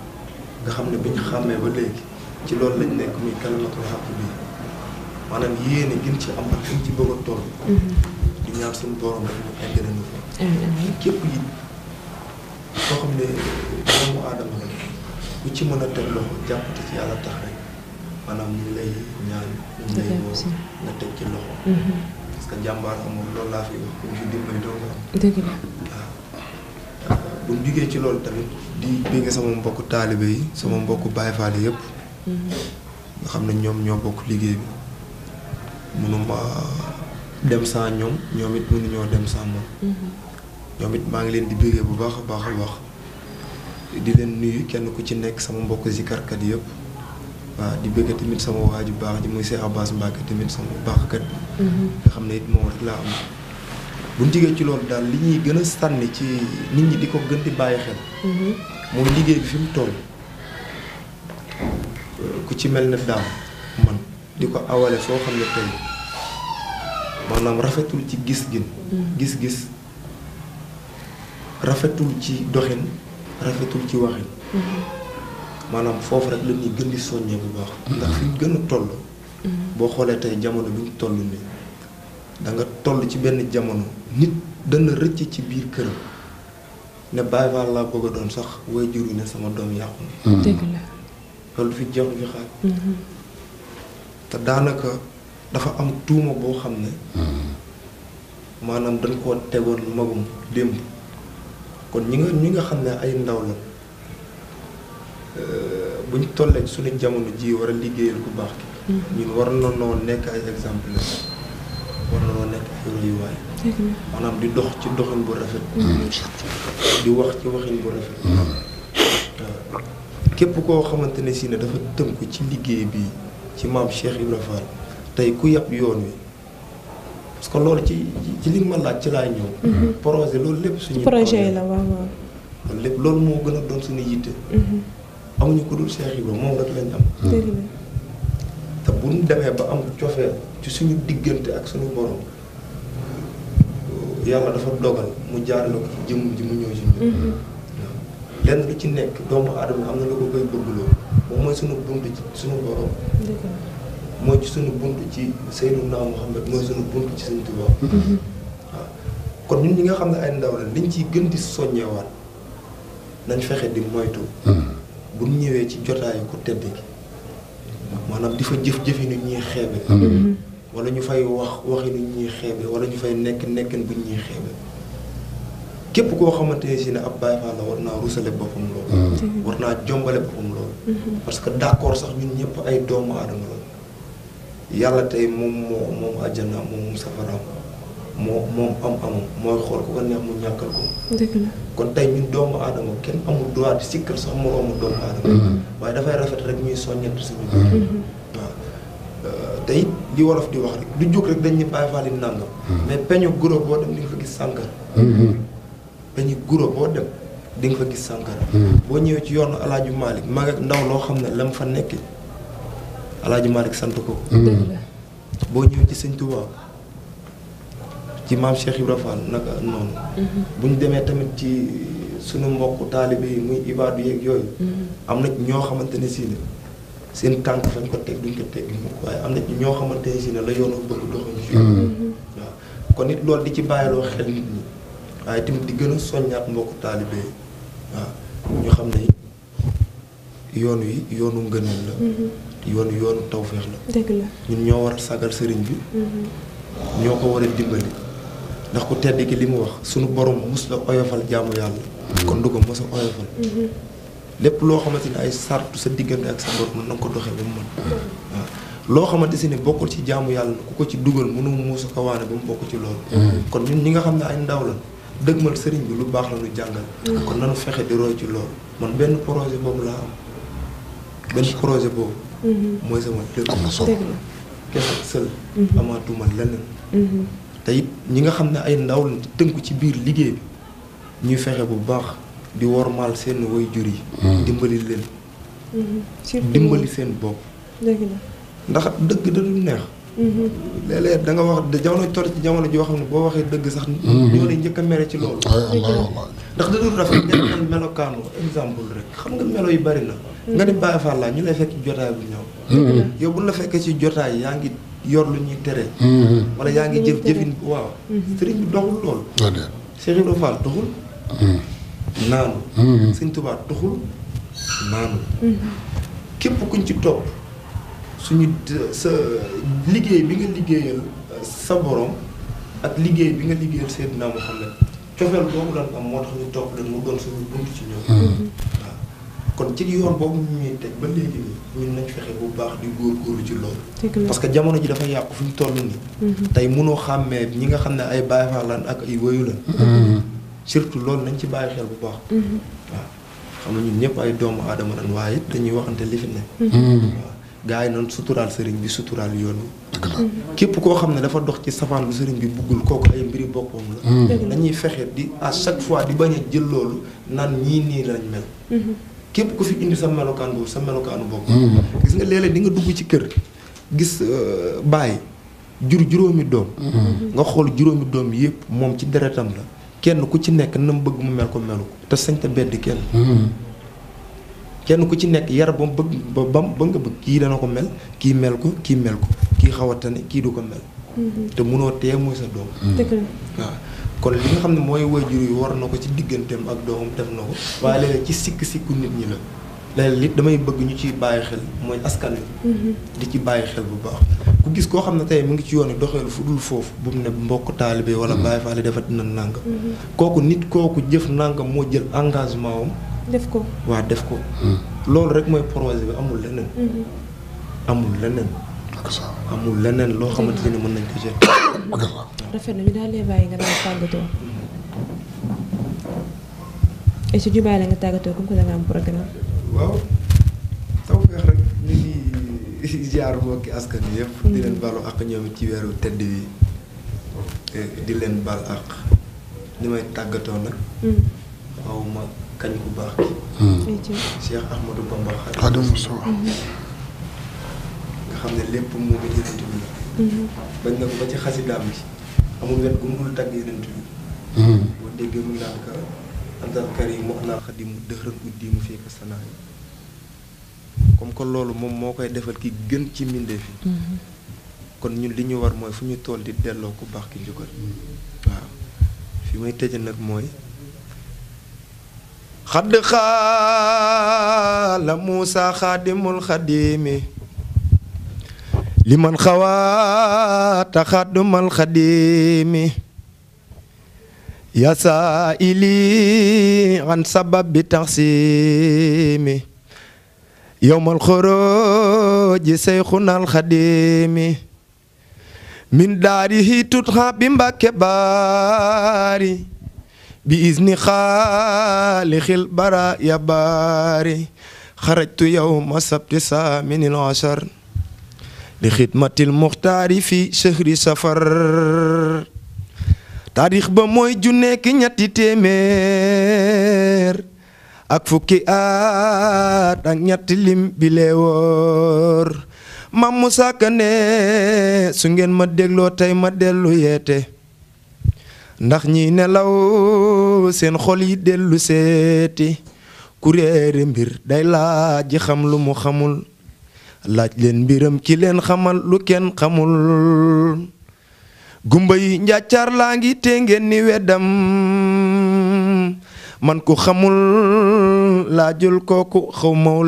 nga xam ne bi ñu xàmmee ba léegi ci loolu lañ nekk muy kalamatul xàpp bi maanaam yéene gën ci am ak gën ci bëgg a ñaan suñu borom rek mu intervenir ko yi koo xam ne doomu aadama la ku ci mën a teg loxo jàppate ci yàlla tax rek maanaam ñu lay ñaan ñu lay woo nga teg ci loxo mm-hmm. que jàmbaar amul ci dimbali doo nga am bu mu jugee ci loolu tamit di bëgg sama mbokk taalibe yi sama mbokk Baay Faal yépp mm-hmm. nga xam ne ñoom ñoo bokk liggéey bi mënuma dem sans ñoom ñoom it mënuñoo dem sans moom. Mm-hmm. ñoom it maa ngi leen di bëggee bu baax a baax a baax di leen nuyu kenn ku ci nekk sama mbokk zikarkat yëpp waaw di bëgg tamit sama waa bu baax ji muy Cheikh Abbas Mbacke tamit sama baaxkat bi. Mm-hmm. nga xam ne it moom rek laa am. bu ñu ci loolu daal li ñuy gën a sànni ci nit ñi di ko gën di bàyyi xel. Mm-hmm. mooy liggéey bi fi mu toll. ku ci mel ne daam man di ko awale foo xam ne tey. maanaam rafetul ci gis-gin mm-hmm. gis-gis rafetul ci doxin rafetul ci waxin mm-hmm. maanaam foofu rek la ñuy gën di soññee bu baax mm-hmm. ndax fi ñu gën a toll boo xoolee tey jamono bi ñu toll nii da nga toll ci benn jamono nit dana rëcc ci biir këram ne bàyyi baal laa bëgg a doon sax way jur yi ne sama doom yàqu na dëgg la fi jeexu fi xaaj te daanaka dafa am tuuma boo xam ne. Hmm. maanaam dañ koo tegoon magum démb. kon ñi nga ñi nga xam ne ay ndaw la euh, buñ tollee suñu jamono ji war a liggéeyal ku baax ki. Hmm. ñun war na noo nekk ay exemple war na noo maanaam di dox ci doxin bu rafet. Hmm. di wax ci waxin bu rafet. képp koo xamante ne si dafa tënku ci liggéey bi ci maam Cheikh Ibrahima Fall. tey ku yàpp yoon wi parce que loolu ci ci li ma laaj ci laay ñëw. Mhm. projet loolu lépp suñu. projet la waaw waaw. loolu lépp loolu moo gën a doom suñu yitte. Mhm. amuñu ku dul Cheikh Ibrahima moom rek am. Mhm. te bu demee ba am cofeel ci suñu diggante ak suñu borom yàlla dafa dogal mu jaarale ko ci jëmm ji mu ñëw ci ñun. lenn lu ci nekk doomu aadama am na lu ko koy bëggloo moom mooy suñu dund ci suñu borom. mooy ci sunu bunt ci Seydina Muhammad mooy sunu bunt ci Sëñ Tuubaa mm-hmm. waaw kon ñun ñi nga xam ne ay ndaw la liñ ciy gën di soññewaat nañ fexe di moytu mm-hmm. bu ñëwee ci jotaayu ku tedd gi maanaam di fa jëf-jëfi nu ñuy xeebe mm-hmm. wala ñu fay wax waxi nu ñuy xeebe wala ñu fay nekk nekkin bu ñuy xeebe képp koo xamante ne si ne ab Baay Faal la war naa rusale boppam loolu war naa jombale boppam loolu parce que d'accord sax ñu ñëpp ay doomu aadama la yàlla tey moom moom àjjana moom moom safaraam moo moom am amam mooy xool ku ko neex mu ñàkkal ko kon tey ñun doomu aadama kenn amul droit di sikkal sax moroomu doomu aadama mm-hmm. waaye dafay rafet rek ñuy soññant suñu mm-hmm. mm-hmm. waaw euh, tey li wolof di wax rek du jóg rek dañ ni Baay Faal nàngam mais peñu guro boo dem di fa gis sànkar peñu guro boo dem di nga fa gis sànkar boo ñëwee ci yoonu alaaju Maalik mag ak ndaw loo xam ne la lam fa nekk Alaaji Malick sant ko. boo ñëwee ci sëñ Touba ci maam Cheikh Ibra Fall naka noonu. Mm-hmm. bu ñu demee tamit ci sunu mbokk taalibe yi muy ibaadu yeeg yooyu. Mm-hmm. am na ñoo xamante ne tànk fañ ko teg duñ na ñoo xamante ne si ne la yoonu bëgg doxuñu. Mm-hmm. waaw kon it loolu di ci bàyyiloo xel nit ñi waaye tamit di gën a soññaat mbokk taalibe yi waaw ñu xam ne yoon wi yoonu ngëneel la. yoon yoonu tawféex la. dëgg la ñun ñoo war a sagal sëriñ bi. Mm-hmm. ñoo ko war a dimbali. ndax ku tedd ki li mu wax sunu borom mos la oyofal jaamu yàlla. Mm-hmm. kon du ko mos a mm-hmm. lépp loo xamante ni ay sartu sa diggante ak sa borom ko doxee ba mu mën. xamante si ne bokkul ci jaamu yàlla ku ko ci dugal mënu muusa ko waane ba mu bokk ci loolu. kon ñun ñi nga xam ne ay ndaw la dëgmal sëriñ bi lu baax la ñu jàngal. kon nanu fexe di roy ci loolu. man benn projet boobu laa am benn projet boobu. Mm-hmm. mooy sama lépp am na solo sël mm-hmm. amaatuma leneen mm-hmm. te ñi nga xam ne ay ndaw lañ ci tënku ci biir liggéey bi ñuy fexe bu baax di wormaal seen woy jur yi mm. dimbali leen dimbali seen bopp ndax dëgg da neex léeg-léeg da nga wax jamono tor ci jamono joo xam ne boo waxee dëgg sax. Mm-hmm. ñoo lay njëkk mere ci loolu. ndax da doon rafet ñenn melokaanu exemple rek xam nga melo yu bari na. Mm-hmm. nga ni Baye Fall ñu lay fekk jotaay bu ñëw. Mm-hmm. yow bu la fekkee ci jotaay yaa ngi yor lu ñuy tere. wala yaa ngi jëf jëfin waaw. sëriñ bi doxul loolu. waaw Cheikh doxul. naanu. Sëriñ Tuubaa doxul naanu. képp kuñ ci topp. suñu sa liggéey bi nga liggéeyal euh, sa borom ak liggéey bi nga liggéeyal Seydina Muhammad cofeel boobu lan am moo tax ñu topp leen mu doon suñu bunt ci ñoom. Hmm. waaw kon ci yoon boobu ñu ñuy teg ba léegi nii ñun nañ fexe bu baax di góor ci loolu. parce que jamono ji dafa yàqu fu ñu toll nii. Hmm. tey mënoo xàmmee ñi nga xam ne ay Baay Faal lan ak ay wëyu hmm. surtout loolu nañ ci bàyyi xel bu baax. waaw xam nga ñun ñëpp ay doomu aadama lan waaye dañuy waxante li fi ne. gaa yi noonu suturaal sëriñ bi suturaal yoon mm-hmm. képp koo xam ne dafa dox ci safaan bu sëriñ bi buggul kooku ay mbiri boppam la mm-hmm. dañuy fexe di à chaque fois di bañ a jël loolu naan ñii nii lañ mel mm-hmm. képp ku fi indi sa melokaan boobu sa melokaanu bopp gis nga léeg-léeg di nga dugg ci kër gis euh, bàyyi jur juróomi doom nga xool juróomi doom yëpp moom ci deretam la kenn ku ci nekk nam bëgg mu mel ko melu ko te sañ te bedd kenn kenn ku ci nekk yar ba mu bëgg ba ba nga bëgg kii dana ko mel kii mel ko kii mel ko kii xaw a tane kii du ko mel. Mm-hmm. te munoo tee mooy sa doom. Mm-hmm. dëgg kon li nga xam ne mooy waajur yi war na ko ci digganteem ak doomam def na ko waaye léeg-léeg ci sikk-sikku nit ñi la. léeg-léeg li damay bëgg ñu ciy bàyyi xel mooy askan wi. Mm-hmm. di ci bàyyi xel bu baax. ku gis koo xam ne tey mu ngi ci yoon yi doxeelu fu dul foofu bu mu ne mbokk taalibe wala bàyyi faale defat na nàngam. kooku nit kooku jëf nàngam moo jël engagement am def ko waa def ko. loolu rek mooy projet bi amul leneen. Mm-hmm. amul leneen. amul leneen loo xamante ne mën nañ ko jël. rafet na ñu daal lay bàyyi nga daal tàggatoo. et su ñu bàyyi la nga tàggatoo comme que da nga am programme. waaw taw feex rek ñu ngi jaar mbokki askan wi yëpp. di leen mm-hmm. baalu ak ñoom ci weeru tëdd bi eh, di leen baal ak li may tàggatoo nag. xaw mm-hmm. ma kañ ku baax ki Cheikh Ahmadou Bamba Xaadimu Rasuul nga xam ne lépp moom it yenent bi la bañ na ko ba ci xasidaam bi amul wet gu mënul tàgg bi boo déggee mu naan ka antal karim mu anal xadimu dëxëran uddi mu fii ka sanaa yi comme que loolu moom moo koy defal ki gën ci mbindeef yi kon ñun li ñu war mooy fu ñu toll di delloo ku baax ki njukkal waaw fi may tëje nag mooy xadd xaala muusa xaadimul xadiimi li man xawaata xaadumal xadiimi yasaa ili an sababi taxsiimi yowmal xorooji seyxunal xadiimi min daarihi tut xa bi mbàkke بإذن خالق البراء يا باري خرجت يوم السبت الثامن العشر لخدمة المختار في شهر سفر taarix ba mooy junne ki ñetti téeméer ak fukki at ak ñetti lim bi lee woor Mame ne su ngeen ma dégloo tey ma dellu yeete ndax ñi nelaw seen xol yi dellu seeti ku réere mbir day laaj xam lu mu xamul laaj leen mbiram ki leen xamal lu kenn xamul gumba yi njàccaar laa ngi te ngeen ni weddam man ku xamul laajul kooku xaw maw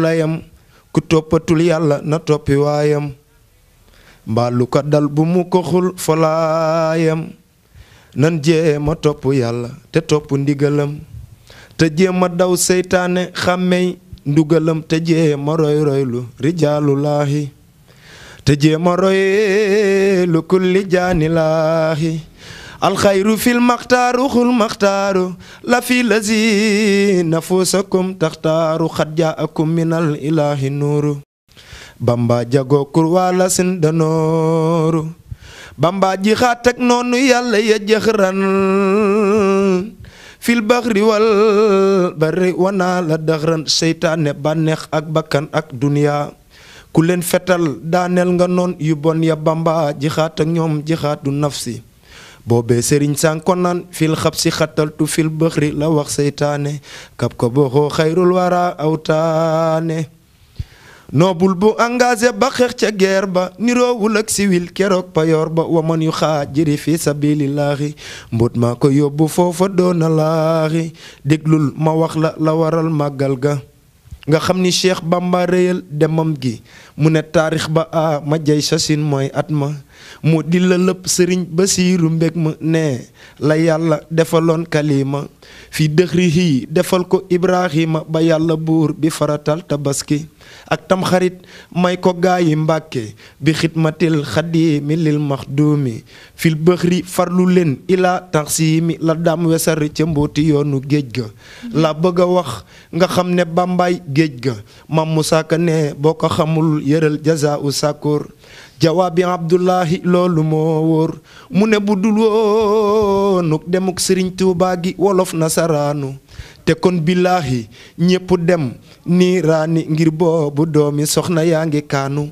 ku toppatul yàlla na toppi waayam mbaalu ko dal bu mu ko xul folaayam nan jéema topp yàlla te topp ndigalam te jéema daw seytaane xàmmey ndugalam te jéema roy roylu rijaalulaahi te jéema roy lu kulli jaanilaahi alxayru fil maxtaaru xul maxtaaru la fi lazi nafusakum taxtaaru xat jaa akum minal ilaahi nuuru bamba jagoo kurwaa lasin danooru bamba ji xaat ak noonu yàlla ya jëxran fil baxri wal bari wanaa la daxran seytaane baneex ak bakkan ak duniya ku leen fetal daaneel nga noon yu bon ya bamba ji ak ñoom ji xaatu nafsi boobee sëriñ sànkonaan fil xab si xataltu fil baxri la wax seytaane kap ko boxoo xayrul wara awtaane noobul bu engagé ba xeex ca guerre ba niroowul ak siwil keroog payoor ba waman yu xaajiri fi sabilillaahi mbut maa ko yóbbu foofa doona laaxi déglul ma wax la la waral màggal ga nga xam ni Cheikh Bamba demam gi mu ne taarix ba a ma jay sasin mooy at ma mu di la sëriñ ba siiru mbég ma ne la yàlla defaloon kalima fi dëxri hii defal ko Ibrahima ba yàlla buur bi faratal tabaski ak tamxarit may ko gaayi mbàkke bi xidmatil xadimi lil maxdumi fil bëxri farlu leen ilaa taxsimi la daam wesar ca mbooti yoonu géej ga la bëgg a wax nga xam ne bàmbaay géej ga mam musaaka ne boo ko xamul yëral jaza u sàkkoor jawaabi abdullahi loolu moo wóor mu ne bu dul demuk sëriñ tuubaa gi wolof nasaraanu te kon billaahi ñépp dem nii raani ngir boobu doomi soxna yaa ngi kaanu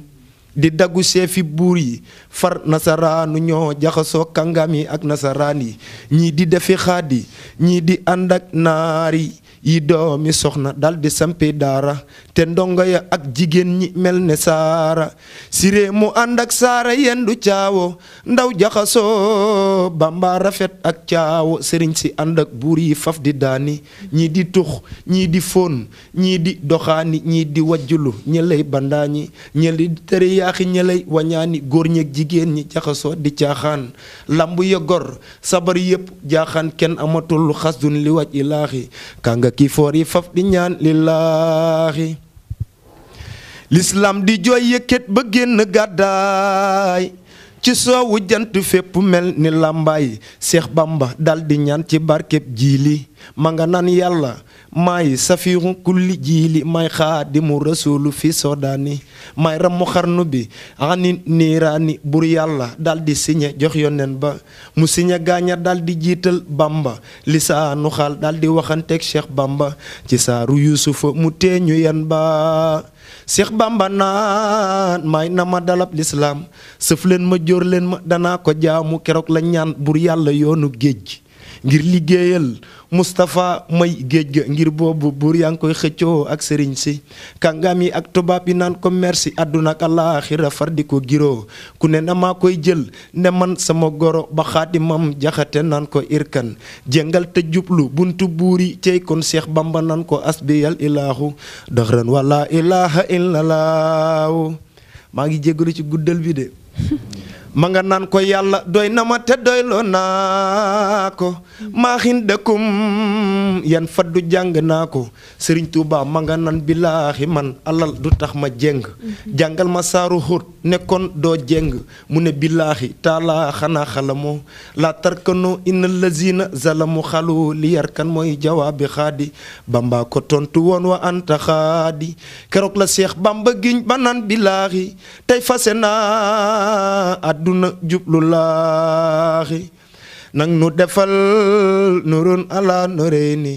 di daggu seefi buur yi far nasaraanu ñoo jaxasoo kàngam yi ak nasaraan yi ñii di defi xaadi ñii di ànd ak naar yi doomi soxna dal di sampi daara te ndongo ya ak jigéen ñi mel ne saara siree mu ànd ak saara yendu caawo ndaw jaxasoo bamba rafet ak caawo sëriñ si ànd ak buur yi faf di daani ñii di tux ñii di fóon ñii di doxaani ñii di wajjulu ñi lay bandaañi ñi li tëri yaaxi ñi wañaani góor ñeeg jigéen ñi jaxasoo di caaxaan lamb ya gor sabar yépp jaaxaan kenn amatul xasdun li waj yi laaxi kànga nga ki foor faf di ñaan lillaahi lislaam di jooy yëkkat ba génn gàddaay ci soowu jant fépp mel ni làmbaay Seex Bamba dal di ñaan ci barkeb jiili ma nga yàlla maay safiiru kulli jiili may xaadimu rasuulu fi sodaani may rammu xarnu bi ani niiraani bur yàlla dal di siñe jox yonen ba mu siñe gaaña dal di jiital Bamba lisaanu xaal dal di waxanteeg Seex Bamba ci saaru yuusufa mu teeñu yan ba Cheikh Bamba naan may na ma dalab lislaam sëf leen ma jóor leen ma danaa ko jaamu keroog la ñaan bur yàlla yoonu géej ngir liggéeyal Moustapha may géej ga ngir boobu buur yaa ngi koy xëccoo ak sëriñ si kàngaam yi ak tubaab yi naan ko merci àdduna ak àllaaxira far ko giroo ku ne na maa koy jël ne man sama goro ba xaatimam jaxate naan ko irkan jëngal te jublu buntu buur yi cey kon seex bamba naan ko asbiyal ilaahu daxran wala ilaaha illallah maa ngi jégalu ci guddal bi de ma nga naan ko yàlla doy na ma te doyloo naa ko maaxin dëkkum yan faddu jàng naa ko sëriñ Tuuba ma nga naan billaahi man alal du tax ma jéng jàngal ma saaru xut nekkoon doo jéng mu ne billaahi taalaa xanaa xalamoo laa tarkanoo inna lazina zalamu xalu li yarkan mooy jawaabi xaadi bamba ko tontu woon wa anta xaadi keroog la seex bamba giñ ba naan billaahi tey fase naa àdduna jublu laaxi nang nu defal nurun ala noreyni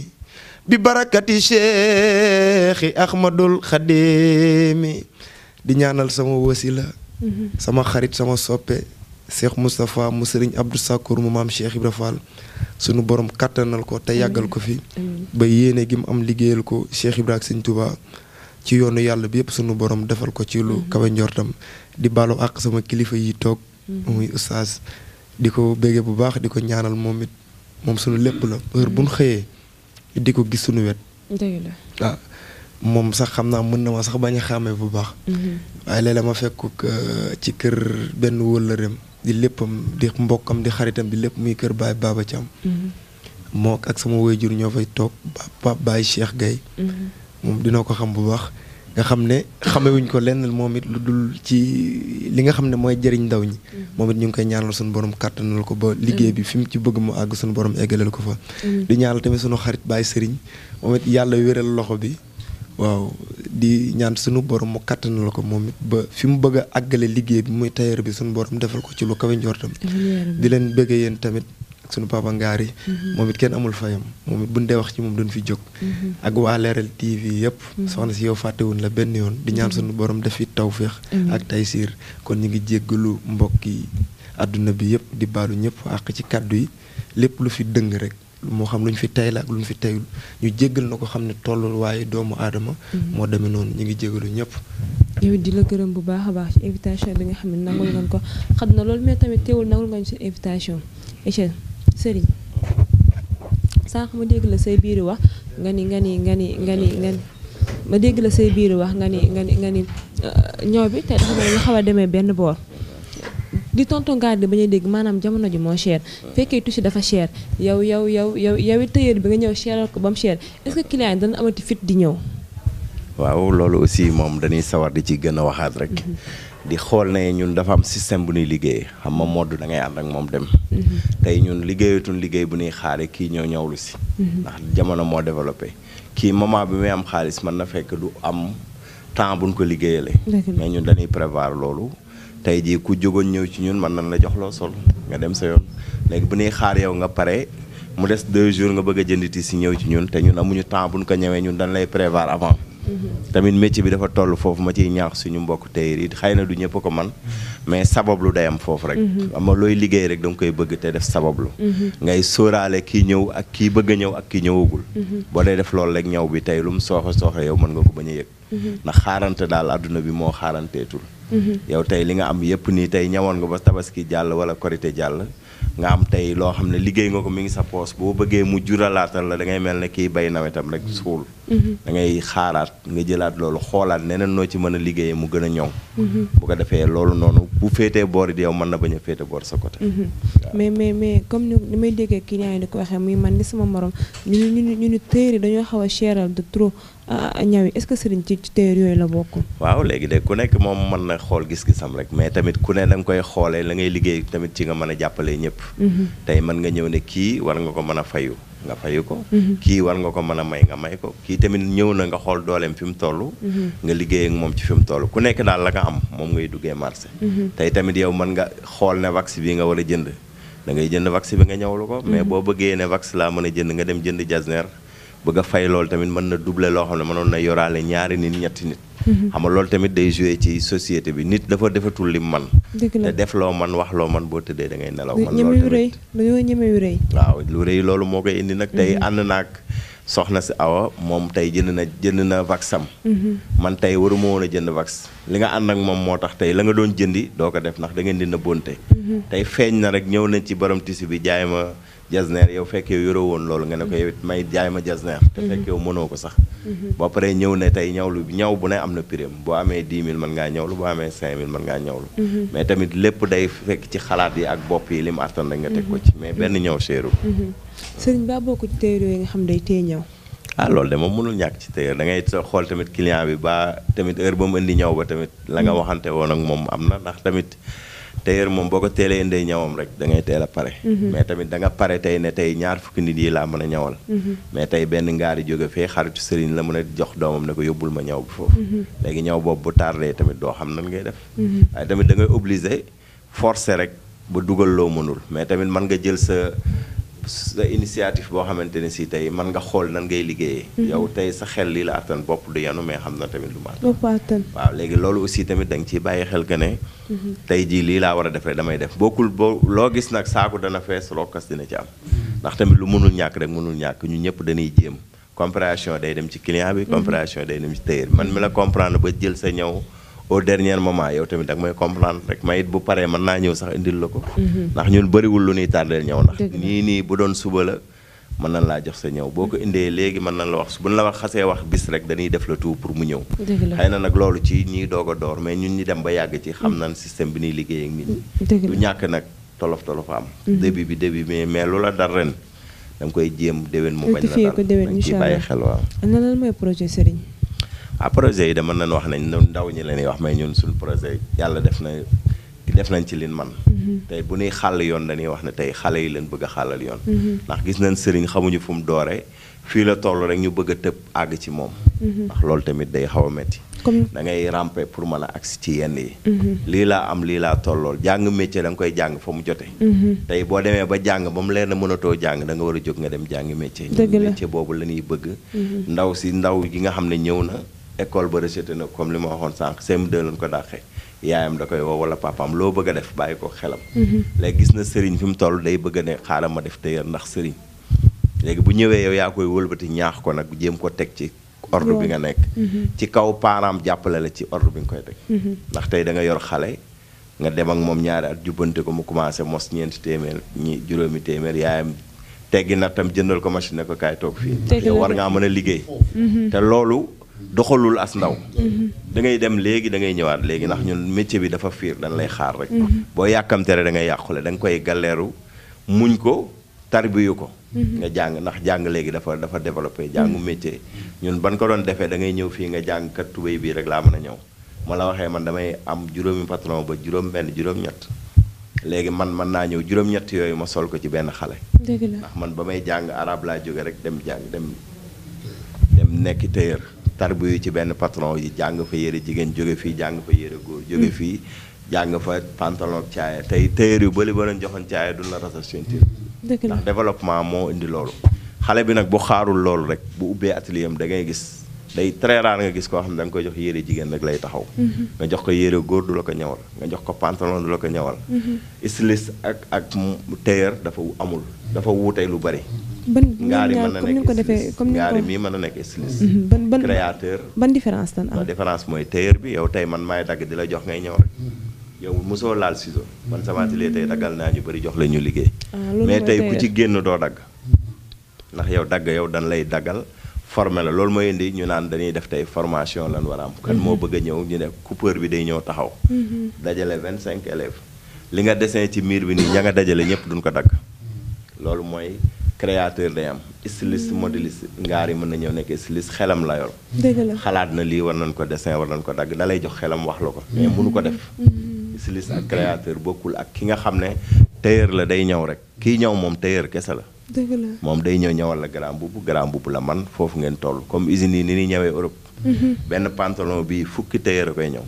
bi barakati cheikhi ahmadul xadimi di ñaanal sama wasila sama xarit sama soppe Cheikh Moustapha mu sëriñ Abdou Sakkour mu maam Cheikh Ibra Fall sunu borom kàttanal ko te yàggal ko fi ba yéene gi mu am liggéeyal ko Cheikh Ibra ak Sëriñ ci yoonu yàlla bi yëpp sunu borom defal ko ci lu kawe njortam di baalu àq sama kilifa yi toog Mhm. muy oustaz di ko béggee bu baax di ko ñaanal moom it moom suñu lépp la heure bu ñu xëyee di ko gis suñu wet. dëgg ah, moom sax xam naa mën na ma sax bañ a bu baax. Mhm. waaye léeg-léeg ma fekk euh, ci kër benn wëllëreem di léppam di mbokkam di xaritam di lépp muy kër baay baaba Thiam. Mhm. moo ak sama waajur ñoo fay toog ba Baye Cheikh moom dina ko xam bu baax. nga xam ne xamewuñ ko lenn moom it lu dul ci li nga xam ne mooy jëriñ ndaw ñi. Mm. moom it ñu ngi koy ñaanal suñu borom kàttanal ko ba. liggéey mm. bi fi mu ci bëgg mu àgg suñu borom eggaleel ko fa. Mm. di ñaanal tamit suñu xarit Baye Serigne moom yàlla wéral loxo bi. waaw di ñaan suñu borom mu kàttanal ko moom it ba fi mu bëgg a àggale liggéey bi muy tailleur bi suñu borom defal ko ci lu kawe njortam. di leen bëggee yéen tamit sunu sunu ngaar yi mhm. moom it kenn amul fayam moom it buñ dee wax ci moom duñ fi jog mhm. ak waa leeral tv yëpp mhm. soxna si yow fàttewuñ la benn yoon di ñaan sunu boroom def fi tawféex ak taysiir kon ñu ngi jéggalu mbokk yi àdduna bi yëpp di baalu ñëpp àq ci kàddu yi lépp lu fi dëng rek moo xam lu ñu fi tey la ak lu ñu fi teyul ñu jéggal na ko xam ne tollul waaye doomu aadama moo demee noonu ñu ngi jégalu ñëpp yow di la gërëm bu baax a baax ci invitation bi nga xam ne nangul ngeen ko xad na loolu mais tamit teewul nangul nga ñu seen sëriñ sànq ma dégg la say biir wax nga ni nga ni nga ni nga ma dégg la say biir wax nga ni nga ni euh, bi te dafa xaw a demee benn boor di tonton garde ba ñu dégg maanaam jamono ji moo cher fekkee tusi dafa cher yow yow yow yow yow tëyeer bi nga ñëw cheral ko ba mu cher est-ce que dana amati fit di ñëw waaw loolu aussi moom dañuy sawar di ci gën a waxaat rek mm-hmm. di xool ne ñun dafa am système bu ñuy liggéey xam ma modd da ngay ànd ak moom dem. tey ñun liggéeyatu liggéey bu ñuy xaare kii ñoo ñawlu si. ndax jamono moo développé kii moment bi muy am xaalis mën na fekk du am temps buñ ko liggéeyale mais ñun dañuy prévoir loolu. tey jii ku jógoon ñëw ci ñun mën nañ la jox loo sol nga dem sa yoon léegi bu nuy xaar yaw nga pare mu des deux jours nga bëgg a jënditi si ñëw ci ñun te ñun amuñu temps bu buñ ko ñëwee ñun dañ lay prévoir avant. tamit métier bi dafa toll foofu ma ciy ñaax suñu mbokk tey xay na du ñëpp ko man mais sabablu day am foofu rek. Mhm. am na looy liggéey rek da nga koy bëgg te def sabablu. Mhm. ngay sóoraale kii ñëw ak kii bëgg ñëw ak kii ñëwagul. Mhm. boo dee def loolu rek ñaw bi tey lu mu sooxe sooxe yow mën nga ko bañ a yëg. ndax xaarante daal àdduna bi moo xaaranteetul. yow tey li nga am yëpp nii tey ñawoon nga ba tabaski jàll wala korite jàll. nga am tey loo xam ne liggéey nga ko mi ngi sa poos boo bëggee mu juralaatal la da ngay mel ne kii bay nawetam rek mm-hmm. suul mm-hmm. da ngay xaaraat nga jëlaat loolu xoolaat neneen noo ci mën a liggéeyee mu gën a ñoŋ mm-hmm. bu ko defee loolu noonu bu féetee boor di yow mën na bañ a féete boor sa côté mais mais mais comme ni ni may déggee client yi di ko waxee muy man ni sama morom ñu ñu ñu ñu téere dañoo xaw a cheral de trop Euh, ñaw yi ce que sëriñ ci téer yooyu la bokk. waaw léegi de ku nekk moom mën na xool gis-gisam rek mais tamit ku ne da koy xoolee la ngay liggéey tamit ci nga mën a jàppale ñëpp. Mhm. tey mën nga ñëw ne kii war nga ko mën a fayu nga fayu ko. Mhm. kii war nga ko mën a may nga may ko kii tamit ñëw na nga xool dooleem fi mu toll. Mhm. nga liggéey ak moom ci fi mu toll ku nekk daal la nga am moom ngay duggee marché. tey tamit yow man nga xool ne wax bi nga war a jënd da ngay jënd wax bi nga ñawlu ko. mais boo bëggee ne wax laa mën a jënd nga dem jënd jasneer bëgg fay loolu tamit mën na doubler loo xam ne mënoon na yoraale ñaari nit ñetti nit. Mhm. xam nga loolu tamit day joué ci société bi nit dafa defatul li man. te def loo man wax loo man boo tëddee da ngay nelaw. man loolu tamit dañoo lu rëy moo koy indi nag tey mhm. ànd naag soxna si awa moom tey jënd na jënd na vax am. Mhm. man tey waruma woon a jënd vax. li nga ànd ak moom moo tax tey la nga doon jëndi doo ko def ndax da ngeen di nëbbonte. tey feeñ na rek ñëw nañ ci borom tisi bi jaay ma. jasneer yow fekk yow woon loolu nga ne ko yow it may jaay ma jasneer te mhm. fekk yow mënoo ko sax mhm. boo paree ñëw ne tey ñawlu ñaw bu ne am na prime boo amee 10 000 man ngaa lu boo amee 5 mil mën ngaa ñawlu mhm. mais tamit lépp day fekk ci xalaat yi ak bopp yi li mu attan rek nga teg ko ci mais benn ñaw seeru sëriñ boo ko ci téere yi nga xam day téye ñaw ah loolu de moom mënul ñàkk ci téye da ngay xool tamit client bi baa tamit heure ba mu indi ñaw ba tamit la nga waxante woon ak moom am na ndax tamit tailleur moom boo ko teelee ndey ñawam rek da ngay teel a pare. Mhm. mais tamit da nga pare tey ne tey ñaar fukki nit yi laa mën a ñawal. Mhm. mais tey benn ngaari jóge fee xaritu sëriñ la mën a jox doomam ne ko yóbbul ma ñaw bi foofu. Mhm. léegi ñaw boobu bu tardé tamit doo xam nan ngay def. waaye tamit da ngay obligé forcer rek ba dugal loo mënul mais tamit man nga jël sa. sa initiative boo xamante ne si tey man nga xool nan ngay liggéeyee. Mhm. yow tey sa xel lii la attan bopp du yanu mais xam na tamit lu mu attan. waaw léegi loolu aussi tamit da nga ciy bàyyi xel que ne. Mhm. tey jii lii war a defee damay def bokkul boo loo gis nag saako dana fees rokkas dina ci am. Mhm. ndax tamit lu mënul ñàkk rek mënul ñàkk ñu ñëpp dañuy jéem compréhension day dem ci client bi. compréhension day dem ci tailleur man mi la comprendre ba jël sa ñëw. au dernier moment yow tamit da may comprendre rek may it bu paree mën naa ñëw sax indil la ko. Mhm. ndax ñun bëriwul lu ñuy tardeel ñëw ndax. nii nii bu doon suba la mën nañ laa jox sa ñëw boo ko indee léegi mën nañ la wax bu ñu la wax xasee wax bis rek dañuy def la tout pour mu ñëw. xëy na nag loolu ci ñiy doog a door mais ñun ñi dem ba yàgg ci xam nañ système bi ñuy liggéey ak nit ñi. ñàkk nag tolof tolof am. Mhm. bi début bi mais lu la dar ren da nga koy jéem déwén mu bañ la dal. rectifié ko déwén incha allah ah projet yi de mën nañ wax nañ ndaw ñi la ñuy wax may ñun suñu projet yàlla def na def nañ ci liñ man mm-hmm. tey bu ñuy xàll yoon dañuy wax na tey xale yi leen bëgg a xàllal yoon mm-hmm. ndax gis nañ sëriñ xamuñu fu mu doore fii la toll rek ñu bëgg a tëb àgg ci moom mm-hmm. ndax loolu tamit day xaw a metti da ngay ramper pour mën a agsi ci yenn yi lii laa am lii laa tollool jàng métier da nga koy jàng fa mu jote tey boo demee ba jàng ba mu leen na mënatoo jàng da nga war a jóg nga dem jàng métier ñun métier boobu la ñuy bëgg ndaw si ndaw gi nga xam ne ñëw na école ba rejeté na comme li ma waxoon sànq CM2 lañ ko dàqee yaayam da koy woo wala papaam loo bëgg a def bàyyi ko xelam. Mm-hmm. léegi gis na sëriñ fi mu toll day bëgg ne xaaral ma def tey ndax sëriñ léegi bu ñëwee yow yaa koy wëlbati ñaax ko nag jéem ko teg ci. ordre bi nga nekk. Mm-hmm. ci kaw paaraam jàppale la ci ordre bi nga koy teg. Mm-hmm. ndax tey danga yor xale nga dem ak moom ñaari at jubbante ko mu commencé mos ñeenti téeméer ñi juróomi téeméer yaayam. teggi na tam jëndal ko machine ne kaay toog fii. war mën a liggéey. doxalul as ndaw mhm. da ngay dem léegi da ngay ñëwaat léegi ndax ñun métier bi dafa fiir dañ lay xaar rek mhm. boo yàkkamtere da ngay yàqule da nga koy galleeru muñ ko tarbiyu ko mhm. nga jàng ndax jàng léegi dafa dafa développé jàngu métier ñun ban ko doon defee da ngay ñëw fii nga jàng kat tubéy bii rek laa mën a ñëw ma la waxee man damay am juróomi patron ba juróom benn juróom-ñett léegi man mën naa ñëw juróom-ñett yooyu ma sol ko ci benn xale ndax man ba may jàng arab laa jóge rek dem jàng dem dem nekk téyër tarbuyu ci benn patron yi jàng fa yére jigéen jóge fii jàng fa yére góor jóge mm. fii jàng fa pantalon caaya tey téer yu bari ba leen joxoon caaya du la rasa ceinture ndax développement moo indi loolu xale bi nag bu xaarul loolu rek bu ubbee atelier am da ngay gis day très nga gis koo xam ne da koy jox yére jigéen rek lay taxaw. Mm-hmm. nga jox ko yére góor du la ko ñawal nga jox ko pantalon du la ko ñawal. Mm-hmm. styliste ak ak tailleur dafa amul dafa wuute lu bari. ban ngaari mën na nekk styliste ngaari mii mën na nekk styliste. Mm-hmm. ban ban créateur ban différence lan am. différence mooy tailleur bi yow tey man maay dagg di la jox ngay ñëw rek. yow musoo laal ciseau man sama atelier tey daggal naa ñu bari jox la ñu liggéey. Ah, mais tey ku ci génn doo dagg. ndax yow dagg yow dan lay daggal. formé la loolu mooy indi ñu naan dañuy def tey formation lan war am kan moo mhm. bëgg a ñëw ñu ne coupeur bi day ñëw taxaw mhm. dajale vingt cinq élèves li nga dessin ci miir bi nii ña nga dajale ñëpp duñ ko dagg loolu mooy créateur day am styliste mhm. modéliste ngaar yi mën na ñëw nekk styliste xelam la xalaat na lii war nañ ko dessin war nañ ko dagg da lay jox xelam wax la ko mais mënu ko def styliste ak créateur bokkul ak ki nga xam ne tailleur la day ñëw rek kii ñëw moom tailleur kese la dëgg moom day ñëw ñëwal la grand mbubu grand mbubu la man foofu ngeen toll comme usines yi ni ñuy ñëwee Europe. Mhm. benn pantalon bi fukki tailleur koy ñëw.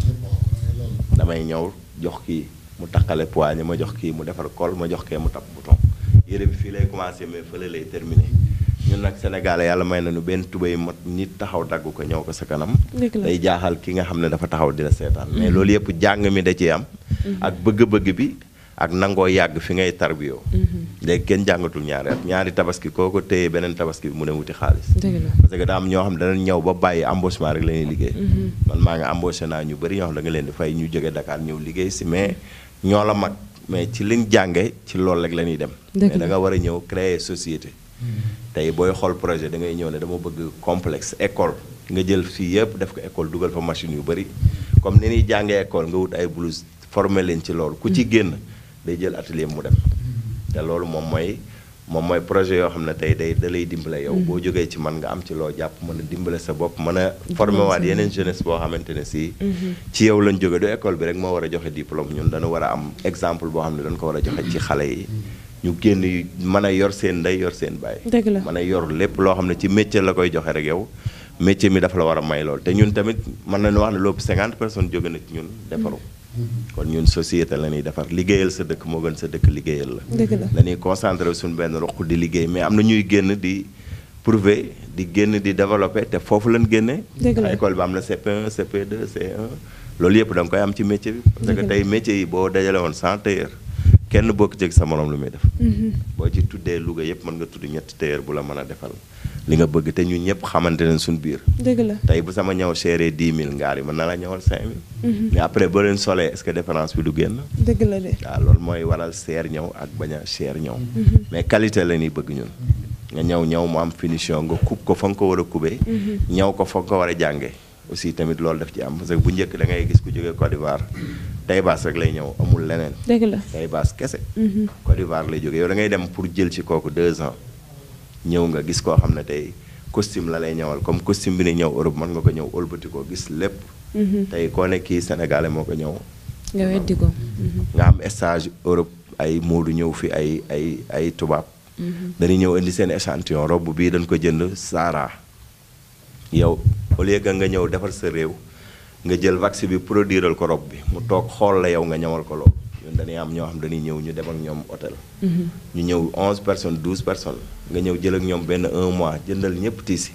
damay ñëw jox kii mu takkale poignée ma jox kii mu defar kol ma jox ke mu tapp bouton yére bi fii lay commencé mais fële lay terminé ñun nag Sénégal yàlla may na ñu benn tubéy ma nit taxaw dagg ko ñëw ko sa kanam. day jaaxal ki nga xam ne dafa taxaw di la seetaan mais mhm. loolu yëpp jàng mi da ciy am. Mhm. ak bëgg-bëgg bi. ak nangoo yàgg fi ngay tarbiyoo mhm. léegi kenn jàngatul ñaari ñaari tabaski koo ko téye beneen tabaski mu ne wuti xaalis parce que daa am ñoo xam ne danañ ñëw ba bàyyi embauchement rek la ñuy liggéey mhm. man maa nga embauché naa ñu bëri ñoo da nga leen di fay ñu jóge Dakar liggéey si mais ñoo la mag mais ci liñ jànge ci loolu rek la ñuy dem mais da nga war a ñëw créer société mhm. tey booy xool projet da ngay ñëw ne dama bëgg complexe école nga jël fii yëpp def ko école dugal fa machine yu bëri comme ni ñuy jàngee école nga wut ay blouse former leen ci loolu ku ci mm. génn day jël atelier mu dem te loolu moom mooy moom mooy projet yoo xam ne tey day da lay dimbale yow mm-hmm. boo jógee ci man nga am ci loo jàpp mën a dimbale sa bopp mën a formé waat yeneen jeunesse boo xamante ne si mm-hmm. yow lañ jóge du école bi rek moo war a joxe diplôme ñun dañu war a am exemple boo xam ne dañ ko war a joxe ci xale yi ñu génn mën a yor seen ndey yor seen baay mën a yor lépp loo xam ne ci métier la koy joxe rek yow métier mi dafa la war a may lool te ñun tamit mën nañu wax ne lépp cinquante personne jóge na ci ñun defaru kon ñun société la ñuy defar liggéeyal sa dëkk moo gën sa dëkk liggéeyal la. dëgg la dañuy suñu benn roq di liggéey mais am na ñuy génn di prouver di génn di développer te foofu lan génne dëgg école bi am na cp CP2 c loolu yëpp da nga koy am ci métier bi. parce que tey métier yi boo dajale woon sans kenn bokk jég sa morom lu muy def. Mhm. boo ci tuddee Louga yëpp mën nga tudd ñett téyeer bu la mën a defal li nga bëgg te ñun ñëpp xamante ne suñu biir. dëgg la tey bu sama ñaw seeree dix mille ngaar yi mën na la ñawal cinq mille. Mhm. mais après boo leen solee est ce que différence bi du génn. dëgg la de waaw lool mooy waral seer ñaw ak bañ a seer ñaw. Mhm. mais qualité la ñuy bëgg ñun. nga ñaw ñaw mu am finition nga kub ko fa nga ko war a kubee. ñaw ko fa nga ko war a jàngee. aussi tamit loolu daf ci am parce que bu njëkk da ngay gis ku jógee Côte d'Ivoire Taïbaas rek lay ñëw amul leneen. dëgg la Taïbaas kese. Mhm. Côte d'Ivoire lay jógee yow da ngay dem pour jël ci kooku deux ans ñëw nga gis koo xam ne tey costume la lay ñawal comme costume bi ni ñëw Europe mën nga ko ñëw ëlbati ko gis lépp. Mhm. tey koo ne kii Sénégalais moo ko ñëw. nga weddi ko. Mhm. nga am stage Europe ay Moodu ñëw fi ay ay ay tubaab. dañuy ñëw indi seen échantillon robe bii dañ ko jënd Sara. yow au lieu que nga ñëw defar sa réew nga jël vaccin bi produiral ko rob bi mu toog xool la yow nga ñamal ko loolu ñun dañuy am ñoo xam dañuy ñëw ñu dem ak ñoom hôtel. Mhm. ñu ñëw 11 personnes 12 personnes nga ñëw jël ak ñoom benn un mois jëndal ñëpp tiisi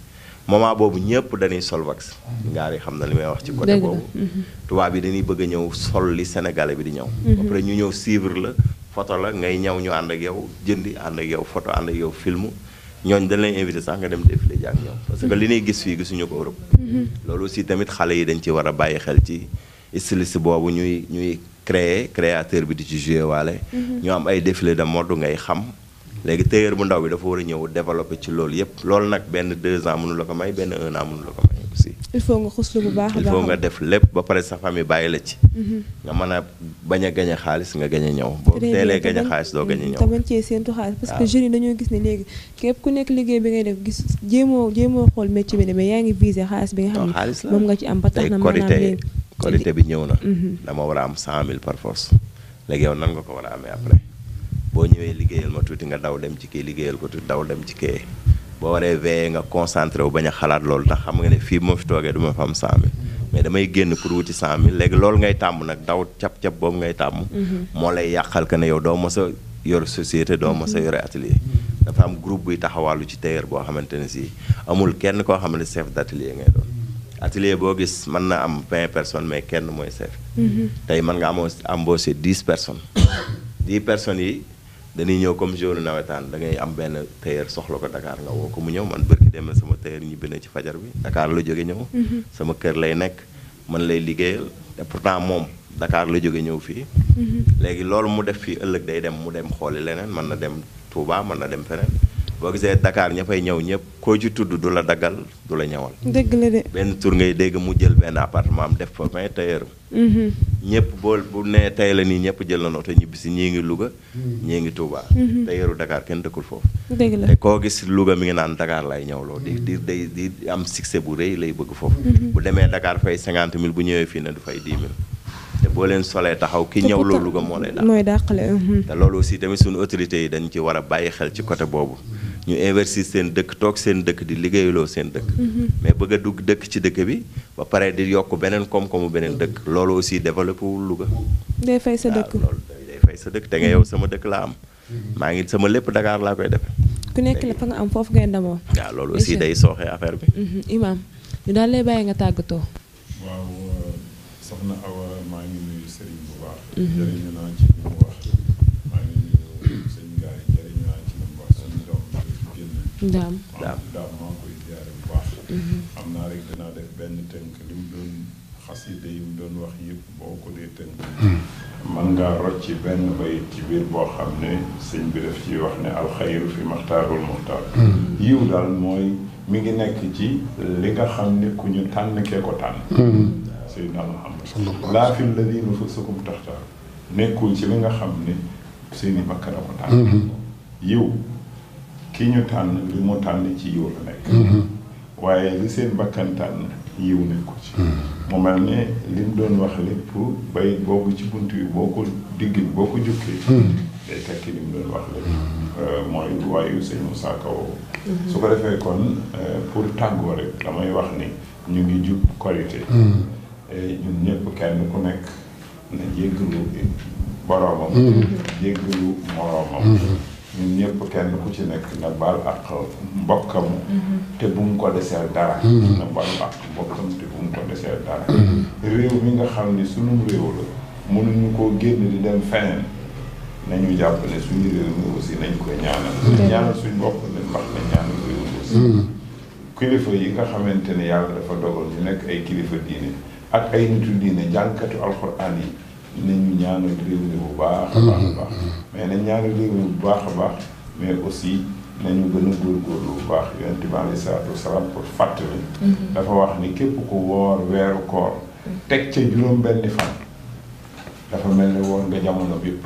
moment boobu ñëpp dañuy sol vax. ngaari xam na li may wax ci côté boobu. Mhm. tubaab yi dañuy bëgg a ñëw sol li sénégalais bi di ñëw. Mhm. après ñu ñëw suivre la photo la ngay ñëw ñu ànd ak yow jëndi ànd ak yow photo ànd ak yow ñooñ dañ lay invité sax nga dem défilé ji ak ñoom parce que li ñuy gis fii gisuñu ko Europe. Mhm. loolu aussi tamit xale yi dañ ci war a bàyyi xel ci styliste boobu ñuy ñuy créer créateur bi di ci joué waale. Mhm. ñu am ay défilé de mode ngay xam. léegi tailleur bu ndaw bi dafa war a ñëw développé ci loolu yëpp loolu nag benn deux ans mënu la ko may benn un an mënu la ko may aussi. il faut nga xuslu bu baax a baax il faut nga def lépp ba pare sa famille bàyyi la ci. Mhm. nga mën a bañ a gañ xaalis nga gañ a ñëw. boo teelee gañ a xaalis doo gañ a ñëw. te bañ cee séntu xaalis parce que jeunes yi dañoo gis ne léegi képp ku nekk liggéey bi ngay def gis jéemoo jéemoo xool métier bi ne mais yaa ngi visé xaalis bi nga xam ne moom nga ci ba tax bi ñëw na mhm. dama war a am mille par force léegi yow nan ko war boo ñëwee liggéeyal ma tuuti nga daw dem ci ki liggéeyal ko tuuti daw dem ci kii boo waree veillé nga concentré wu bañ a xalaat loolu ndax xam nga ne fii bu ma fi toogee du ma fa am 100000. mais damay génn pour wuti 100000 léegi loolu ngay tàmm nag daw cap-cap boobu ngay tàmm. Mm-hmm. moo lay yàqal que yow doo mos a yor société doo mos a mm-hmm. yore atelier. dafa am groupe buy taxawaalu ci tailleur boo xamante ne si amul kenn koo xam ne chef d' atelier ngay doon. atelier boo gis mën na am 20 personnes mais kenn mooy chef. Mm-hmm. tey mën nga amoo embauché 10 personnes. 10 personnes yi. dañuy ñëw comme jour nawetaan da ngay am benn tailleur soxla ko Dakar nga woo ko mu ñëw man bërki dem na sama tailleur ñibbi na ci fajar bi dakaar la jóge ñëw mhm. sama kër lay nekk man lay liggéeyal te pourtant moom Dakar la jóge ñëw fii mhm. léegi loolu mu def fii ëllëg day dem mu dem xooli leneen mën na dem Touba mën na dem feneen boo gisee Dakar ña fay ñëw ñëpp koo ci tudd du la daggal du la ñëwal. dégg la de. benn tour ngay dégg mu jël benn appartement am def fa vingt tailleur. Mhm. ñëpp boo bu nee tey la nii ñëpp jël na oto ñibbi si ñii ngi Louga. Mhm. ñii ngi Touba. Mhm. tailleuru Dakar kenn dëkkul foofu. dëgg la te koo gis Louga mi ngi naan Dakar lay ñëw loo di di day di am succès bu rëy lay bëgg foofu. bu demee dakaar fay cinquante mille bu ñëwee fii ne du fay dix te boo leen solee taxaw ki ñëw loo Louga moo lay dàq. mooy dàqale. te loolu aussi tamit suñu autorités yi dañ ci war a bàyyi xel ci côté boobu. ñu investir seen dëkk toog seen dëkk di liggéeyuloo seen dëkk. Mm-hmm. mais bëgg a dugg dëkk ci dëkk bi ba pare di yokk beneen koom-koomu beneen dëkk loolu aussi développé wul Louga. day fay sa ah, dëkk loolu day fay sa dëkk te nga yow sama dëkk laa am. Mm-hmm. maa ngi sama lépp Dakar laa koy defee. ku nekk la fa nga am foofu ngay ndamoo. waaw ah, loolu aussi day sooxe affaire bi. Mm-hmm. Imaam ñu daal bàyyi nga tàggatoo. waaw euh, soxna Awa maa ngi daam daam daam koy ziare bu baax. Mhm. xam naa rek dinaa def benn tënk li doon xasida yi mu doon wax yëpp boo ko dee tënk. man hmm. ngaa rocc ci benn bayit ci biir boo xam ne sëñ bi daf wax ne alxayru fi maxtaarul muxtaar. Hmm. yiw daal mooy mi ngi nekk ci li nga xam ne ñu tànn kee ko tànn. Hmm. Seydina Muhammad. nekkul ci li nga xam ne seeni bakkan a ko tànn. yiw. ki ñu tànn li mu tànn ci yiw la nekk mhm. waaye li seen bakkan yiw nekku ci mhm. mu mel ni lim doon wax lépp bay boobu ci bunt yi boo ko diggil boo ko jukkee mhm. day tekki li mu doon wax lépp euh, mooy waayu sëñ Moussa su ko defee kon euh, pour tàggoo rek damay wax ni ñu ngi jub korité ñun ñëpp kenn ku nekk na jéggalu boroomam jéggalu moroomam ñun ñëpp kenn ku ci nekk na baal mhm. mhm. mhm. ak mbokkam te bu mu ko deseel dara na baal ak mbokkam te bu mu ko deseel dara réew mi nga xam ni suñu réew la mënuñu ko génn di dem feneen nañu jàpp ne suñu réew mi aussi nañ ko ñaanal ñaanal suñ bopp ne mbax na ñaanal réew mi aussi kilifa yi nga xamante ne yàlla dafa dogal ñu nekk ay kilifa diine ak ay nitu diine jànkatu alxuraan yi nañu ñaanal réew bu baax a baax a mm-hmm. baax mais nañ ñaanal réew bu baax a baax mais aussi nañu gën a góorgóorlu bu baax yonent bi alayhi salaatu wasalaam pour fàttali mm-hmm. dafa wax ni képp ko woor weeru koor teg ca juróom benni fan dafa mel ni woor nga jamono bépp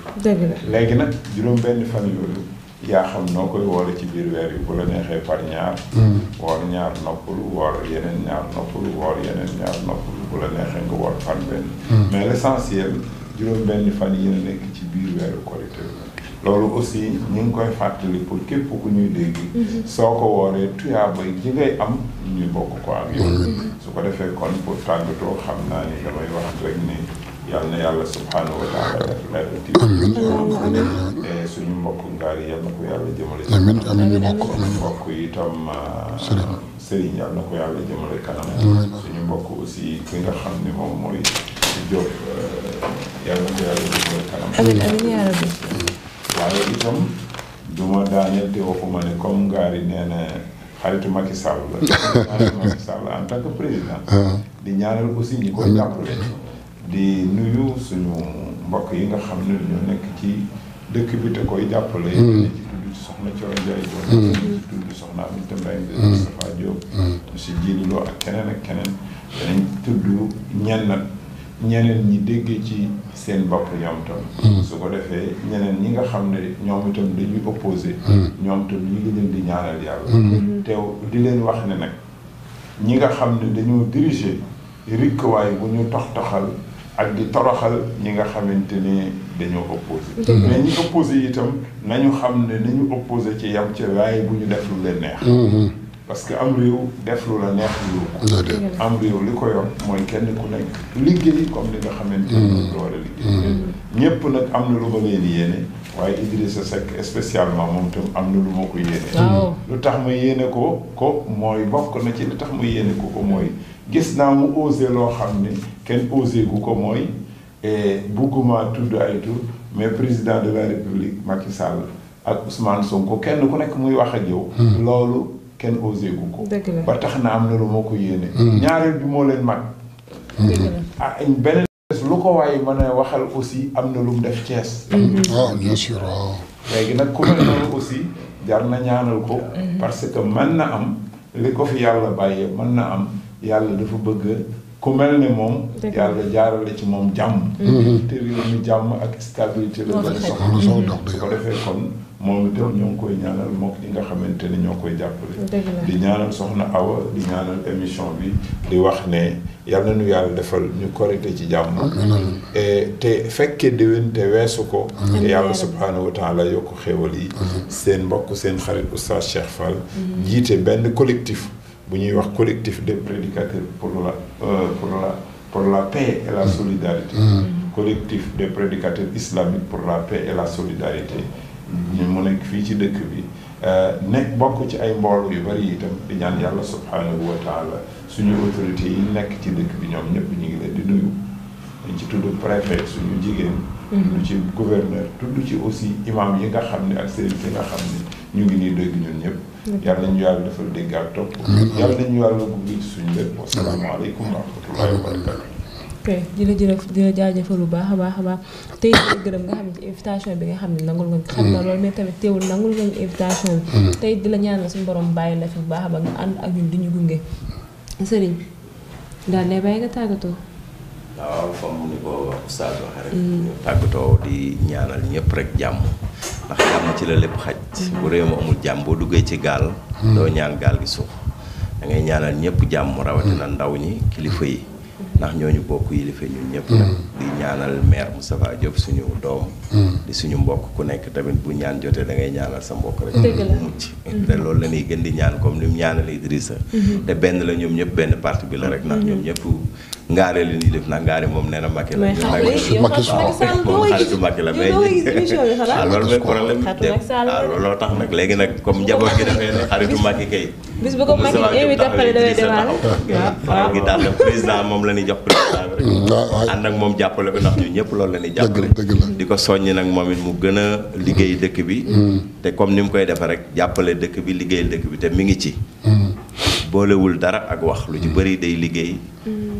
léegi nag juróom benni fan yooyu yaa xam noo koy woore ci biir weer yi bu la neexee par ñaar mm-hmm. woor ñaar noppalu woor yeneen ñaar noppalu woor yeneen ñaar noppalu bu la neexee nga juróom-benn fan yi nekk ci biir weeru korite loolu aussi ñu ngi koy fàttali pour képp ku ñuy dégg. Mm-hmm. soo ko wooree tuyaaba ji ngay am ñu bokk ko ak yow. Mm-hmm. su ko defee kon pour tàggatoo xam naa ni damay wax rek ni yal na yàlla subhaanahu wa suñu mbokk ngaari yal na ko yàlla jëmale. amiin amiin ñu bokk amiin mbokk yi itam. Ah, sëriñ yal na ko yàlla jëmale kanam. suñu mbokk aussi ki nga xam ni moom mooy. Diop eh, yàlla na yàlla defal kanam. amiin amiin yaa rabbi. waaye itam du ma daaneel te waxuma ne comme ngaari nee na xaritu Macky Sall la. xaritu Macky Sall en tant que président. Ah. di ñaanal aussi ñi koy jàppale. di nuyu suñu mbokk yi nga xam ne ñoo nekk ci dëkk bi te koy jàppale. Mm. di ci tudd soxna Thioro Ndiaye Diop. Mm. di ci tudd soxna Aminata Mbengue. Mm. Moustapha Diop. monsieur Djililo ak keneen ak keneen. danañ tudd ñenn. ñeneen ñi déggee ci seen bopp ñoom tam. Hmm. su ko defee ñeneen ñi nga xam ne ñoom itam dañuy opposé. Hmm. ñoom tam ñu ngi leen di ñaanal yàlla. Hmm. te di leen wax ne nag ñi nga xam ne dañoo diriger rikkuwaay bu ñu tox toxal ak di toroxal ñi nga xamante ni dañoo opposé. ne ñi opposé itam nañu xam ne nañu opposé ci yam ci waaye bu ñu def lu leen neex. parce que am réew def lu la neex lu am réew li ko yor mooy kenn ku nekk liggéey comme li nga xamante ni la war a liggéey mm-hmm. mm-hmm. ñëpp nag am na lu ma leen yéene waaye spécialement moom tam am na lu ma lu tax ma yéene ko ko mooy bokk na ci lu tax ma yéene ko ko mooy gis naa mu osé loo xam ne kenn osé gu ko mooy eh, bugguma tudd ay mais président de la république Macky Sall ak Ousmane Sonko kenn ku nekk muy wax ak yow mm-hmm. loolu kenn osé gu ko. ba tax na am na lu moo ko yéene. Mm. ñaareel bi moo leen mag. Mm. ah beneen lu ko waaye ma a waxal aussi am na lu mu def Thiès. waaw mm-hmm. oh, bien sûr waaw. Oh. léegi nag ku mel noonu aussi jar na ñaanal ko. Mm-hmm. parce que mën na am li ko fi yàlla bàyyee mën na am yàlla dafa bëgg. ku mel ne moom. yàlla jaarale ci moom jàmm. Mhm. te réew mi jàmm ak stabilité la. doon soxla su ko defee kon moom itam ñoo koy ñaanal mook ñi nga xamante ni ñoo koy jàppale. di ñaanal soxna Awa di ñaanal émission bi di wax ne yàlla na ñu yàlla defal ñu korite ci jàmm. E, te fekkee déwén te weesu ko. te yàlla subhaanahu wa yokk xéewal yi. seen mbokk seen xarit oustaz Cheikh Fall. Mhm. jiite benn collectif. bu ñuy wax collectif des prédicateurs pour la euh, pour la pour la paix et la mm. solidarité. Mm. collectif des prédicateurs islamiques pour la paix et la solidarité. ñu mu nekk fii ci dëkk bi euh, nekk bokk ci ay mbooloo yu bari itam di ñaan yàlla subhanahu wa taala suñu autorités yi nekk ci dëkk bi ñoom ñëpp ñu ngi leen di nuyu. dañ ci tudd préfet suñu jigéen. Mm. tudd ci gouverneur tudd ci aussi imam yi nga xam ne ak sëriñ yi nga xam ne. ñu ngi nii dégg ñun ñëpp. yàlla nañu yàlla defal dégg ak topp. yàlla nañu yàlla gugg suñu lépp. asalaamaaleykum wa rahmatullahi wa barakatuh. ok jaajëfal bu baax a baax a baax tey di gërëm nga xam ne invitation bi nga xam ne nangul nga xam na mm. loolu mais tamit teewul nangul nga invitation bi mm. tey di la ñaanal suñu borom bàyyi la fi bu baax a nga ànd ak ñun di ñu gunge sëriñ daal lay bàyyi nga tàggatoo waaw comme ni ko Oustaz waxee rek. ñu tàggatoo di ñaanal ñëpp rek jàmm. ndax jàmm ci la lépp xaj. bu réew mu amul jàmm boo duggee ci gaal. doo ñaan gaal gi suux dangay ñaanal ñëpp jàmm rawatina ndaw ñi kilifa yi. ndax ñooñu bokk yilife ñun ñëpp nag mm. di ñaanal maire Moustapha Diop suñu doom mm. di suñu mbokk ku nekk tamit bu ñaan jotee da ngay ñaanal sa mbokk rek mu mucc te loolu la ñuy gën di ñaan comme ni mu ñaanal Idrissa mm-hmm. te la ñoom ñëpp benn parti bi la rek ndax ñoom mm-hmm. ñëpp ngaare li ñuy def nag moom nee na Macky la moom xaritu Macky la mais ah loolu mooy problème ah looloo tax nag léegi nag comme njaboot gi dafay ne xaritu Macky kay bis bu ko Macky invité après moom la ñuy jox président bi rek. Mm, ànd ak moom jàppale ko ndax ñun ñëpp loolu la ñuy jàppale. di ko soññ nag moom it mu gën a liggéey dëkk bi. Mm. te comme ni mu koy defee rek jàppale dëkk bi liggéeyal dëkk bi te mu ngi ci. Mm. boolewul dara ak wax lu ñu bëri day liggéey.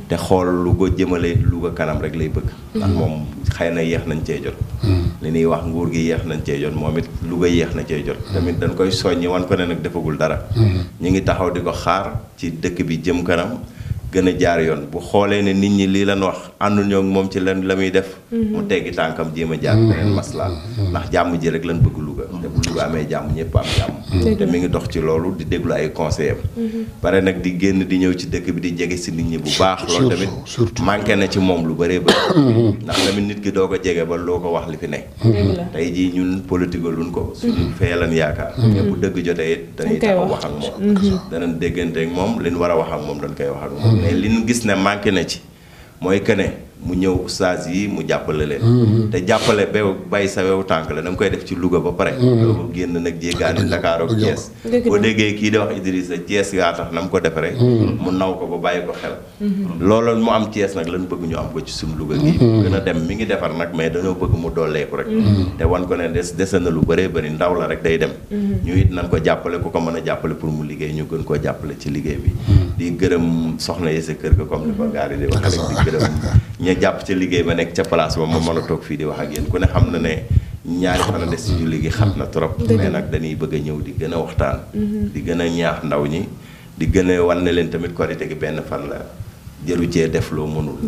te xool lu ko jëmale lu ko kanam rek lay bëgg. ndax moom xëy na yéex nañ cee jot. li ñuy wax nguur gi yéex nañ cee jot moom it lu ko yéex na cee jot. tamit dañ koy soññi wan ko ne nag defagul dara. ñu ngi taxaw di ko xaar ci dëkk bi jëm kanam. gën a jaar yoon bu xoolee ne nit ñi lii lan wax ànduñoo moom ci lan la muy def. mu mhm. teggi tànkam jéem a jaar beneen mhm. maslaal. Mhm. ndax jàmm ji rek lan bëgg Louga. bu amee jàmm ñëpp am jàmm. te mi ngi dox ci loolu di déglu ay conseillers mhm. pare nag di génn di ñëw ci dëkk bi di jege si nit ñi bu baax. loolu tamit manqué na ci moom lu bëree bëri. Mhm. ndax tamit nit ki doo ko jege ba loo ko wax li fi nekk. Mhm. tey jii ñun politique luñ ko. suñu fee yaakaar. ñëpp dëgg jotee it dañuy wax ak moom. danañ déggante ak moom liñ war a wax ak moom dañ koy wax ak moom. li liñ gis ne manqué na ci mooy que ne mu ñëw ustaas yi mu jàppale leen. Mhm. te jàppale ba bàyyi sa wew tànk la da koy def ci Louga ba pare. doo mhm. génn nag jéegaani Dakar ak Thiès. boo déggee kii de wax Idrissa Thiès yaa tax na mu ko defaree mhm. mu naw ko ba bàyyi ko xel. loolu mu am Thiès nag lan bëgg ñu am ko ci suñu luga gii. gën a dem mi ngi defar nag mais dañoo bëgg mu dooleeku rek. te wan ko ne des dese na lu bëree bëri ndaw la rek day dem. ñu it nañ ko jàppale ku ko mën a jàppale pour mu liggéey ñu gën koo jàppale ci liggéey bi. di gërëm soxna yi sa kër ko ña jàpp ca liggéey ba nekk ca place ba ma mën a toog fii di wax ak yéen ku ne xam na ne ñaari fan a des ci julli gi xam na trop mais nag dañuy bëgg a ñëw di gën waxtaan mhm. di gën a ñaax ndaw ñi di gën a wan ne leen tamit korite gi benn fan la jëru cee def loo mënul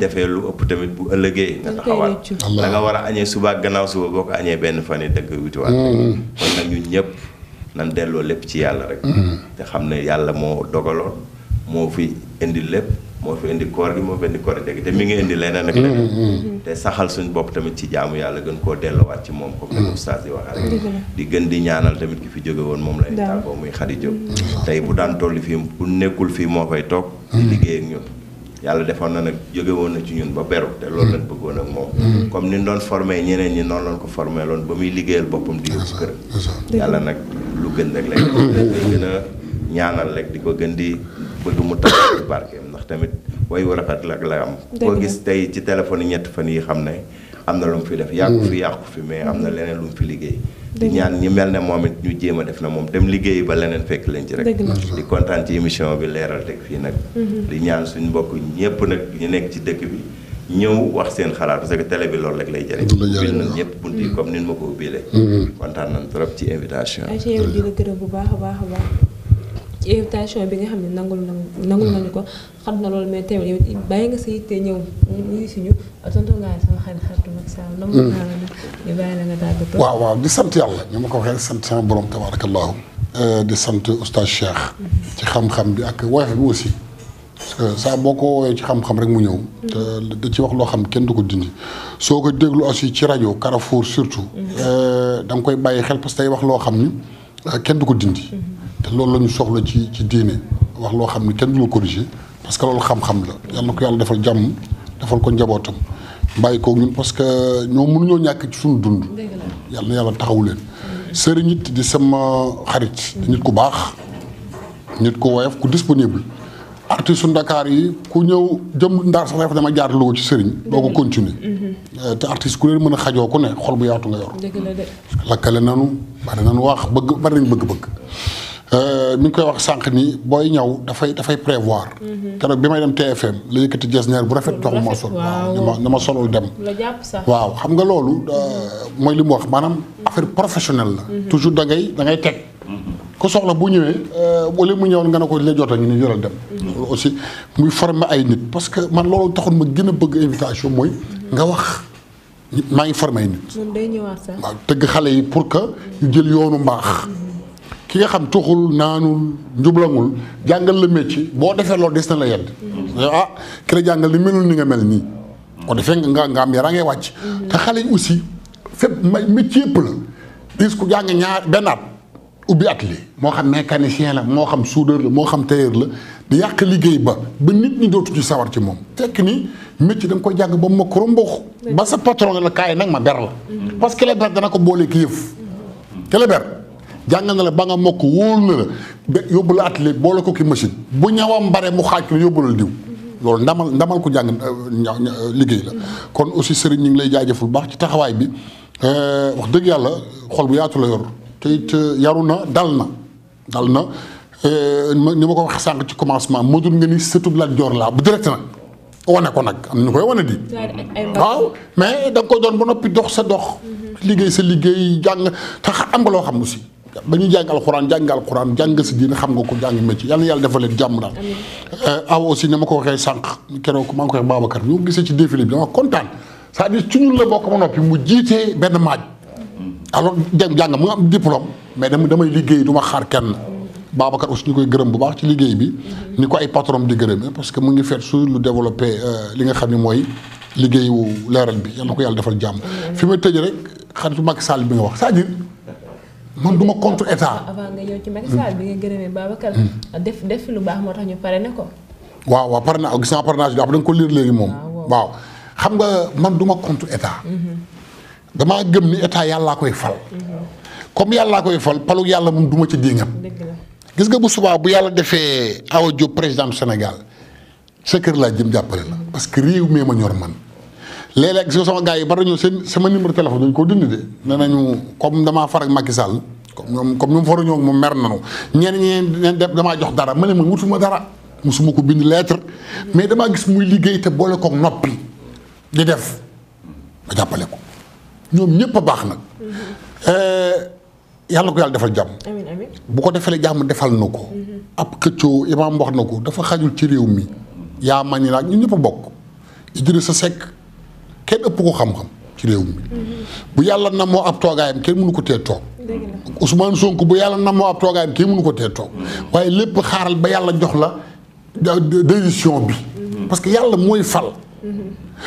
defee lu ëpp tamit bu ëllëgee nga taxawaat la nga war a añee suba ak gannaaw suba boo ko añee benn fan yi dëgg wutiwaat mm. kon nag ñun ñëpp nan delloo lépp ci yàlla rek mm. te xam ne yàlla moo dogaloon moo fi indi lépp moo fi indi koor gi moo fi indi koor dégg te mi ngi indi leneen ak leneen mm-hmm, mm-hmm. te saxal suñ bopp tamit ci jaamu yàlla gën koo delluwaat ci moom comme ne mm-hmm. oustaz yi di gën di tamit ki fi jóge woon moom lay tàggoo muy Khady Diop tey bu daan toll fii bu nekkul fii moo fay toog di liggéey ak ñun yàlla defoon na nag jóge woon na ci ñun ba beru te loolu lañ bëggoon ak moom comme ni doon formé ñeneen ñi noonu lañ ko formé loon ba muy liggéeyal boppam di yóbbu si yàlla nag lu gën rek lay gën a ñaanal rek di ko gën di bëgg tamit way wu rafet la la am. koo gis tey ci téléphone ñett fan yi xam ne am na lu mu fi def. yàqu mm. fi yàqu fi mais am na leneen lu mu fi liggéey. di ñaan ñi mel ne moom it ñu jéem a def na moom dem liggéey ba leneen fekk leen ci rek. di kontaan ci émission bi leeral teg fii nag. Mm-hmm. di ñaan suñu mbokk ñëpp nag ñu nekk ci dëkk bi. ñëw wax seen xalaat parce que télé bi lool rek lay jëriñ. ubbil na ñëpp bunt yi mm-hmm. comme ni ma ko ubbilee. Mm-hmm. kontaan nañ trop ci invitation. ayca ci invitation bi nga xam ne nangul nangul nañu ko xam na loolu mais teewul yow bàyyi nga sa yitte ñëw ñu si ñu mm. waaw waaw di sant yàlla ñu ma ko waxee sant sama borom tabarakallahu euh, di sant oustaz Cheikh ci xam-xam bi ak woyof bi aussi saa boo ko woowee ci xam-xam rek mu ñëw te da ci wax loo xam kenn du ko dindi soo ko déglu aussi ci rajo Carrefour surtout mm-hmm. euh, da nga koy bàyyi xel parce que wax loo xam ni euh, kenn du ko dindi mm-hmm. te loolu la ñu soxla ci ci diine wax loo xam ne kenn du la corriger parce que loolu xam-xam la yàlla na ko yàlla defal jàmm defal ko njabootam bàyyi ko ñun parce que ñoom mënuñoo ñàkk ci suñu dund yàlla na yàlla taxawu leen sëriñ it di sama xarit nit ku baax nit ku woyof ku disponible su Ndakaar yi ku ñëw jëm ndaar sax dafa dama jaar loo ci sëriñ doo ko continuer mm-hmm. eh, te artiste ku leen mën a xajoo ko ne xol bu yaatu nga yor lakkale nanu bari nanu wax bëgg bari nañ bëgg-bëgg Euh, ni ñu koy wax sànq ni booy ñaw dafay dafay prévoir. Mhm. keroog bi may dem TFM la yëkkati jasneer bu rafet jox ma ma sol. waaw ma solul dem. waaw xam nga loolu euh, mhm. mooy li mu wax maanaam mhm. affaire professionnelle la. toujours da ngay teg. ku soxla bu ñëwee euh, wala mu ñëwoon nga ne ko li la ñu ni yoral dem. aussi muy former ay nit parce que man loolu taxul ma gën a bëgg invitation mooy nga wax. maa ngi forme ay nit. waaw tëgg xale yi pour que jël yoonu mbaax. ki nga xam tuxul naanul njublangul jàngal la métier boo defee loolu des na la yedd ah ki la jàngal ni melul ni nga mel nii ko defee nga nga am yaraa wàcc te xale yi aussi fépp may métier yëpp la gis ku ñaar benn at ubbi atelier moo xam mécanicien la moo xam soudeur la moo xam tailleur la di yàq liggéey ba ba nit ñi dootu ci sawar ci moom tekk ni métier da koy jàng ba mu ma korombox ba sa patron la kaay nag ma ber la parce que la ber dana ko boolee ki yëf ke jàng na la ba nga mokk wóor na la ba yóbbula at atelier boole ko ki machine bu ñawam bare mu xaaj la yóbbu la diw loolu ndamal ndamal ko jàng euh, liggéey la kon aussi sëriñ ñu ngi lay jaajëful baax ci taxawaay bi euh, wax dëgg yàlla xol bu yaatu la yor te it euh, yaru na dal na dal na ni ma ko wax sànq ci commencement madul nga ni sëtub Lat Joor laa bu direct nag wane ko nag am na ñu koy wane di waaw mais da nga ko doon ba noppi dox sa dox mhm. liggéey sa liggéey jàng tax am nga loo xam aussi ba ñu jàng alxuraan jàng alxuraan jàng si diine xam nga ko jàng métier yal na yàlla defal leen jàmm daal. Eh, aw aussi ni ma ko waxee sànq keroog maa ngi koy wax Babacar ñu gisee ci défilé bi dama kontaan c'est-à-dire ci ñun la bokk ma jàng mu nga am diplôme mais dama damay liggéey du ma xaar kenn. Babacar aussi ñu koy gërëm bu baax ci liggéey bi ni ko ay patron di gërëmee parce que mu ngi faire sur lu développé euh, li nga xam ni mooy liggéeyu leeral bi yal na ko yàlla defal jàmm fi ma tëj rek xaritu Macky Sall bi nga wax cest dire man duma ma contre état. Ah, avant ci Macky Sall bi nga gërëmee Babacar. Hmm. def def moo tax ñu pare na ko. waaw waaw pare na gis naa parrainage bi da nga ko liir léegi moom. Ah, waaw xam nga man duma ma contre état. Mm-hmm. damaa gëm ni état yàllaa koy fal. Mm-hmm. comme yàllaa koy fal palu yàlla moom du ma ci déngam. gis nga bu subaa bu yàlla defee Awa Diop président du Sénégal sa kër laa jëm jàppale la. parce que réew mi ma ñor man. léeg-léeg si sama gars yi bari nañu seen sama numéro téléphone dañu ko dindi de nee nañu comme damaa far ak Macky Sall ñoom comme ñu mu faruñoo moom mer nañu ñenn ñi neen def dama jox dara ma ne ma wutuma dara musuma ko bind lettre mais damaa gis muy liggéey te boole koog noppi di def ma jàppale ko ñoom ñëpp a baax nag eh, yàlla ko yàlla defal jàmm bu ko defalee jàmm defal na ko mm-hmm. ab këccoo imaam wax na ko dafa xajul ci réew mi yaa ma ni naag ñun ñëpp a bokk Idrissa Seck kenn ëpp ko xam-xam ci réew mi bu yàlla namoo ab toogaayam kenn mënu ko tee toog Ousmane sonk bu yàlla namoo ab toogaayam kenn mënu ko tee toog waaye lépp xaaral ba yàlla jox la décision bi parce que yàlla mooy fal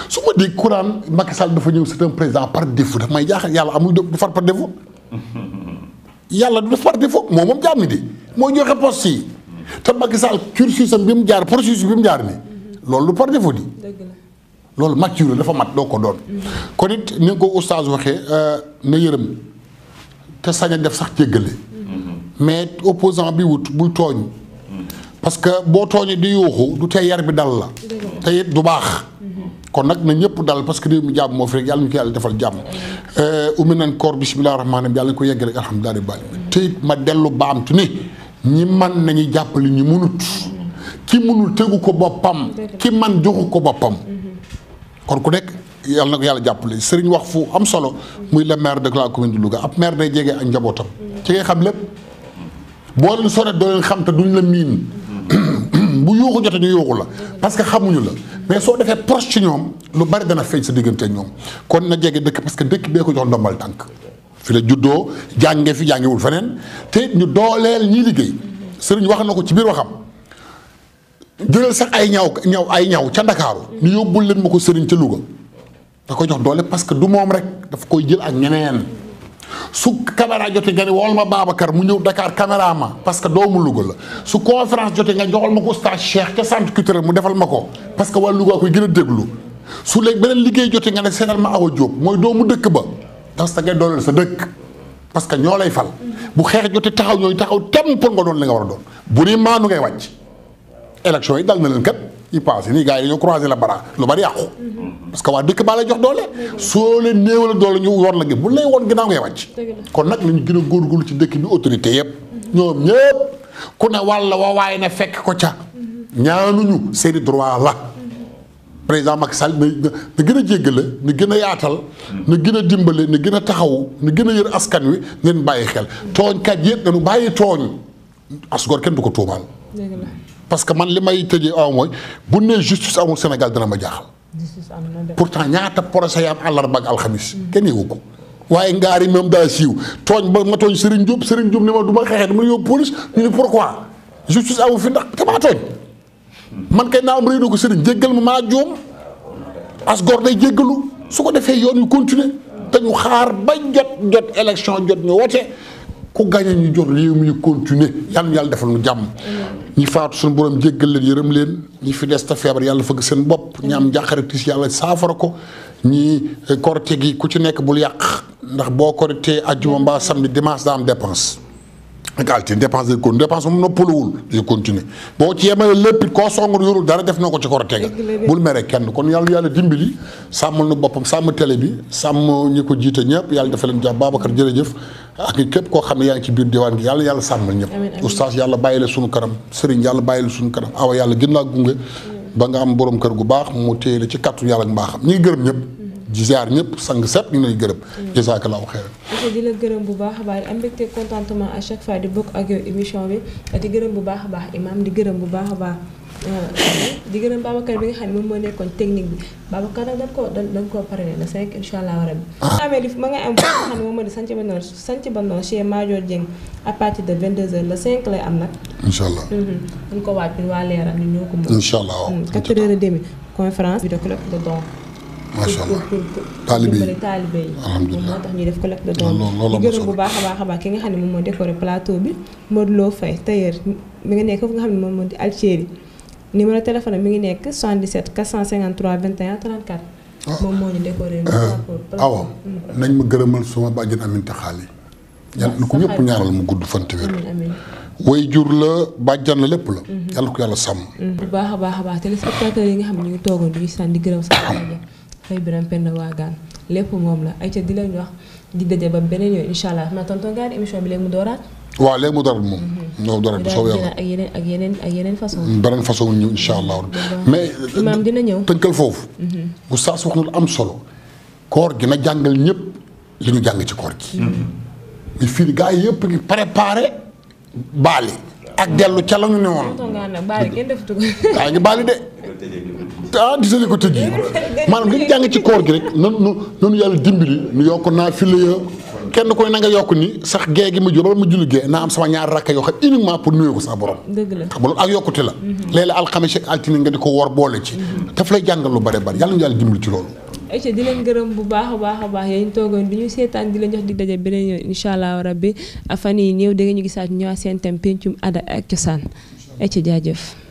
su ma di courant Macky Sall dafa ñëw c'est un président par défaut daf may jaax yàlla amul du far par défaut yàlla du def par défaut moom moom jàmm di mooy joxe poste yi te Macky Sall bi mu jaar processus bi mu jaar nii loolu du par loolu mature dafa mat doo ko doon. kon it ni nga ko oustaz waxee euh, na yërëm te sañ a def sax jéggale. mais opposant bi wut buy tooñ. parce que boo tooñee di yuuxu du tey yar bi dal la. te it du baax. kon nag na ñëpp dal parce que réew mi jàmm moo fi rek yàlla ñu ko yàlla defal jàmm. ummi euh, nañ koor bisimilah rahmaani yàlla ñu ko yegg rek alhamdulilah rabbil alamin te it ma dellu baamtu ni ñi man nañu jàppale ñi munut. ki munul tegu ko boppam. ki man joxu ko boppam. kon ku nekk yal na ko yàlla jàppale sëriñ wax fu am solo muy le maire de la commune de Louga ab maire day jege ak njabootam ci ngay xam lépp boo sore doo xam te duñ la miin bu yuuxu jotee ñu yuuxu la parce que xamuñu la mais soo defee proche ci ñoom lu bari dana feeñ sa diggante ñoom kon na jege dëkk parce que dëkk bee ko jox ndombal tànk fi la juddoo jànge fi jàngewul feneen te ñu dooleel ñiy liggéey sëriñ wax na ko ci biir waxam. jëlal sax ay ñaw ñaw ay ñaw ca ndakaaru ni yóbbul leen ma ko sëriñ ca Louga da ko jox doole parce que du moom rek dafa koy jël ak ñeneen su caméra jotee nga ne wool ma Babacar mu ñëw Dakar caméra ma parce que doomu Louga la su conférence jotee nga joxal ma ko oustaz Cheikh ca centre mu defal ma ko parce que waa Louga koy a déglu su léegi beneen liggéey jotee nga ne ma Awa Diop mooy doomu dëkk ba parce que ngay dooleel sa dëkk parce que ñoo lay fal bu xeex jotee taxaw ñooy taxaw tem pour nga doon li nga war a doon bu ni maanu ngay wàcc élection yi dal na leen kat yi passé nii gars yi dañoo croisé la bara lu bari yàqu. parce que waa dëkk baa lay jox doole. soo leen néewale doole ñu war la gën bu lay woon ginnaaw ngay wàcc. kon nag lañu gën a góorgóorlu ci dëkk bi autorité yëpp. ñoom ñëpp ku ne wàlla wa waaye ne fekk ko ca. ñaanuñu seeni droit la. président Macky Sall na na gën a jéggale na gën a yaatal na gën a dimbale na gën a taxawu na gën a yër askan wi ngeen bàyyi xel tooñkat yëpp dañu bàyyi tooñ asgor kenn du ko tuumaal parce que man li may tëjee aw mooy bu nee justice amul Sénégal dina ma jaaxal. pourtant ñaata procès yi am àllarba ak alxamis. kenn yëgu ko waaye ngaar yi moom daa siiw tooñ ba ma tooñ Serigne Diop Serigne Diop ni ma du ma xeexee dama yóbbu police ñu ni pourquoi justice amul fi ndax damaa tooñ. man kay naa am réew ko Serigne jéggal ma maa joom as day jéggalu su ko defee yoon yu continuer te ñu xaar ba jot jot élection jot ñu wote. ku gañe ñu jot réew mi ñu continuer yal na yàlla defal nu jàmm ñi faatu suñu borom jéggal leen yërëm leen ñi fi des ta feebar yàlla fëgg seen bopp ñi am njàqare tiis yàlla saafara ko ñii eh, korite gi ku ci nekk bul yàq ndax boo korite ajjuma mbaa samedi dimanche daa am dépense kaltin dépense day kon dépense moom noppaluwul day continuer boo ci yemale lépp koo songur yorul dara def na ko ci kor tegal bul mere kenn kon yàlla yàlla dimbali sàmmal nu boppam sàmm télé bi sàmm ñi ko jiite ñëpp yàlla dafa leen jàpp Babacar jërëjëf ak képp koo xam ne yaa ngi ci biir diwaan gi yàlla yàlla sàmmal ñëpp oustaz yàlla bàyyi la suñu kanam sëriñ yàlla bàyyi la suñu kanam awa yàlla gën laa gunge ba nga am boroom kër gu baax mu téye la ci kàttu yàlla ak mbaaxam ñi ñëpp di ziar ñëpp sang sepp ñu ngi lay gërëm. Mm. jazakallahu xeyran. ok di gërëm bu baax a baax am mbégte contentement à chaque fois di bokk ak yow bi di gërëm bu baax a baax di gërëm bu baax a baax. Euh, di gërëm Babacar bi nga xam ne moom moo nekkoon technique bi Babacar nag da nga koo da nga koo pare la cinq incha allah rabi. Ah. ma nga am nga xam ne moom moo di sanc bandon sanc bandon chez Madior Dieng à partir de 22h le lay am nag. incha allah. Mm-hmm. dañ ko waaj waa Leral ñu ñoo ko moom. incha allah waaw mm, 4 heures et demi conférence. vidéo club de don. macha allah taalibe yi def collecte de dons loolu gërëm bu baax a baax a baax ki nga xam ne moom moo décoré plateau bi Modou Lo Faye mi nga nekk foofu nga xam ne moom moo di Algérie numéro téléphone mi ngi nekk 77 453 21 34 moom moo ñu décoré euh, awa mm. nañ ma gërëmal suma bàjjen Aminta Xaali yàlla na ko ñëpp ñaaral mu gudd fan te wér way jur la bàjjan la lépp la. Mm-hmm. yàlla ko yàlla sàmm. bu mm-hmm. baax a baax a baax téléspectateurs yi nga xam ne ñu ngi toogoon di sànni gërëm sa fay biram penn waagaan lépp moom la ay ca di leen wax di daje ba beneen yoon incha allah xam naa tonton Gaye bi léegi dooraat. waaw léegi mu dooraat moom. ñoo mhm. dooraat bu soobee yàlla ak yeneen ak yeneen ak yeneen façon. Mm, beneen façon ñëw incha allah. mais imaam dina ñëw tënkal foofu. Mhm. bu saa su wax na lu am solo. koor gi na jàngal li ñu jàng mhm. ngi préparé baali. ak dellu ca la ne woon. baali kenn defatu ko. gaa ngi baali de. ah dina leen ko tëjee maanaam li jàng ci koor gi rek na nu noonu yàlla dimbali nu yokk naa file ya kenn koy na yokk ni sax gée gi ma jur wala ma julli gée naa am sax ñaar rakka yoo xam uniquement pour nuyoo ko sax borom. dëgg la yokkute la. Mm-hmm. léeg-léeg alxames ak altine nga di ko wor boole ci. Mm-hmm. daf lay jàngal lu bare bare yàlla ñu yàlla dimbali ci loolu. ayca bu baax a baax a baax yéen toogoon di ñu seetaan di leen jox dig daje beneen yoon incha allah rabbi fan yii néew dégg ñu gisaat ñëwaat seen thème pencum aada ak cosaan ayca jaajëf